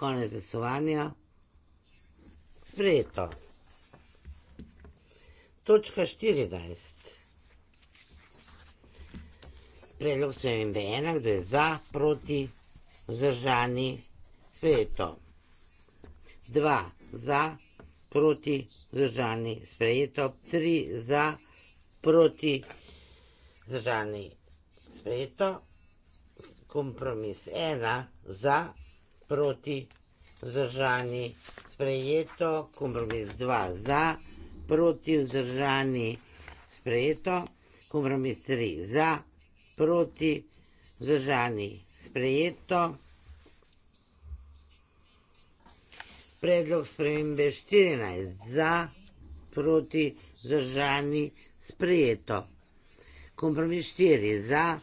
Speaker 3: Konec glasovanja. Sprejeto. Točka 14 predlog se jim je enak, da je za, proti, zržani, sve je to. Dva, za, proti, zržani, sprejeto. Tri, za, proti, zržani, sprejeto. Kompromis ena, za, proti, zržani, sprejeto. Kompromis dva, za, proti, zržani, sprejeto. Kompromis tri, za, proti, zržani, sprejeto proti zržani. Sprejeto. Predlog spremembe 14 za proti zržani sprejeto. Kompromis 4 za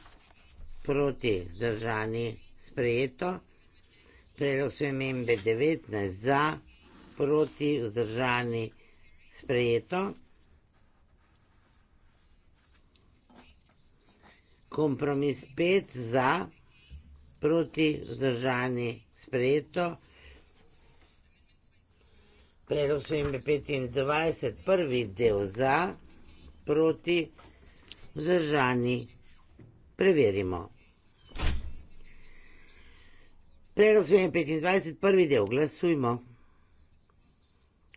Speaker 3: proti zržani sprejeto. Predlog spremembe 19 za proti zržani sprejeto. kompromis pet za, proti vzdržani sprejeto. Predlog spremembe 25, prvi del za, proti vzdržani preverimo. Predlog spremembe 25, prvi del glasujmo.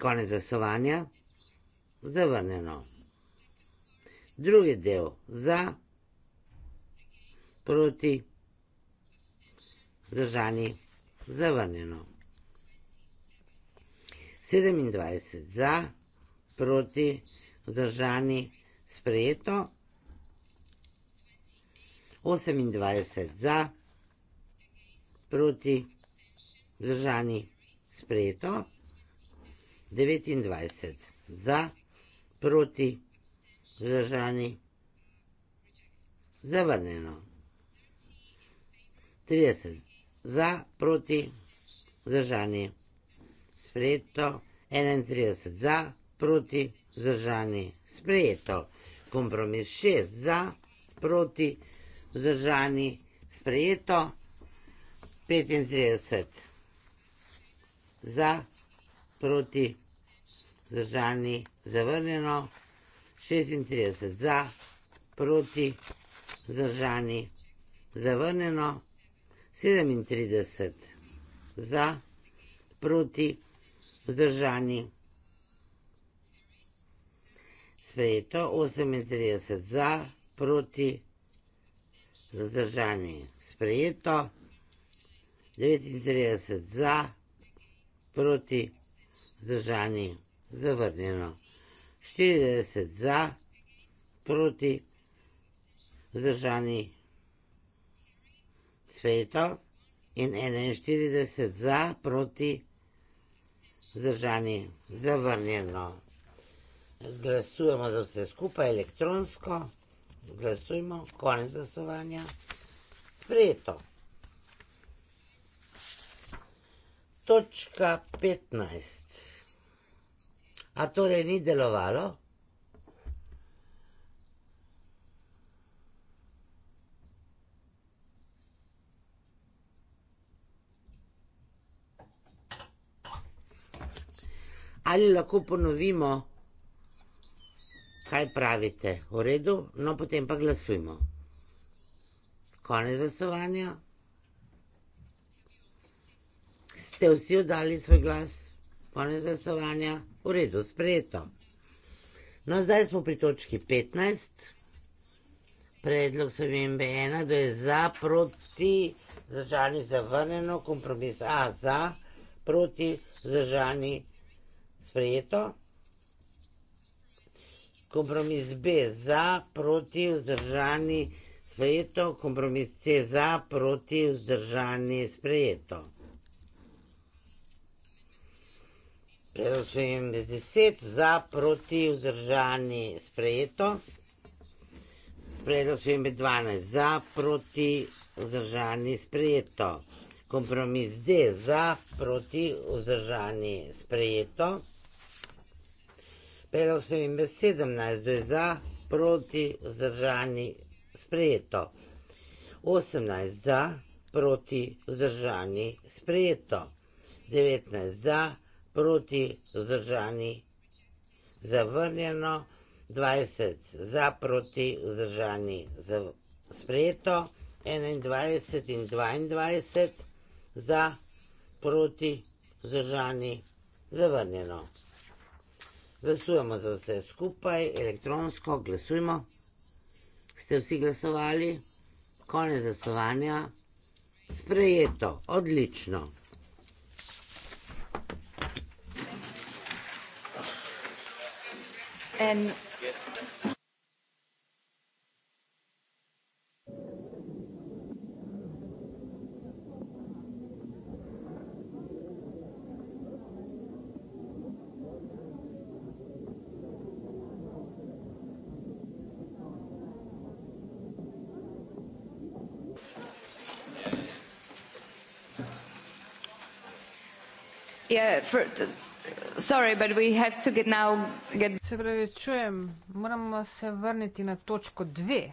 Speaker 3: Konec zasovanja. Zavrnjeno. Drugi del za, proti vzdržani preverimo proti vzdržani zavrnjeno. 27 za proti vzdržani sprejeto. 28 za proti vzdržani sprejeto. 29 za proti vzdržani zavrnjeno. 30 za, proti, zdržani. Sprejeto. 31 za, proti, zdržani. Sprejeto. Kompromis 6 za, proti, zdržani. Sprejeto. 35 za, proti, zdržani. Zavrnjeno. 36 za, proti, zdržani. Zavrnjeno. 37 za, proti, vzdržani. Sprejeto 38 za, proti, vzdržani. Sprejeto 39 za, proti, vzdržani. Zavrnjeno 40 za, proti, vzdržani peto in 41 za proti zdržani zavrnjeno. Glasujemo za vse skupaj elektronsko. Glasujemo, konec glasovanja. Sprejeto. Točka 15. A torej ni delovalo? Ali lahko ponovimo, kaj pravite? V redu, no potem pa glasujmo. Konec glasovanja. Ste vsi oddali svoj glas? Konec glasovanja. V redu, sprejeto. No, zdaj smo pri točki 15. Predlog spremembe 1, da je za, proti, zdržani, zavrnjeno, kompromis A za, proti, zdržani, zavrnjeno sprejeto. Kompromis B za, proti, vzdržani, sprejeto. Kompromis C za, proti, vzdržani, sprejeto. Predosujem B10 za, proti, vzdržani, sprejeto. Predosujem B12 za, proti, vzdržani, sprejeto. Kompromis D za, proti, vzdržani, sprejeto. Kompromis D za, proti, vzdržani, sprejeto. Prijelo smo ime 17, to je za, proti, vzdržani, sprejeto. 18 za, proti, vzdržani, sprejeto. 19 za, proti, vzdržani, zavrnjeno. 20 za, proti, vzdržani, sprejeto. 21 in 22 za, proti, vzdržani, zavrnjeno. Glasujemo za vse skupaj, elektronsko, glasujmo. Ste vsi glasovali? Konec glasovanja. Sprejeto, odlično.
Speaker 1: And... Se pravi, čujem, moramo se vrniti na točko dve.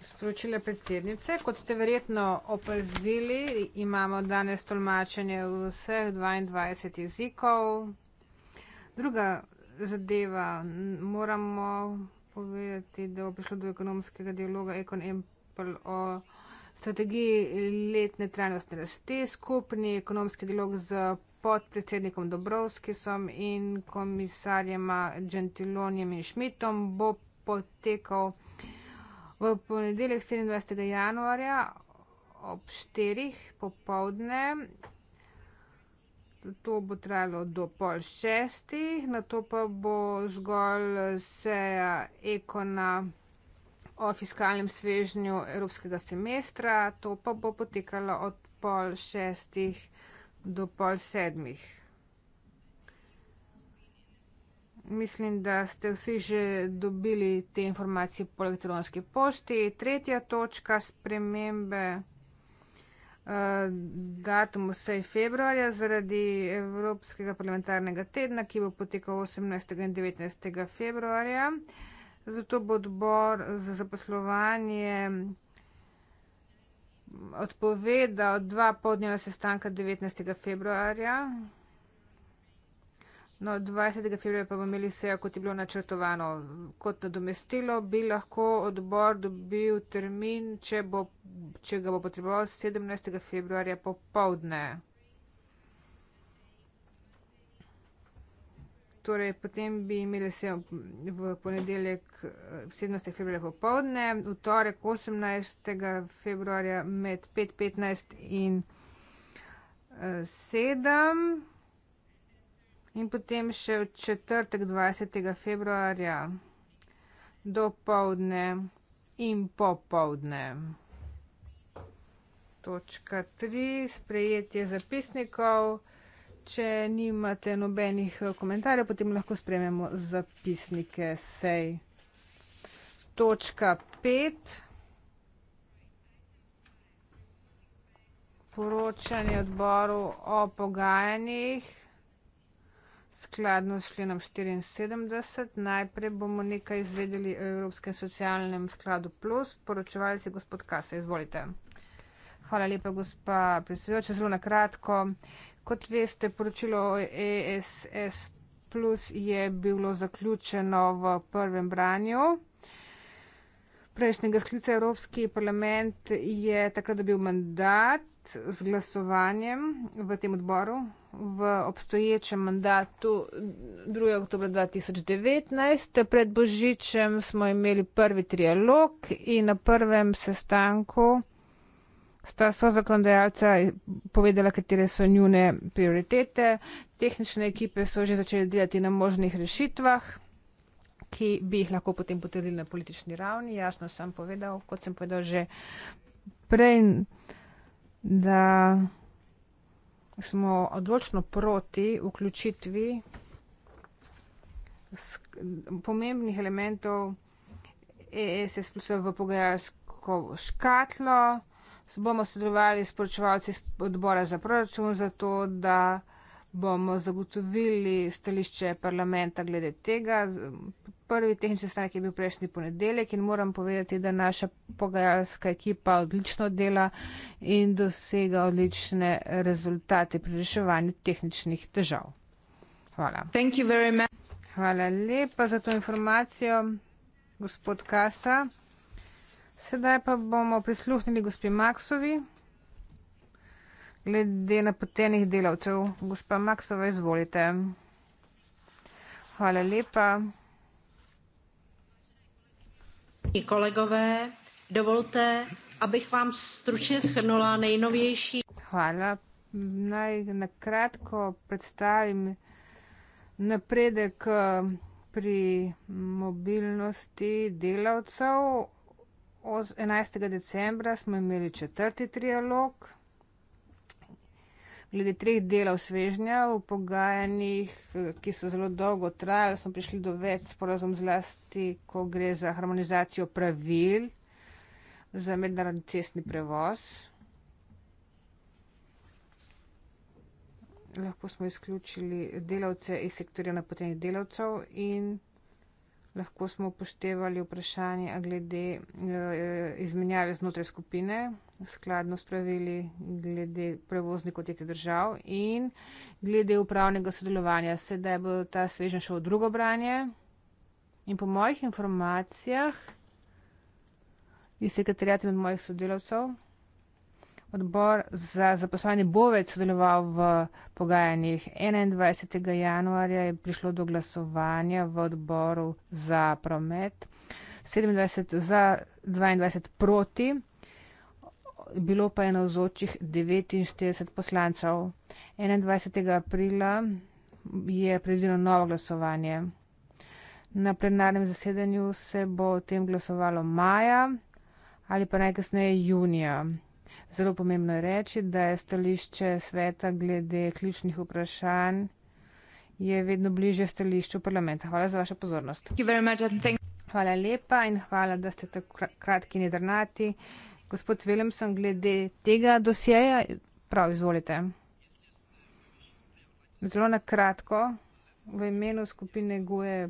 Speaker 1: Sporočila predsednice, kot ste verjetno opazili, imamo danes tolmačenje vseh 22 jezikov. Druga zadeva, moramo povedati, da bo prišlo do ekonomskega dialoga Econ Empire o strategiji letne trajnostne rasti, skupni ekonomski dialog z podpredsednikom Dobrovskisom in komisarjema Gentilonjem in Šmitom bo potekal v ponedeljek 27. januarja ob 4. popovdne. To bo trajalo do pol šestih, na to pa bo zgolj seja ekona o fiskalnem svežnju evropskega semestra, to pa bo potekalo od pol šestih do pol sedmih. Mislim, da ste vsi že dobili te informacije po elektronski pošti. Tretja točka spremembe. Eh, datum vse je februarja zaradi Evropskega parlamentarnega tedna, ki bo potekal 18. in 19. februarja. Zato bo odbor za zaposlovanje odpovedal dva podnjena sestanka 19. februarja. No, 20. februarja pa bomo imeli sejo, kot je bilo načrtovano. Kot nadomestilo bi lahko odbor dobil termin, če, bo, če ga bo potreboval 17. februarja popovdne. torej potem bi imeli se v ponedeljek 17. Eh, februarja popovdne, v torek 18. februarja med 5.15 in 7. Eh, in potem še v četrtek 20. februarja do povdne in popovdne. Točka 3. Sprejetje zapisnikov. Če nimate nobenih eh, komentarjev, potem lahko spremljamo zapisnike sej. Točka 5. Poročanje odboru o pogajanjih skladno s členom 74. Najprej bomo nekaj izvedeli o Evropskem socialnem skladu plus. Poročevali se gospod Kase, izvolite. Hvala lepa, gospa predsedujoča. Zelo na kratko. Kot veste, poročilo ESS plus je bilo zaključeno v prvem branju. Prejšnjega sklica Evropski parlament je takrat dobil mandat z glasovanjem v tem odboru v obstoječem mandatu 2. oktober 2019. Pred Božičem smo imeli prvi trialog in na prvem sestanku sta so zakonodajalca povedala, katere so njune prioritete, tehnične ekipe so že začele delati na možnih rešitvah, ki bi jih lahko potem potrdili na politični ravni. Jasno sem povedal, kot sem povedal že prej, da smo odločno proti vključitvi pomembnih elementov ESS plus v pogajalsko škatlo bomo sodelovali s poročevalci odbora za proračun, zato da bomo zagotovili stališče parlamenta glede tega. Prvi tehnični sestanek je bil prejšnji ponedeljek in moram povedati, da naša pogajalska ekipa odlično dela in dosega odlične rezultate pri reševanju tehničnih težav. Hvala. Hvala lepa za to informacijo, gospod Kasa. Sedaj pa bomo prisluhnili gospi Maksovi, glede napotenih delavcev. Gospa Maksova, izvolite. Hvala lepa.
Speaker 5: Kolegové,
Speaker 1: dovolte, abych vám stručně shrnula nejnovější. Hvala. Naj na kratko predstavim napredek eh, pri mobilnosti delavcev. 11. decembra smo imeli četrti trialog glede treh delov svežnja v pogajanjih, ki so zelo dolgo trajali. Smo prišli do več sporazum zlasti, ko gre za harmonizacijo pravil za mednarodni cestni prevoz. Lahko smo izključili delavce iz sektorja napotenih delavcev in lahko smo upoštevali vprašanje glede eh, izmenjave znotraj skupine, skladno s pravili glede prevoznikov tretjih držav in glede upravnega sodelovanja. Sedaj bo ta svežen šel v drugo branje in po mojih informacijah iz sekretarjata in od mojih sodelavcev. Odbor za zaposlovanje bo več sodeloval v pogajanjih. 21. januarja je prišlo do glasovanja v odboru za promet. 27 za, 22 proti, bilo pa je na vzočih 49 poslancev. 21. aprila je predvideno novo glasovanje. Na plenarnem zasedanju se bo o tem glasovalo maja ali pa najkasneje junija. Zelo pomembno je reči, da je stališče sveta glede ključnih vprašanj je vedno bliže stališču parlamenta. Hvala za vašo pozornost. Hvala lepa in hvala, da ste tako kratki in jedrnati. Gospod Willemson, glede tega dosjeja, prav izvolite. Zelo na kratko, v imenu skupine GUE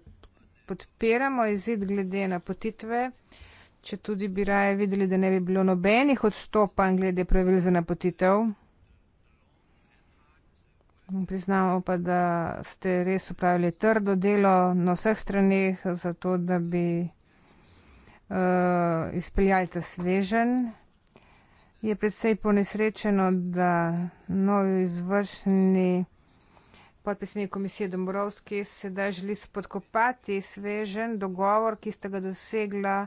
Speaker 1: podpiramo izid glede napotitve. potitve če tudi bi raje videli, da ne bi bilo nobenih odstopanj glede pravil za napotitev. Priznamo pa, da ste res upravili trdo delo na vseh stranih, zato da bi uh, izpeljali ta svežen. Je predvsej ponesrečeno, da novi izvršni podpisnik komisije Dombrovski sedaj želi spodkopati svežen dogovor, ki ste ga dosegla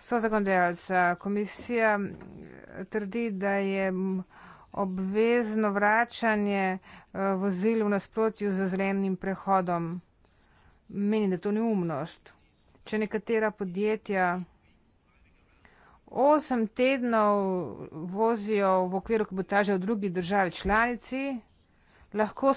Speaker 1: sozagondajalca. Komisija eh, trdi, da je obvezno vračanje eh, vozil v nasprotju z zelenim prehodom. Meni, da to ni umnost. Če nekatera podjetja osem tednov vozijo v okviru kabotaže v drugi državi članici, lahko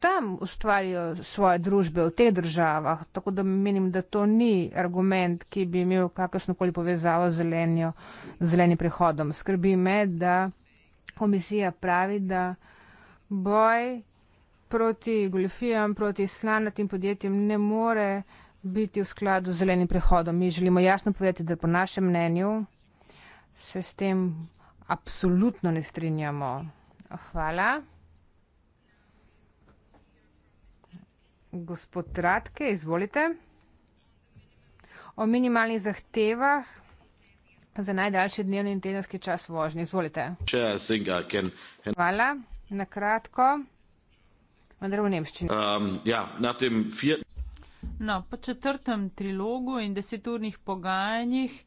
Speaker 1: tam ustvarijo svoje družbe v teh državah. Tako da menim, da to ni argument, ki bi imel kakršnokoli povezavo z zelenjo, zelenim prehodom. Skrbi me, da komisija pravi, da boj proti goljofijam, proti slanatim podjetjem ne more biti v skladu z zelenim prehodom. Mi želimo jasno povedati, da po našem mnenju se s tem absolutno ne strinjamo. Hvala. Gospod Radke, izvolite. O minimalnih zahtevah za najdaljši dnevni in tedenski čas vožnje. Izvolite. Hvala. Na kratko, vendar v nemščini. Um, ja,
Speaker 2: no, po četrtem trilogu in deseturnih pogajanjih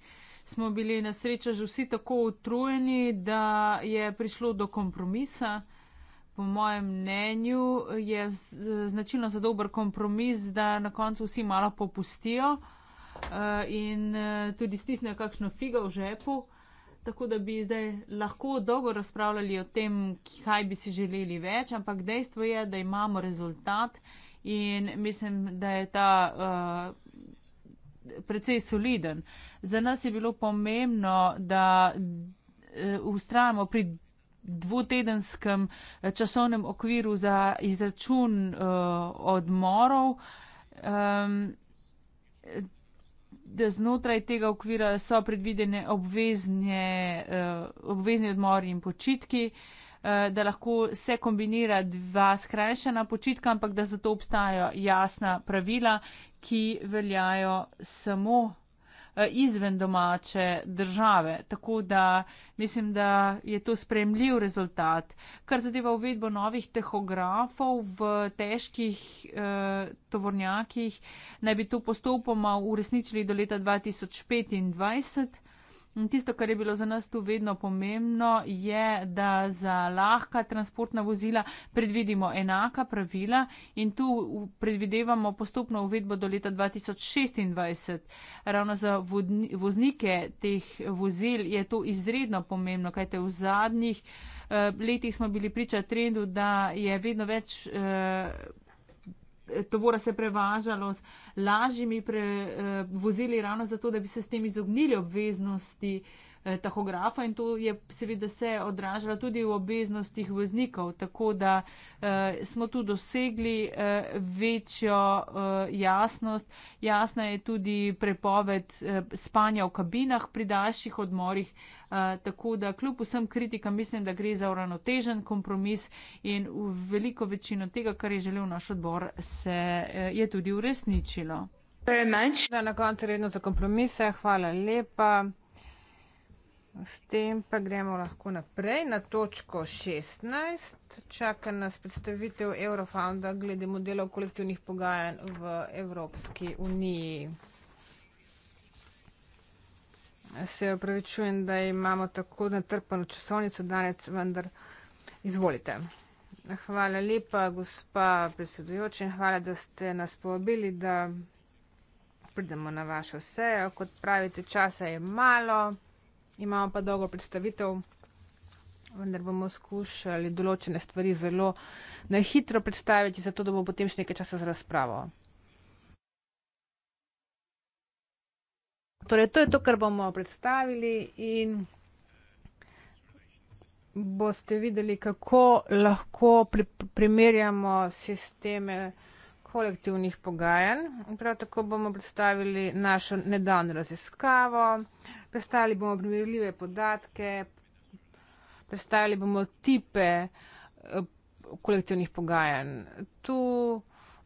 Speaker 2: smo bili na srečo že vsi tako utrujeni, da je prišlo do kompromisa po mojem mnenju, je značilno za dober kompromis, da na koncu vsi malo popustijo eh, in eh, tudi stisnejo kakšno figo v žepu. Tako da bi zdaj lahko dolgo razpravljali o tem, kaj bi si želeli več, ampak dejstvo je, da imamo rezultat in mislim, da je ta uh, precej soliden. Za nas je bilo pomembno, da uh, ustrajamo pri dvotedenskem eh, časovnem okviru za izračun uh, odmorov, um, da znotraj tega okvira so predvidene obvezne, uh, obvezni odmori in počitki, uh, da lahko se kombinira dva skrajšana počitka, ampak da zato obstajajo jasna pravila, ki veljajo samo Eh, izven domače države. Tako da mislim, da je to spremljiv rezultat. Kar zadeva uvedbo novih tehografov v težkih eh, tovornjakih, naj bi to postopoma uresničili do leta 2025. Tisto, kar je bilo za nas tu vedno pomembno, je, da za lahka transportna vozila predvidimo enaka pravila in tu predvidevamo postopno uvedbo do leta 2026. Ravno za voznike teh vozil je to izredno pomembno, kajte v zadnjih eh, letih smo bili priča trendu, da je vedno več. Eh, tovora se prevažalo z lažjimi pre, eh, vozili ravno zato, da bi se s tem izognili obveznosti Eh, tahografa in to je seveda se odražalo tudi v obveznostih voznikov, tako da eh, smo tu dosegli eh, večjo eh, jasnost. Jasna je tudi prepoved eh, spanja v kabinah pri daljših odmorih, eh, tako da kljub vsem kritikam mislim, da gre za uravnotežen kompromis in v veliko večino tega, kar je želel naš odbor, se eh,
Speaker 1: je tudi uresničilo. Na koncu redno za kompromise, hvala lepa. S tem pa gremo lahko naprej na točko 16. Čaka nas predstavitev Eurofonda glede modelov kolektivnih pogajanj v Evropski uniji. Se upravičujem, da imamo tako natrpano časovnico danes, vendar izvolite. Hvala lepa, gospa predsedujoča, in hvala, da ste nas povabili, da pridemo na vašo sejo. Kot pravite, časa je malo. Imamo pa dolgo predstavitev, vendar bomo skušali določene stvari zelo nahitro predstaviti, zato da bo potem še nekaj časa za razpravo. Torej, to je to, kar bomo predstavili in boste videli, kako lahko pri, primerjamo sisteme kolektivnih pogajanj. Prav tako bomo predstavili našo nedavno raziskavo, predstavili bomo primerljive podatke, predstavili bomo tipe eh, kolektivnih pogajanj. Tu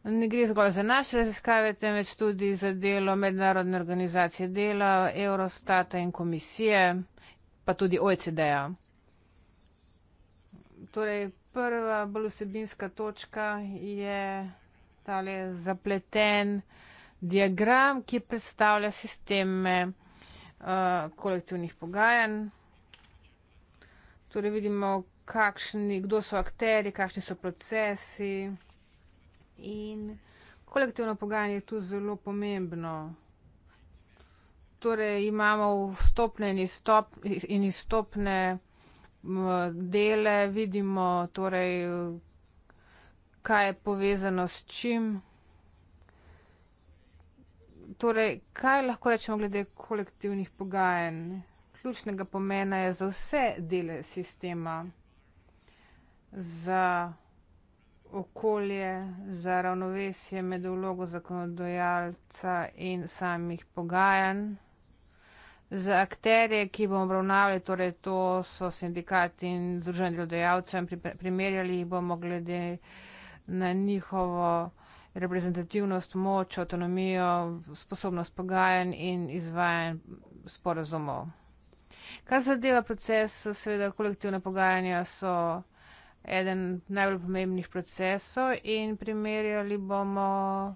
Speaker 1: ne gre zgolj za naše raziskave, temveč tudi za delo mednarodne organizacije dela, Eurostata in komisije, pa tudi OECD-a. Torej, prva bolj vsebinska točka je tale zapleten diagram, ki predstavlja sisteme Uh, kolektivnih pogajanj. Torej vidimo, kakšni, kdo so akteri, kakšni so procesi. In kolektivno pogajanje je tu zelo pomembno. Torej imamo vstopne in, izstop, in izstopne dele, vidimo torej, kaj je povezano s čim. Torej, kaj lahko rečemo glede kolektivnih pogajanj? Ključnega pomena je za vse dele sistema, za okolje, za ravnovesje med vlogo zakonodajalca in samih pogajanj. Za akterje, ki bomo obravnavali, torej to so sindikati in združenje delodajalcev, primerjali jih bomo glede na njihovo reprezentativnost, moč, avtonomijo, sposobnost pogajanj in izvajanj sporazumov. Kar zadeva proces, seveda kolektivne pogajanja so eden najbolj pomembnih procesov in primerjali bomo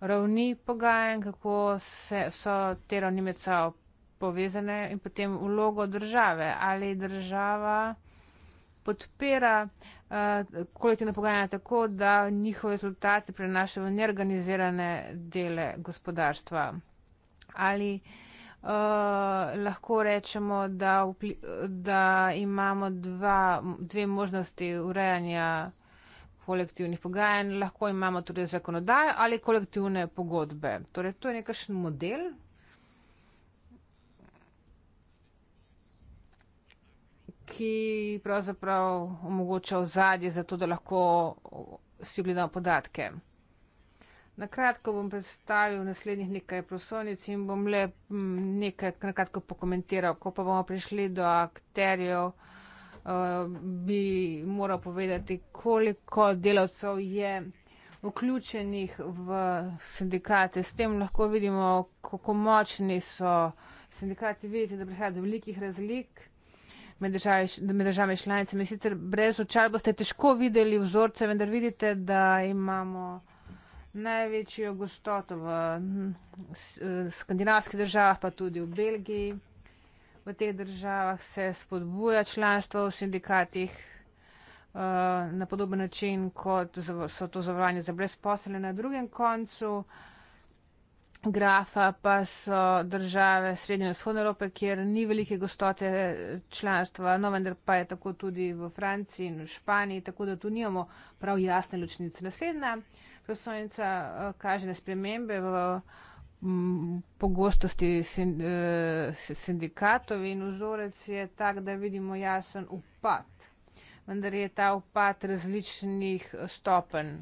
Speaker 1: ravni pogajanj, kako se, so te ravni med sabo povezane in potem vlogo države ali država podpira uh, kolektivna pogajanja tako, da njihove rezultate prenaša v neorganizirane dele gospodarstva. Ali uh, lahko rečemo, da, vpli, da imamo dva, dve možnosti urejanja kolektivnih pogajanj, lahko imamo tudi zakonodajo ali kolektivne pogodbe. Torej, to je nekakšen model, ki pravzaprav omogoča ozadje za to, da lahko si gledamo podatke. Na kratko bom predstavil naslednjih nekaj prosovnic in bom le mm, nekaj na kratko pokomentiral. Ko pa bomo prišli do akterjev, eh, bi moral povedati, koliko delavcev je vključenih v sindikate. S tem lahko vidimo, kako močni so sindikati. Vidite, da prihaja do velikih razlik med državami, državami članicami. Sicer brez očal boste težko videli vzorce, vendar vidite, da imamo največjo gostoto v skandinavskih državah, pa tudi v Belgiji. V teh državah se spodbuja članstvo v sindikatih eh, na podoben način, kot so to zavarovanje za brezposelje na drugem koncu grafa pa so države Srednje in Vzhodne Evrope, kjer ni velike gostote članstva, no vendar pa je tako tudi v Franciji in v Španiji, tako da tu nimamo prav jasne ločnice. Naslednja prosojnica eh, kaže na spremembe v mm, pogostosti eh, sindikatov in vzorec je tak, da vidimo jasen upad. Vendar je ta upad različnih stopenj.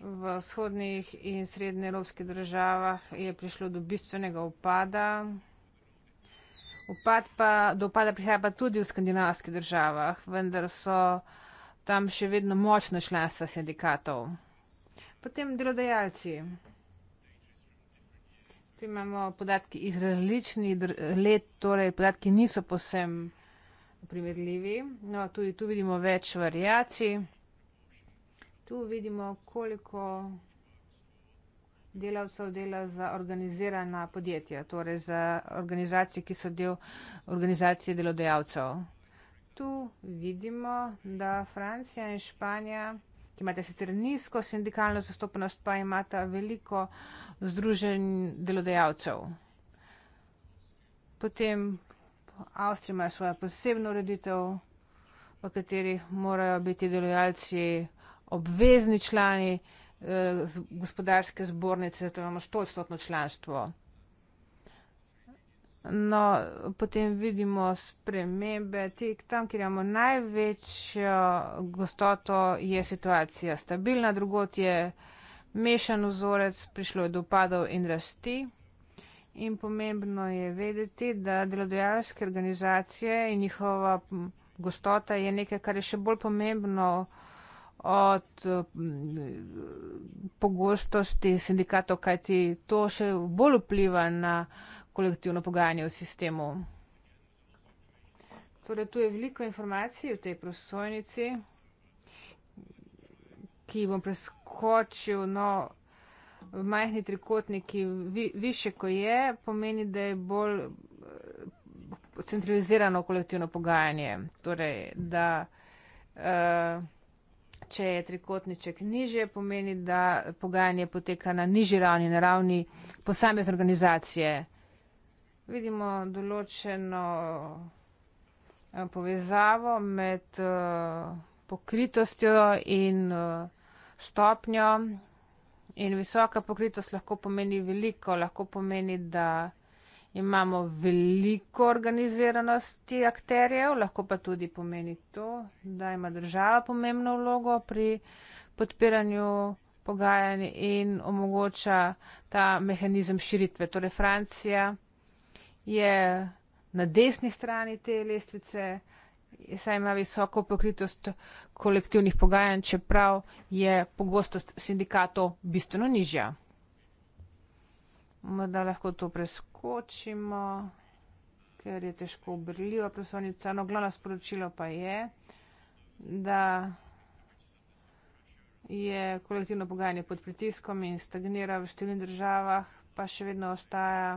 Speaker 1: V vzhodnih in srednjeevropskih državah je prišlo do bistvenega upada. Upad pa, do upada prihaja pa tudi v skandinavskih državah, vendar so tam še vedno močna članstva sindikatov. Potem delodajalci. Tu imamo podatki iz različnih let, torej podatki niso posem primerljivi. No, tudi tu vidimo več variacij. Tu vidimo, koliko delavcev dela za organizirana podjetja, torej za organizacije, ki so del organizacije delodajalcev. Tu vidimo, da Francija in Španija, ki imate sicer nizko sindikalno zastopanost, pa imata veliko združenj delodajalcev. Potem Avstrija ima svojo posebno ureditev, v kateri morajo biti delodajalci obvezni člani eh, gospodarske zbornice, to imamo stotno članstvo. No, potem vidimo spremembe. Tik tam, kjer imamo največjo gostoto, je situacija stabilna, drugot je mešan vzorec, prišlo je do upadov in rasti. In pomembno je vedeti, da delodajalske organizacije in njihova gostota je nekaj, kar je še bolj pomembno od mm, pogostosti sindikatov, kajti to še bolj vpliva na kolektivno pogajanje v sistemu. Torej, tu je veliko informacij v tej prosojnici, ki bom preskočil, no, majhni trikotniki vi, više, ko je, pomeni, da je bolj centralizirano kolektivno pogajanje. Torej, da uh, Če je trikotniček nižje, pomeni, da pogajanje poteka na nižji ravni, na ravni posamezne organizacije. Vidimo določeno eh, povezavo med eh, pokritostjo in eh, stopnjo. In visoka pokritost lahko pomeni veliko, lahko pomeni, da imamo veliko organiziranosti akterjev, lahko pa tudi pomeni to, da ima država pomembno vlogo pri podpiranju pogajanj in omogoča ta mehanizem širitve. Torej Francija je na desni strani te lestvice, saj ima visoko pokritost kolektivnih pogajanj, čeprav je pogostost sindikatov bistveno nižja. Morda lahko to preskočimo, ker je težko obrljiva poslovnica. No, glavno sporočilo pa je, da je kolektivno pogajanje pod pritiskom in stagnira v številnih državah, pa še vedno ostaja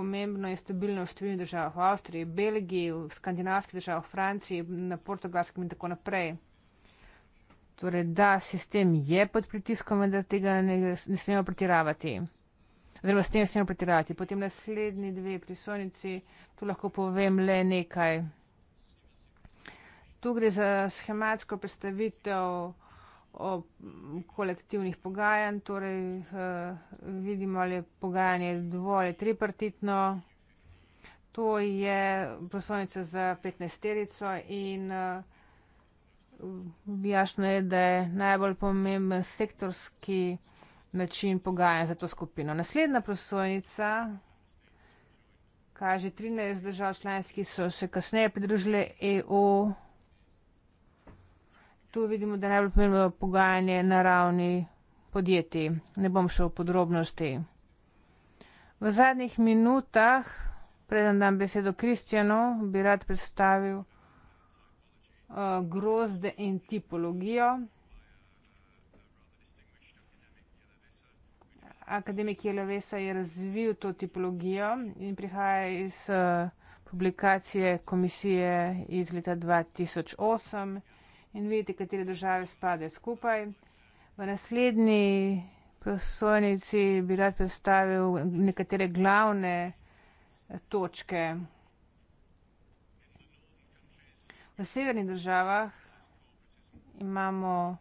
Speaker 1: pomembno in stabilno v številnih državah v Avstriji, Belgiji, v skandinavskih državah, v Franciji, na portugalskem in tako naprej. Torej, da sistem je pod pritiskom, vendar tega ne, ne smemo pretiravati oziroma s tem se ne pretirati. Potem naslednji dve prisonici, tu lahko povem le nekaj. Tu gre za schematsko predstavitev o kolektivnih pogajanj, torej eh, vidimo, ali je pogajanje dvoje tripartitno. To je prosovnica za 15 terico in eh, jasno je, da je najbolj pomemben sektorski način pogajanja za to skupino. Naslednja prosojnica kaže 13 držav članski, ki so se kasneje pridružile EU. Tu vidimo, da je najbolj pomembno pogajanje na ravni podjetij. Ne bom šel v podrobnosti. V zadnjih minutah, predem dam besedo Kristjanu, bi rad predstavil uh, grozde in tipologijo. Akademik Jelovesa je razvil to tipologijo in prihaja iz eh, publikacije komisije iz leta 2008 in vidite, katere države spade skupaj. V naslednji prosojnici bi rad predstavil nekatere glavne eh, točke. V severnih državah imamo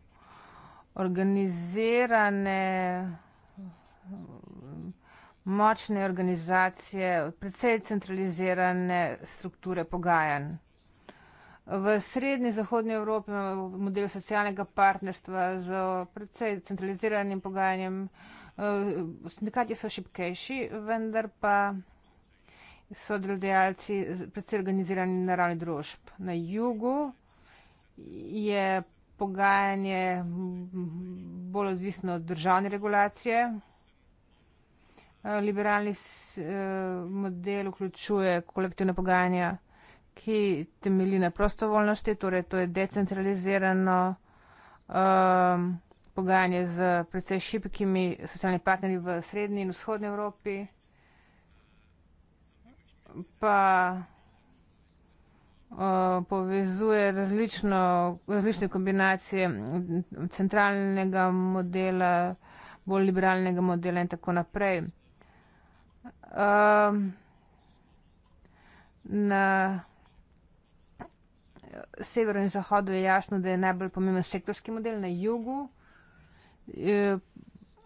Speaker 1: organizirane močne organizacije, predvsej centralizirane strukture pogajanj. V srednji in zahodnji Evropi imamo model socialnega partnerstva z predvsej centraliziranim pogajanjem. Eh, sindikati so šipkejši, vendar pa so delodajalci predvsej organizirani na ravni družb. Na jugu je pogajanje bolj odvisno od državne regulacije. Eh, liberalni eh, model vključuje kolektivne pogajanja, ki temelji na prostovoljnosti, torej to je decentralizirano um, pogajanje z precej šipkimi socialnimi partnerji v srednji in vzhodni Evropi, pa uh, povezuje različno, različne kombinacije centralnega modela, bolj liberalnega modela in tako naprej um, na severu in zahodu je jasno, da je najbolj pomemben sektorski model, na jugu e,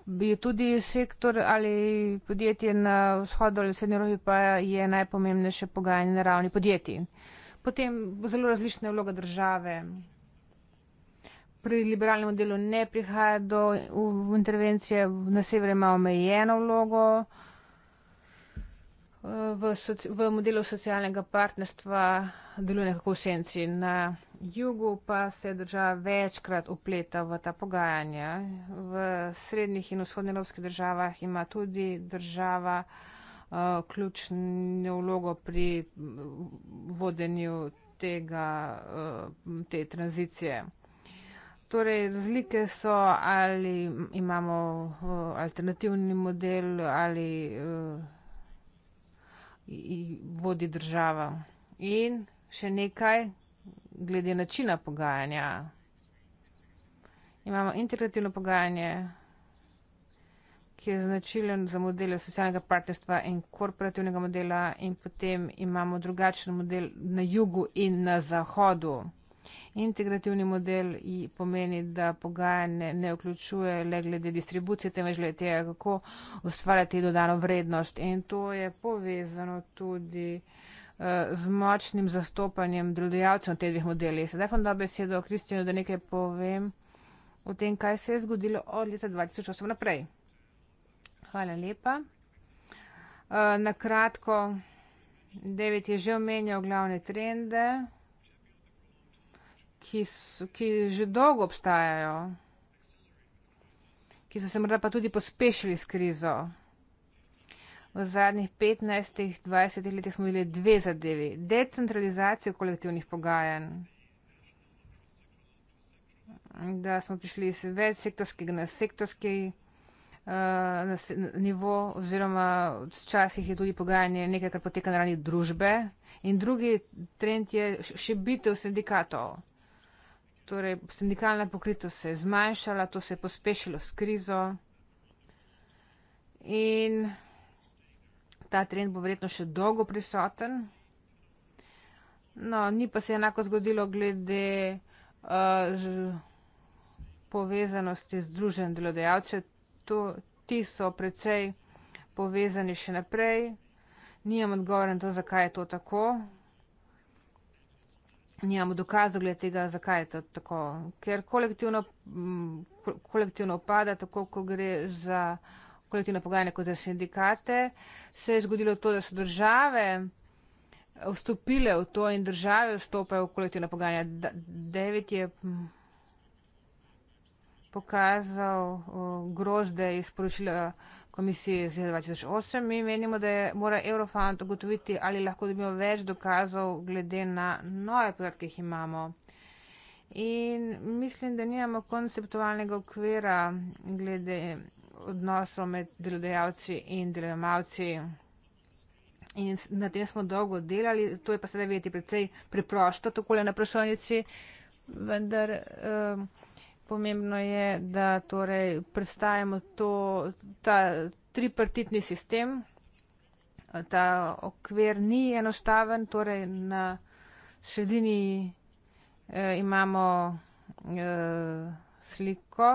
Speaker 1: je tudi sektor ali podjetje na vzhodu ali srednji Evropi pa je najpomembnejše pogajanje na ravni podjetij. Potem zelo različna je vloga države. Pri liberalnem modelu ne prihaja do intervencije, na severu ima omejeno vlogo, uh, v, soci, v modelu socialnega partnerstva deluje nekako v senci. Na jugu pa se država večkrat upleta v ta pogajanja. V srednjih in vzhodnjih evropskih državah ima tudi država uh, ključno vlogo pri eh, vodenju tega, uh, te tranzicije. Torej, razlike so, ali imamo uh, alternativni model ali. Uh, vodi država. In še nekaj glede načina pogajanja. Imamo integrativno pogajanje, ki je značilen za modele socialnega partnerstva in korporativnega modela in potem imamo drugačen model na jugu in na zahodu. Integrativni model pomeni, da pogajanje ne vključuje le glede distribucije, temveč glede tega, kako ustvarjati dodano vrednost. In to je povezano tudi eh, z močnim zastopanjem delodajalcev teh dveh modelih. Sedaj pa da besedo Kristjanu, da nekaj povem o tem, kaj se je zgodilo od leta 2008 naprej. Hvala lepa. Eh, na kratko, David je že omenjal glavne trende ki, so, ki že dolgo obstajajo, ki so se morda pa tudi pospešili s krizo. V zadnjih 15-20 letih smo imeli dve zadevi. Decentralizacijo kolektivnih pogajanj, da smo prišli iz več sektorskega na sektorski uh, na se, nivo oziroma včasih je tudi pogajanje nekaj, kar poteka na ravni družbe. In drugi trend je še bitev sindikatov. Torej, sindikalna pokritost se je zmanjšala, to se je pospešilo s krizo in ta trend bo verjetno še dolgo prisoten. No, ni pa se enako zgodilo glede uh, povezanosti z družen delodajalče. To, ti so precej povezani še naprej. Nijem odgovor na to, zakaj je to tako nimamo ja, dokazov glede tega, zakaj je to tako. Ker kolektivno, kolektivno pada, tako ko gre za kolektivne pogajanja kot za sindikate, se je zgodilo to, da so države eh, vstopile v to in države vstopajo v kolektivne pogajanja. David je pokazal eh, grozde iz poročila komisiji iz 2008 mi menimo, da je, mora Eurofund ugotoviti, ali lahko dobimo več dokazov glede na nove podatke, ki jih imamo. In mislim, da nijamo konceptualnega okvira glede odnosov med delodajalci in delojemalci. In na tem smo dolgo delali, to je pa sedaj vedeti precej preprosto, tako le na vprašalnici, vendar. Uh, pomembno je, da torej prestajamo to, ta tripartitni sistem. Ta okvir ni enostaven, torej na sredini eh, imamo eh, sliko,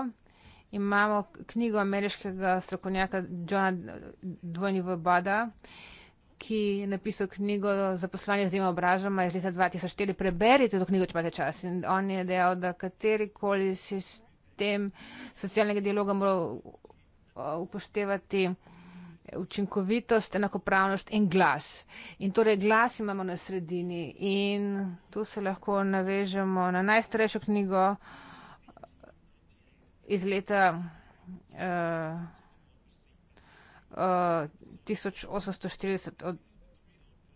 Speaker 1: imamo knjigo ameriškega strokovnjaka Johna Dvojnjiva Bada. Eh, ki je napisal knjigo za poslovanje z dvema obražama iz leta 2004. Preberite to knjigo, če imate čas. In on je dejal, da katerikoli sistem socialnega dialoga mora upoštevati učinkovitost, enakopravnost in glas. In torej glas imamo na sredini in tu se lahko navežemo na najstarejšo knjigo iz leta. Uh, 1840.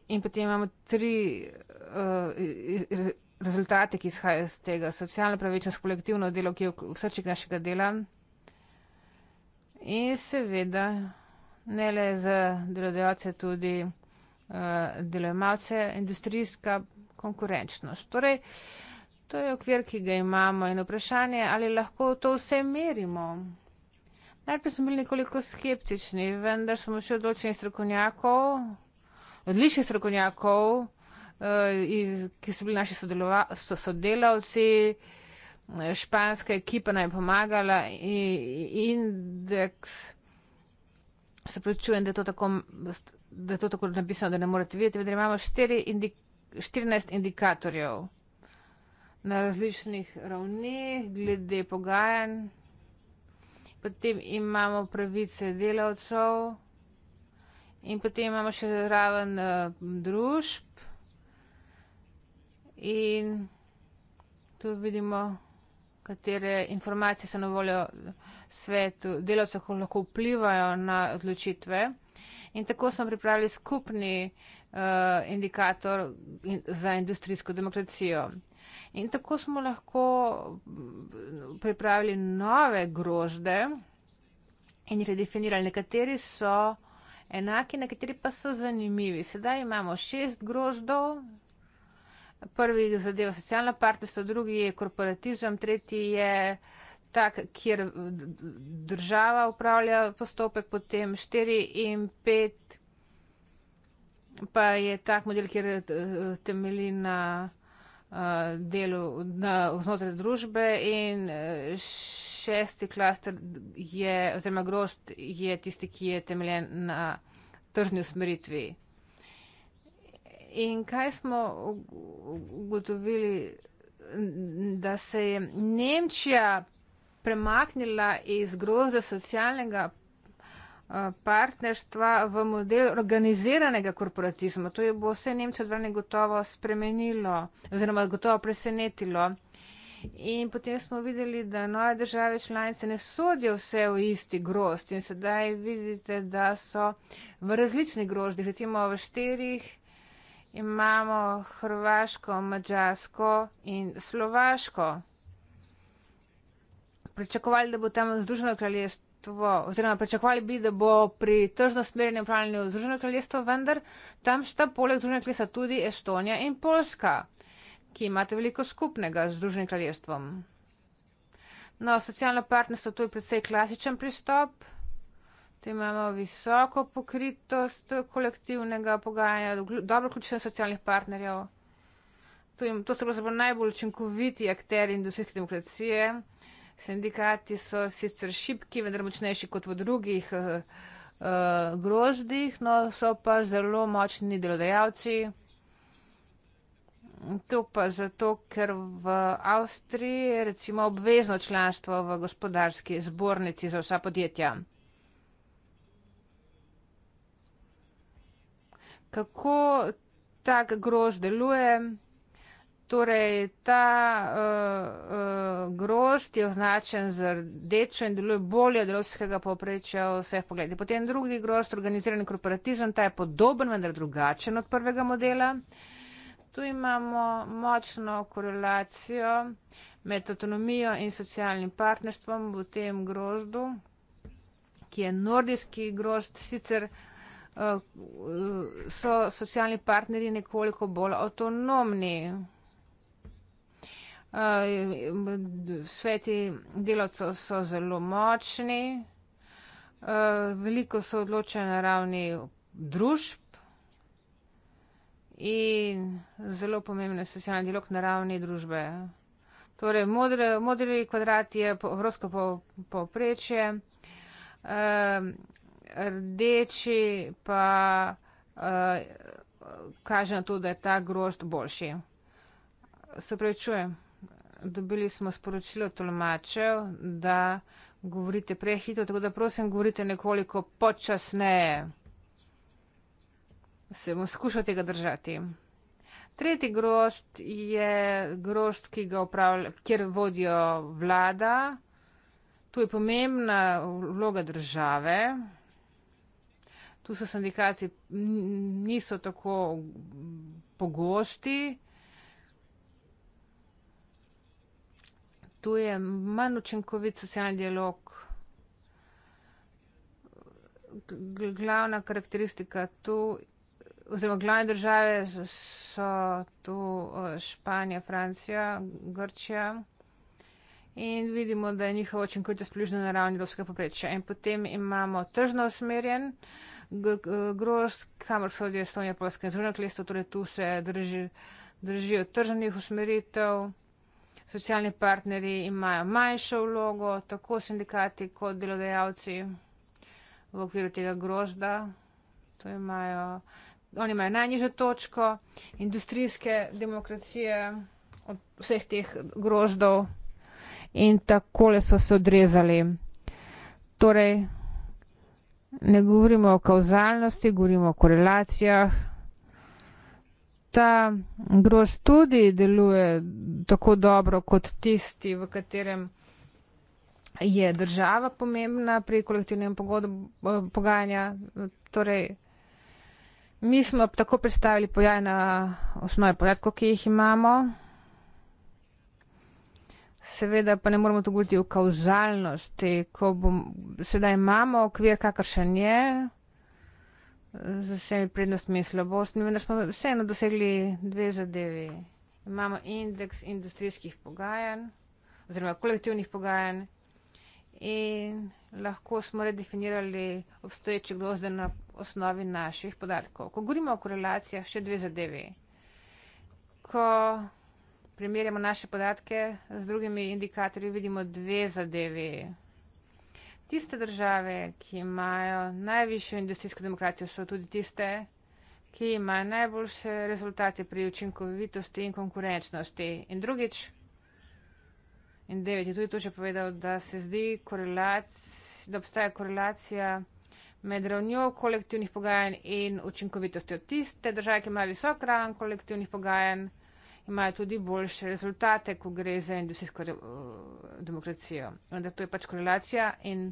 Speaker 1: In potem imamo tri uh, rezultate, ki izhajajo iz tega. Socialna pravičnost, kolektivno delo, ki je v srčik našega dela. In seveda, ne le za delodajalce, tudi uh, delojemalce, industrijska konkurenčnost. Torej, to je okvir, ki ga imamo in vprašanje, ali lahko to vse merimo. Najprej smo bili nekoliko skeptični, vendar smo še odločeni strokovnjakov, odličnih strokovnjakov, uh, iz, ki so bili naši so sodelavci, eh, španska ekipa nam je pomagala in indeks. Se pričujem, da je to tako, da je to tako napisano, da ne morete videti, vendar imamo štiri indik 14 indikatorjev na različnih ravneh glede pogajanj potem imamo pravice delavcev in potem imamo še raven eh, družb in tu vidimo, katere informacije so na voljo svetu. Delavce lahko vplivajo na odločitve in tako smo pripravili skupni eh, indikator za industrijsko demokracijo. In tako smo lahko pripravili nove grožde in redefinirali. Nekateri so enaki, nekateri pa so zanimivi. Sedaj imamo šest groždov. Prvi zadeva socialna partnerstva, drugi je korporatizem, tretji je tak, kjer država upravlja postopek, potem štiri in pet pa je tak model, kjer eh, temelji na. Eh, delu na, znotraj družbe in eh, šesti klaster je, oziroma grost je tisti, ki je temeljen na tržni usmeritvi. In kaj smo ugotovili, da se je Nemčija premaknila iz grozda socialnega Eh, partnerstva v model organiziranega korporatizma. To je bo vse Nemce odvrne gotovo spremenilo oziroma gotovo presenetilo. In potem smo videli, da nove države članice ne sodijo vse v isti grost in sedaj vidite, da so v različnih groždih, recimo v štirih imamo Hrvaško, Mačarsko in Slovaško. Pričakovali, da bo tam združeno kraljestvo to, oziroma pričakovali bi, da bo pri tržno smerjenem upravljanju Združeno kraljestvo, vendar tam sta poleg Združenega kraljestva tudi Estonija in Poljska, ki imate veliko skupnega z Združenim kraljestvom. No, socialno partnerstvo tu je predvsej klasičen pristop. Tu imamo visoko pokritost kolektivnega pogajanja, dobro vključenost socialnih partnerjev. To so pravzaprav najbolj učinkoviti akteri industrijske demokracije. Sindikati so sicer šipki, vendar močnejši kot v drugih uh, uh, groždih, no so pa zelo močni delodajalci. To pa zato, ker v Avstriji je recimo obvezno članstvo v gospodarski zbornici za vsa podjetja. Kako tak grož deluje? Torej, ta uh, uh, grozd je označen z rdečo in deluje bolje od evropskega poprečja v vseh pogledih. Potem drugi grozd, organizirani korporatizem, ta je podoben, vendar drugačen od prvega modela. Tu imamo močno korelacijo med avtonomijo in socialnim partnerstvom v tem grozdu, ki je nordijski grozd. Sicer uh, so socialni partnerji nekoliko bolj avtonomni. Eh, sveti delavcev so zelo močni, eh, veliko se odločajo na ravni družb in zelo pomemben je socialni dialog na ravni družbe. Torej, modre, modri kvadrat je evropsko po, povprečje, eh, rdeči pa kaže na to, da je ta grožd boljši. Se pravi, čujem dobili smo sporočilo tolmačev, da govorite prehito, tako da prosim, govorite nekoliko počasneje. Se bom skušal tega držati. Tretji grošt je grošt, ki ga upravlja, kjer vodijo vlada. Tu je pomembna vloga države. Tu so sindikati, niso tako pogosti. to je manj učinkovit socialni dialog. Glavna karakteristika tu, oziroma glavne države so tu Španija, Francija, Grčija. In vidimo, da je njihova učinkovitost približno na ravni evropskega poprečja. In potem imamo tržno usmerjen grost, kamor so odje Estonija, Polska in Združeno kraljestvo, torej tu se drži, držijo tržnih usmeritev socialni partnerji imajo manjšo vlogo, tako sindikati kot delodajalci v okviru tega grozda. Imajo, oni imajo najnižjo točko, industrijske demokracije od vseh teh grozdov in takole so se odrezali. Torej, ne govorimo o kauzalnosti, govorimo o korelacijah ta grož tudi deluje tako dobro kot tisti, v katerem je država pomembna pri kolektivnem eh, pogajanju. Torej, mi smo tako predstavili pojaj na osnovi podatkov, ki jih imamo. Seveda pa ne moramo to govoriti o kauzalnosti, ko bom, sedaj imamo okvir, kakršen je z vsemi prednostmi in slabostmi, vendar smo vseeno dosegli dve zadevi. Imamo indeks industrijskih pogajanj oziroma kolektivnih pogajanj in lahko smo redefinirali obstoječe glozde na osnovi naših podatkov. Ko govorimo o korelacijah, še dve zadevi. Ko primerjamo naše podatke z drugimi indikatorji, vidimo dve zadevi. Tiste države, ki imajo najvišjo industrijsko demokracijo, so tudi tiste, ki imajo najboljše rezultate pri učinkovitosti in konkurenčnosti. In drugič, in David je tudi to že povedal, da se zdi, da obstaja korelacija med ravnjo kolektivnih pogajanj in učinkovitostjo. Tiste države, ki imajo visok ravn kolektivnih pogajanj, imajo tudi boljše rezultate, ko gre za industrijsko re, uh, demokracijo. Vendar to je pač korelacija in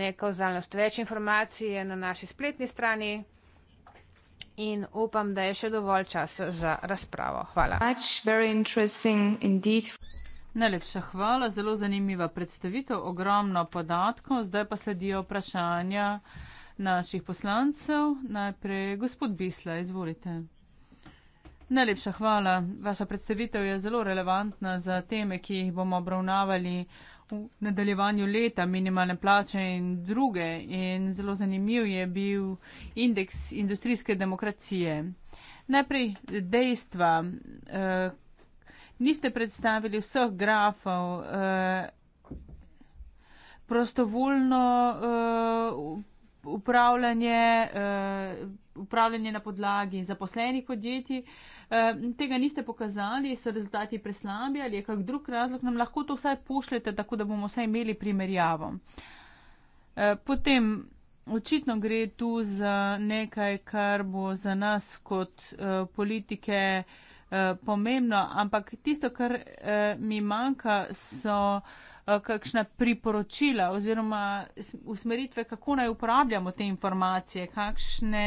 Speaker 1: nekauzalnost. Več informacij je na naši spletni strani in upam, da je še dovolj časa za razpravo. Hvala.
Speaker 2: Najlepša hvala, zelo zanimiva predstavitev, ogromno podatkov. Zdaj pa sledijo vprašanja naših poslancev. Najprej gospod Bisla, izvolite. Najlepša hvala. Vaša predstavitev je zelo relevantna za teme, ki jih bomo obravnavali v nadaljevanju leta, minimalne plače in druge. In zelo zanimiv je bil indeks industrijske demokracije. Najprej dejstva. Eh, niste predstavili vseh grafov. Eh, prostovoljno eh, upravljanje, uh, upravljanje na podlagi zaposlenih podjetij. Eh, tega niste pokazali, so rezultati preslabi ali je kak drug razlog, nam lahko to vsaj pošljete, tako da bomo vsaj imeli primerjavo. Eh, potem, očitno gre tu za nekaj, kar bo za nas kot politike pomembno, ampak tisto, kar mi manjka, so. Eh, kakšna priporočila oziroma usmeritve, kako naj uporabljamo te informacije, kakšne,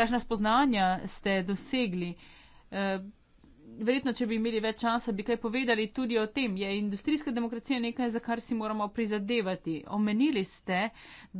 Speaker 2: kakšna spoznanja ste dosegli. Eh, verjetno, če bi imeli več časa, bi kaj povedali tudi o tem. Je industrijska demokracija nekaj, za kar si moramo prizadevati. Omenili ste,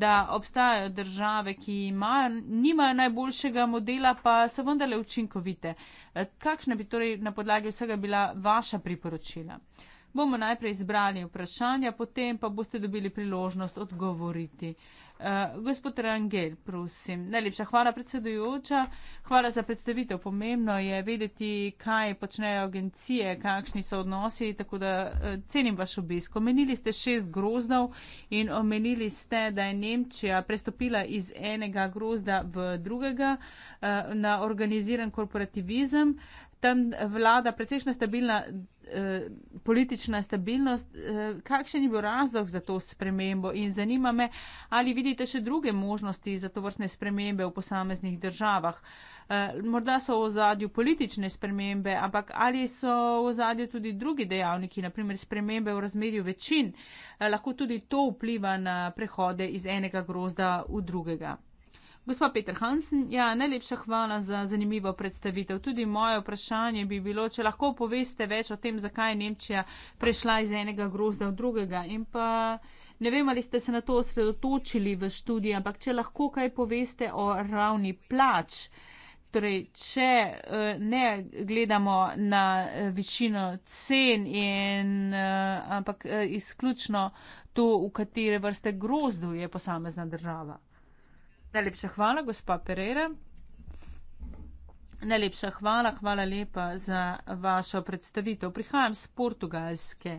Speaker 2: da obstajajo države, ki imajo, nimajo najboljšega modela, pa so vendarle učinkovite. Eh, kakšna bi torej na podlagi vsega bila vaša priporočila? Uh, bomo najprej izbrali vprašanja, potem pa boste dobili priložnost odgovoriti. Uh, gospod Rangel, prosim. Najlepša hvala predsedujoča, hvala za predstavitev. Pomembno je vedeti, kaj počnejo agencije, kakšni so odnosi, tako da uh, cenim vaš obisk. Omenili ste šest grozdov in omenili ste, da je Nemčija prestopila iz enega grozda v drugega uh, na organiziran korporativizem. Uh, tam vlada precejšna stabilna eh, politična stabilnost. Eh, kakšen je bil razlog za to spremembo in zanima me, ali vidite še druge možnosti za to vrstne spremembe v posameznih državah? Eh, morda so v zadju politične spremembe, ampak ali so v zadju tudi drugi dejavniki, naprimer spremembe v razmerju večin, eh, lahko tudi to vpliva na prehode iz enega grozda v drugega. Gospa Petr Hansen, ja, najlepša hvala za zanimivo predstavitev. Tudi moje vprašanje bi bilo, če lahko poveste več o tem, zakaj je Nemčija prešla iz enega grozda v drugega. In pa ne vem, ali ste se na to osredotočili v študiji, ampak če lahko kaj poveste o ravni plač. Torej, če eh, ne gledamo na eh, višino cen, in, eh, ampak izključno to, v katere vrste grozdov je posamezna država. Najlepša hvala, gospa Pereira. Najlepša hvala, hvala lepa za vašo predstavitev. Prihajam z Portugalske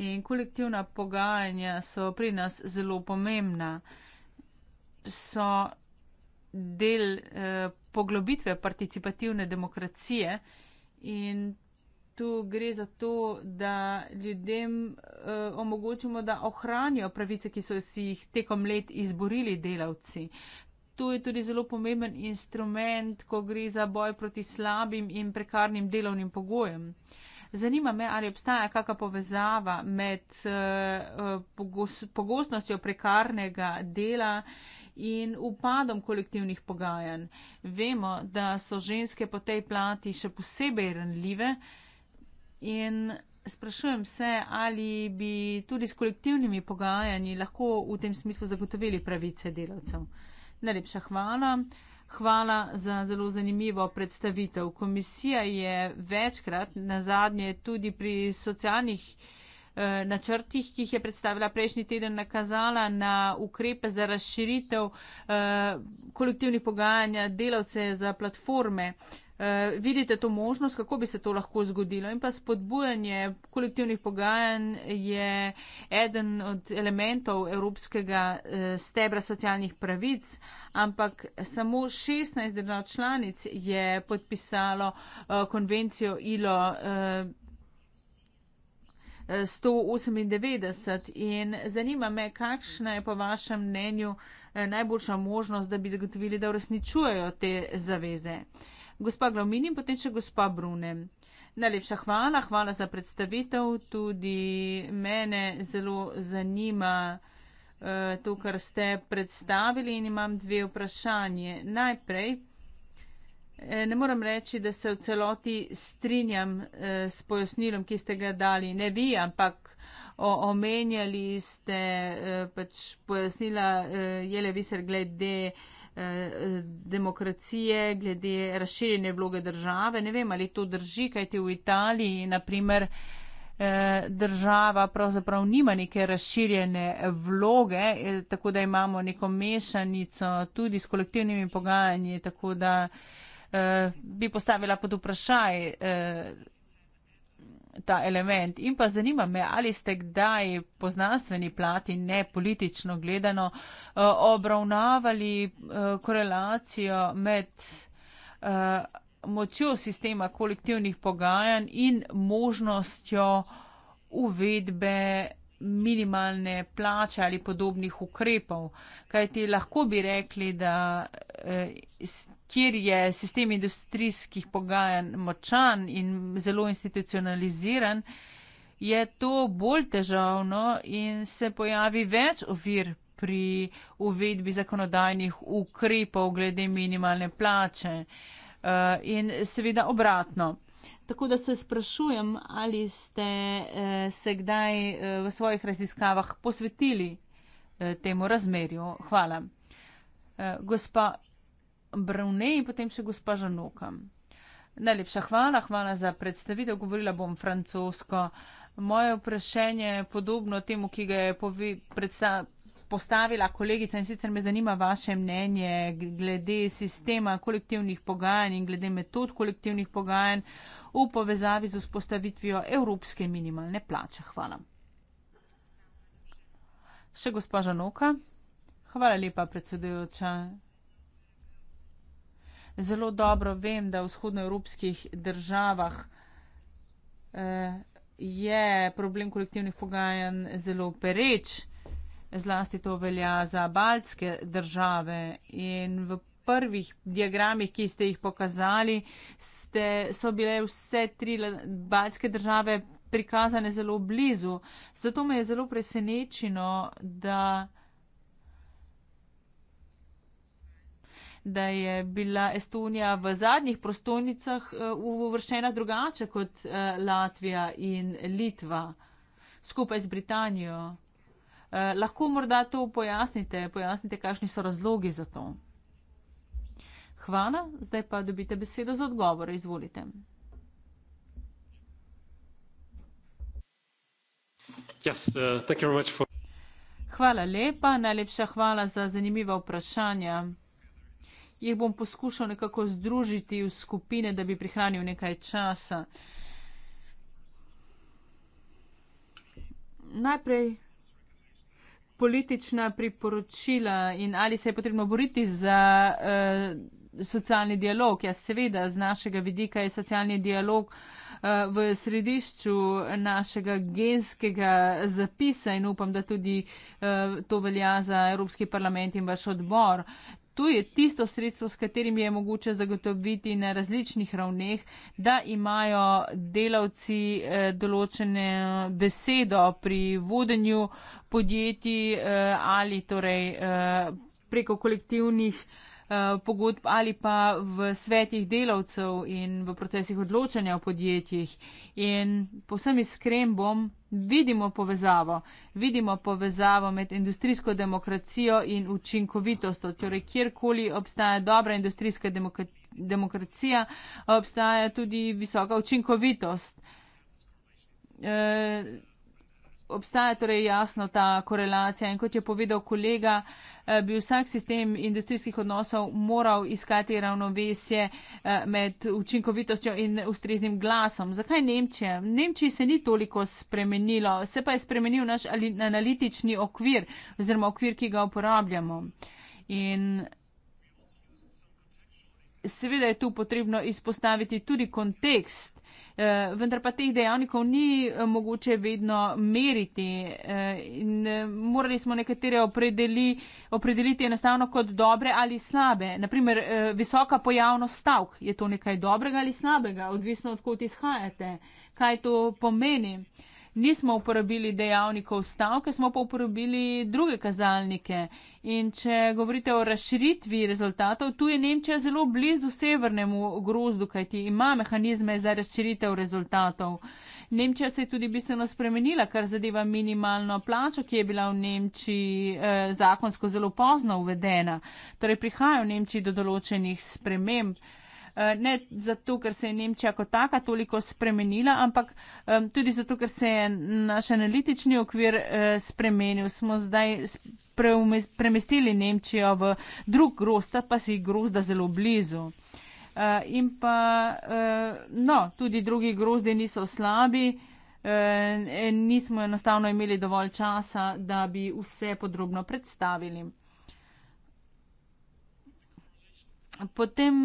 Speaker 2: in kolektivna pogajanja so pri nas zelo pomembna. So del eh, poglobitve participativne demokracije in tu gre za to, da ljudem uh, omogočimo, da ohranijo pravice, ki so si jih tekom let izborili delavci. Tu je tudi zelo pomemben instrument, ko gre za boj proti slabim in prekarnim delovnim pogojem. Zanima me, ali obstaja kakšna povezava med uh, pogos pogostnostjo prekarnega dela in upadom kolektivnih pogajanj. Vemo, da so ženske po tej plati še posebej ranljive, uh, In sprašujem se, ali bi tudi s kolektivnimi pogajanji lahko v tem smislu zagotovili pravice delavcev. Najlepša hvala. Hvala za zelo zanimivo predstavitev. Komisija je večkrat na zadnje tudi pri socialnih eh, načrtih, ki jih je predstavila prejšnji teden, nakazala na ukrepe za razširitev eh, kolektivnih pogajanja delavce za platforme. Eh, vidite to možnost, kako bi se to lahko zgodilo. In pa spodbujanje kolektivnih pogajanj je eden od elementov evropskega eh, stebra socialnih pravic, ampak samo 16 držav članic je podpisalo eh, konvencijo ILO. 198 in zanima me, kakšna je po vašem mnenju najboljša možnost, da bi zagotovili, da uresničujejo te zaveze. Uh, gospa Glaumin in potem še gospa Brune. Najlepša hvala, hvala za predstavitev. Tudi mene zelo zanima eh, to, kar ste predstavili in imam dve vprašanje. Najprej, eh, ne moram reči, da se v celoti strinjam eh, s pojasnilom, ki ste ga dali. Ne vi, ampak omenjali ste pač pojasnila Jele Viser glede demokracije, glede razširjene vloge države. Ne vem, ali to drži, kajti v Italiji, naprimer, eh, država pravzaprav nima neke razširjene vloge, eh, tako da imamo neko mešanico tudi s kolektivnimi pogajanji, tako da eh, bi postavila pod vprašaj ta element. In pa zanima me, ali ste kdaj po znanstveni plati, ne politično gledano, eh, obravnavali eh, korelacijo med eh, močjo sistema kolektivnih pogajanj in možnostjo uvedbe minimalne plače ali podobnih ukrepov. Kaj ti lahko bi rekli, da kjer je sistem industrijskih pogajanj močan in zelo institucionaliziran, je to bolj težavno in se pojavi več ovir pri uvedbi zakonodajnih ukrepov glede minimalne plače eh, in seveda obratno. Tako da se sprašujem, ali ste eh, se kdaj eh, v svojih raziskavah posvetili temu razmerju. Hvala. Gospa Brune in potem še gospa Žanoka. Najlepša hvala, hvala za predstavitev, govorila bom francosko. Moje vprašanje je podobno temu, ki ga je postavila kolegica in sicer me zanima vaše mnenje glede sistema kolektivnih pogajanj in glede metod kolektivnih pogajanj v povezavi z vzpostavitvijo evropske minimalne plače. Hvala. Še gospa Žanoka. Hvala lepa, predsedujoča zelo dobro vem, da v vzhodnoevropskih državah eh, je problem kolektivnih pogajanj zelo pereč, zlasti to velja za baltske države in v prvih diagramih, ki ste jih pokazali, ste, so bile vse tri baltske države prikazane zelo blizu. Zato me je zelo presenečeno, da. da je bila Estonija v zadnjih prostornicah eh, uvrščena drugače kot eh, Latvija in Litva skupaj z Britanijo. Eh, lahko morda to pojasnite, pojasnite, kakšni so razlogi za to. Hvala, zdaj pa dobite besedo za odgovor, izvolite.
Speaker 4: Yes, uh, for...
Speaker 2: Hvala lepa, najlepša hvala za zanimiva vprašanja jih bom poskušal nekako združiti v skupine, da bi prihranil nekaj časa. Najprej politična priporočila in ali se je potrebno boriti za uh, socialni dialog. Ja, seveda, z našega vidika je socialni dialog eh, v središču našega genskega zapisa in upam, da tudi eh, to velja za Evropski parlament in vaš odbor to je tisto sredstvo, s katerim je mogoče zagotoviti na različnih ravneh, da imajo delavci eh, določene eh, besedo pri vodenju podjetij eh, ali torej preko kolektivnih Eh, pogodb ali pa v svetih delavcev in v procesih odločanja v podjetjih. In povsem iskren bom, vidimo povezavo, vidimo povezavo med industrijsko demokracijo in učinkovitostjo. Torej, kjerkoli obstaja dobra industrijska demokracija, obstaja tudi visoka učinkovitost. E, obstaja torej jasno ta korelacija in kot je povedal kolega, eh, bi vsak sistem industrijskih odnosov moral iskati ravnovesje eh, med učinkovitostjo in ustreznim glasom. Zakaj Nemčija? V Nemčiji se ni toliko spremenilo, se pa je spremenil naš analitični okvir oziroma okvir, ki ga uporabljamo. In seveda je tu potrebno izpostaviti tudi kontekst. Eh, vendar pa teh dejavnikov ni eh, mogoče vedno meriti. Eh, morali smo nekatere opredeli, opredeliti enostavno kot dobre ali slabe. Naprimer, visoka pojavnost stavk je to nekaj dobrega ali slabega, odvisno odkot izhajate, kaj to pomeni nismo uporabili dejavnikov stavke, smo pa uporabili druge kazalnike. In če govorite o razširitvi rezultatov, tu je Nemčija zelo blizu severnemu grozdu, kajti ima mehanizme za razširitev rezultatov. Nemčija se je tudi bistveno spremenila, kar zadeva minimalno plačo, ki je bila v Nemčiji eh, zakonsko zelo pozno uvedena. Torej prihajajo v Nemčiji do določenih sprememb. Eh, ne zato, ker se je Nemčija kot taka toliko spremenila, ampak tudi zato, ker se je naš analitični okvir eh, spremenil. Smo zdaj premestili Nemčijo v drug grozd, pa si grozda zelo blizu. Eh, in pa, no, tudi drugi grozdi niso slabi. Nismo enostavno imeli dovolj časa, da bi vse podrobno predstavili. Potem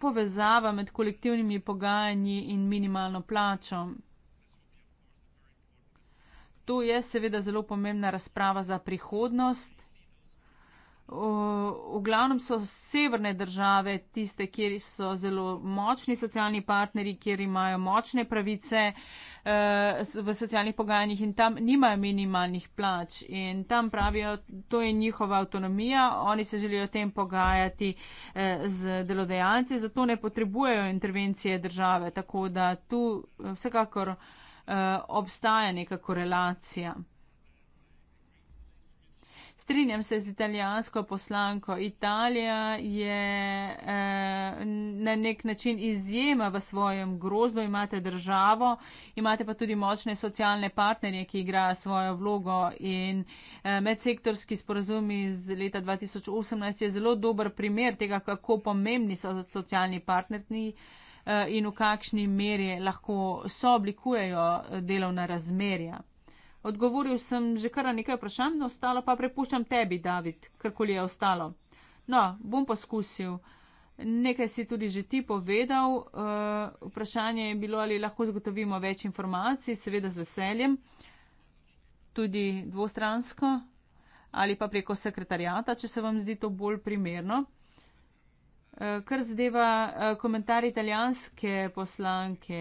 Speaker 2: povezava med kolektivnimi pogajanji in minimalno plačo. To je seveda zelo pomembna razprava za prihodnost. V glavnem so severne države tiste, kjer so zelo močni socialni partneri, kjer imajo močne pravice e, v socialnih pogajanjih in tam nimajo minimalnih plač. In tam pravijo, to je njihova avtonomija, oni se želijo o tem pogajati e, z delodajalci, zato ne potrebujejo intervencije države. Tako da tu e, vsekakor obstaja neka korelacija. Strinjam se z italijansko poslanko. Italija je eh, na nek način izjema v svojem grozdu, imate državo, imate pa tudi močne socialne partnerje, ki igrajo svojo vlogo in eh, medsektorski sporozum iz leta 2018 je zelo dober primer tega, kako pomembni so socialni partnerji eh, in v kakšni meri lahko sooblikujejo delovna razmerja. Odgovoril sem že kar nekaj vprašanj, no, ostalo pa prepuščam tebi, David, karkoli je ostalo. No, bom poskusil. Nekaj si tudi že ti povedal. Uh, vprašanje je bilo, ali lahko zagotovimo več informacij, seveda z veseljem, tudi dvostransko ali pa preko sekretarjata, če se vam zdi to bolj primerno. Uh, kar zadeva uh, komentar italijanske poslanke.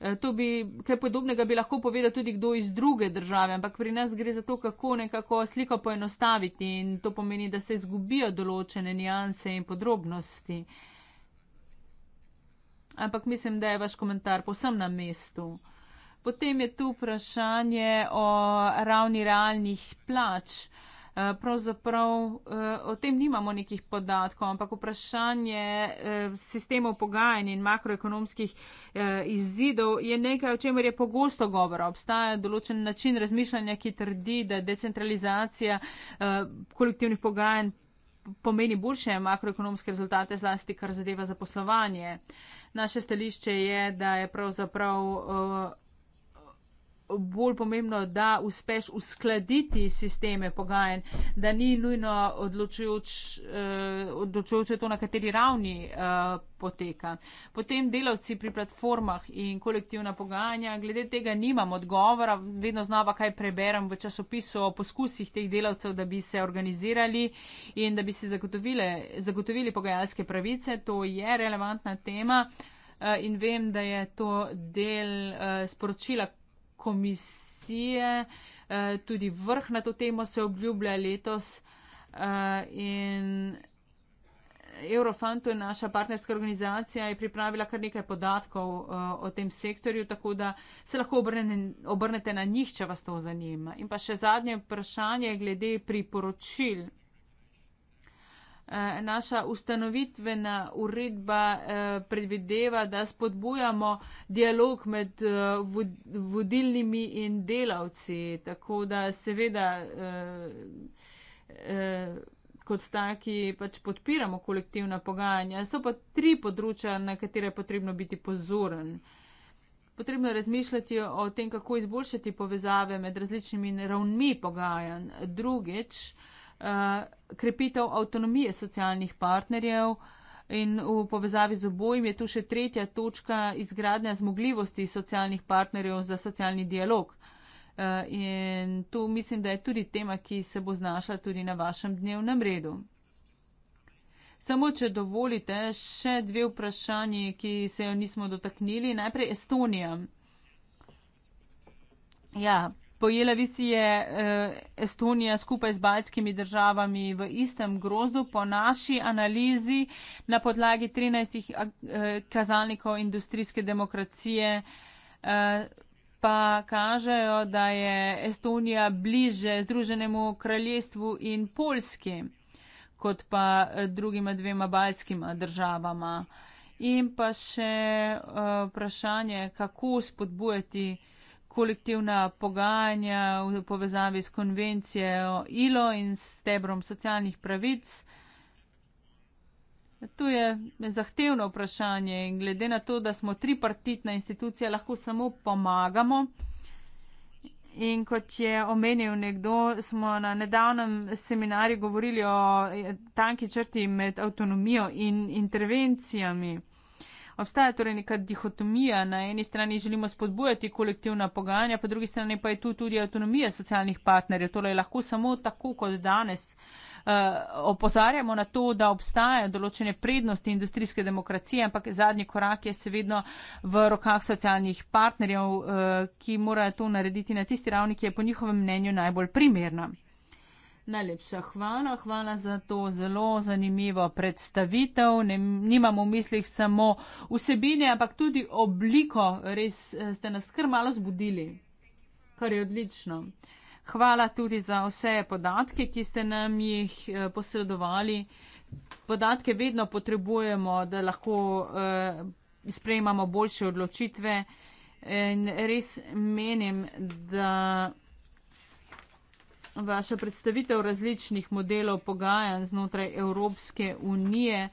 Speaker 2: Eh, to bi kaj podobnega bi lahko povedal tudi kdo iz druge države, ampak pri nas gre za to, kako nekako sliko poenostaviti in to pomeni, da se izgubijo določene nijanse in podrobnosti. Ampak mislim, da je vaš komentar posem na mestu. Potem je tu vprašanje o ravni realnih plač. Uh, Eh, pravzaprav eh, o tem nimamo nekih podatkov, ampak vprašanje eh, sistemov pogajanj in makroekonomskih izzidov je nekaj, o čemer je pogosto govora. Obstaja določen način razmišljanja, ki trdi, da decentralizacija kolektivnih pogajanj pomeni boljše makroekonomske rezultate, zlasti kar zadeva zaposlovanje. Naše stališče je, da je pravzaprav bolj pomembno, da uspeš uskladiti sisteme pogajanj, da ni nujno eh, odločujoče to, na kateri ravni eh, poteka. Potem delavci pri platformah in kolektivna pogajanja, glede tega nimam odgovora, vedno znova kaj preberem v časopisu o poskusih teh delavcev, da bi se organizirali in da bi si zagotovile, zagotovili pogajalske pravice. To je relevantna tema. Eh, in vem, da je to del sporočila komisije, eh, tudi vrh na to temo se obljublja letos eh, in Eurofund, to je naša partnerska organizacija, je pripravila kar nekaj podatkov eh, o tem sektorju, tako da se lahko obrnete na njih, če vas to zanima. In pa še zadnje vprašanje glede priporočil. Eh, naša ustanovitvena uredba eh, predvideva, da spodbujamo dialog med eh, vodilnimi in delavci, tako da seveda kot taki pač podpiramo kolektivna pogajanja. So pa tri področja, na katere je potrebno biti pozoren. Potrebno je razmišljati o tem, kako izboljšati povezave med različnimi ravnmi pogajanj. Drugič, uh, krepitev avtonomije socialnih partnerjev. In v povezavi z obojim je tu še tretja točka izgradnja zmogljivosti socialnih partnerjev za socialni dialog. Eh, in tu mislim, da je tudi tema, ki se bo znašla tudi na vašem dnevnem redu. Samo, če dovolite, še dve vprašanji, ki se jo nismo dotaknili. Najprej Estonija. Ja, Pojela visi je eh, Estonija skupaj z baltskimi državami v istem grozdu. Po naši analizi na podlagi 13 eh, kazalnikov industrijske demokracije eh, pa kažejo, da je Estonija bliže Združenemu kraljestvu in Polski kot pa eh, drugima dvema baltskima državama. In pa še eh, vprašanje, kako spodbujati kolektivna pogajanja v povezavi s konvencijo ILO in stebrom socialnih pravic. Tu je zahtevno vprašanje in glede na to, da smo tripartitna institucija, lahko samo pomagamo. In kot je omenil nekdo, smo na nedavnem seminarju govorili o tanki črti med avtonomijo in intervencijami obstaja torej neka dihotomija. Na eni strani želimo spodbujati kolektivna pogajanja, po drugi strani pa je tu tudi avtonomija socialnih partnerjev. Torej lahko samo tako, kot danes eh, opozarjamo na to, da obstaja določene prednosti industrijske demokracije, ampak zadnji korak je seveda v rokah socialnih partnerjev, eh, ki morajo to narediti na tisti ravni, ki je po njihovem mnenju najbolj primerna. Najlepša hvala, hvala za to zelo zanimivo predstavitev. Ne, nimam v mislih samo vsebine, ampak tudi obliko. Res eh, ste nas kar malo zbudili, kar je odlično. Hvala tudi za vse podatke, ki ste nam jih eh, posredovali. Podatke vedno potrebujemo, da lahko eh, sprejemamo boljše odločitve. In res menim, da vaša predstavitev različnih modelov pogajanj znotraj Evropske unije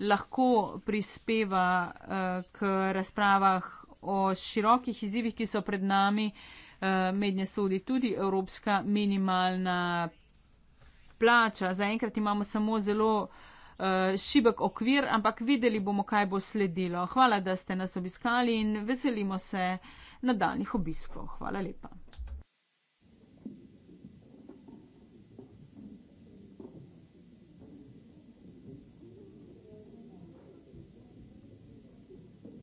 Speaker 2: lahko prispeva eh, k razpravah o širokih izzivih, ki so pred nami, eh, mednje sodi tudi evropska minimalna plača. Zaenkrat imamo samo zelo eh, šibek okvir, ampak videli bomo, kaj bo sledilo. Hvala, da ste nas obiskali in veselimo se nadaljnih obiskov. Hvala lepa.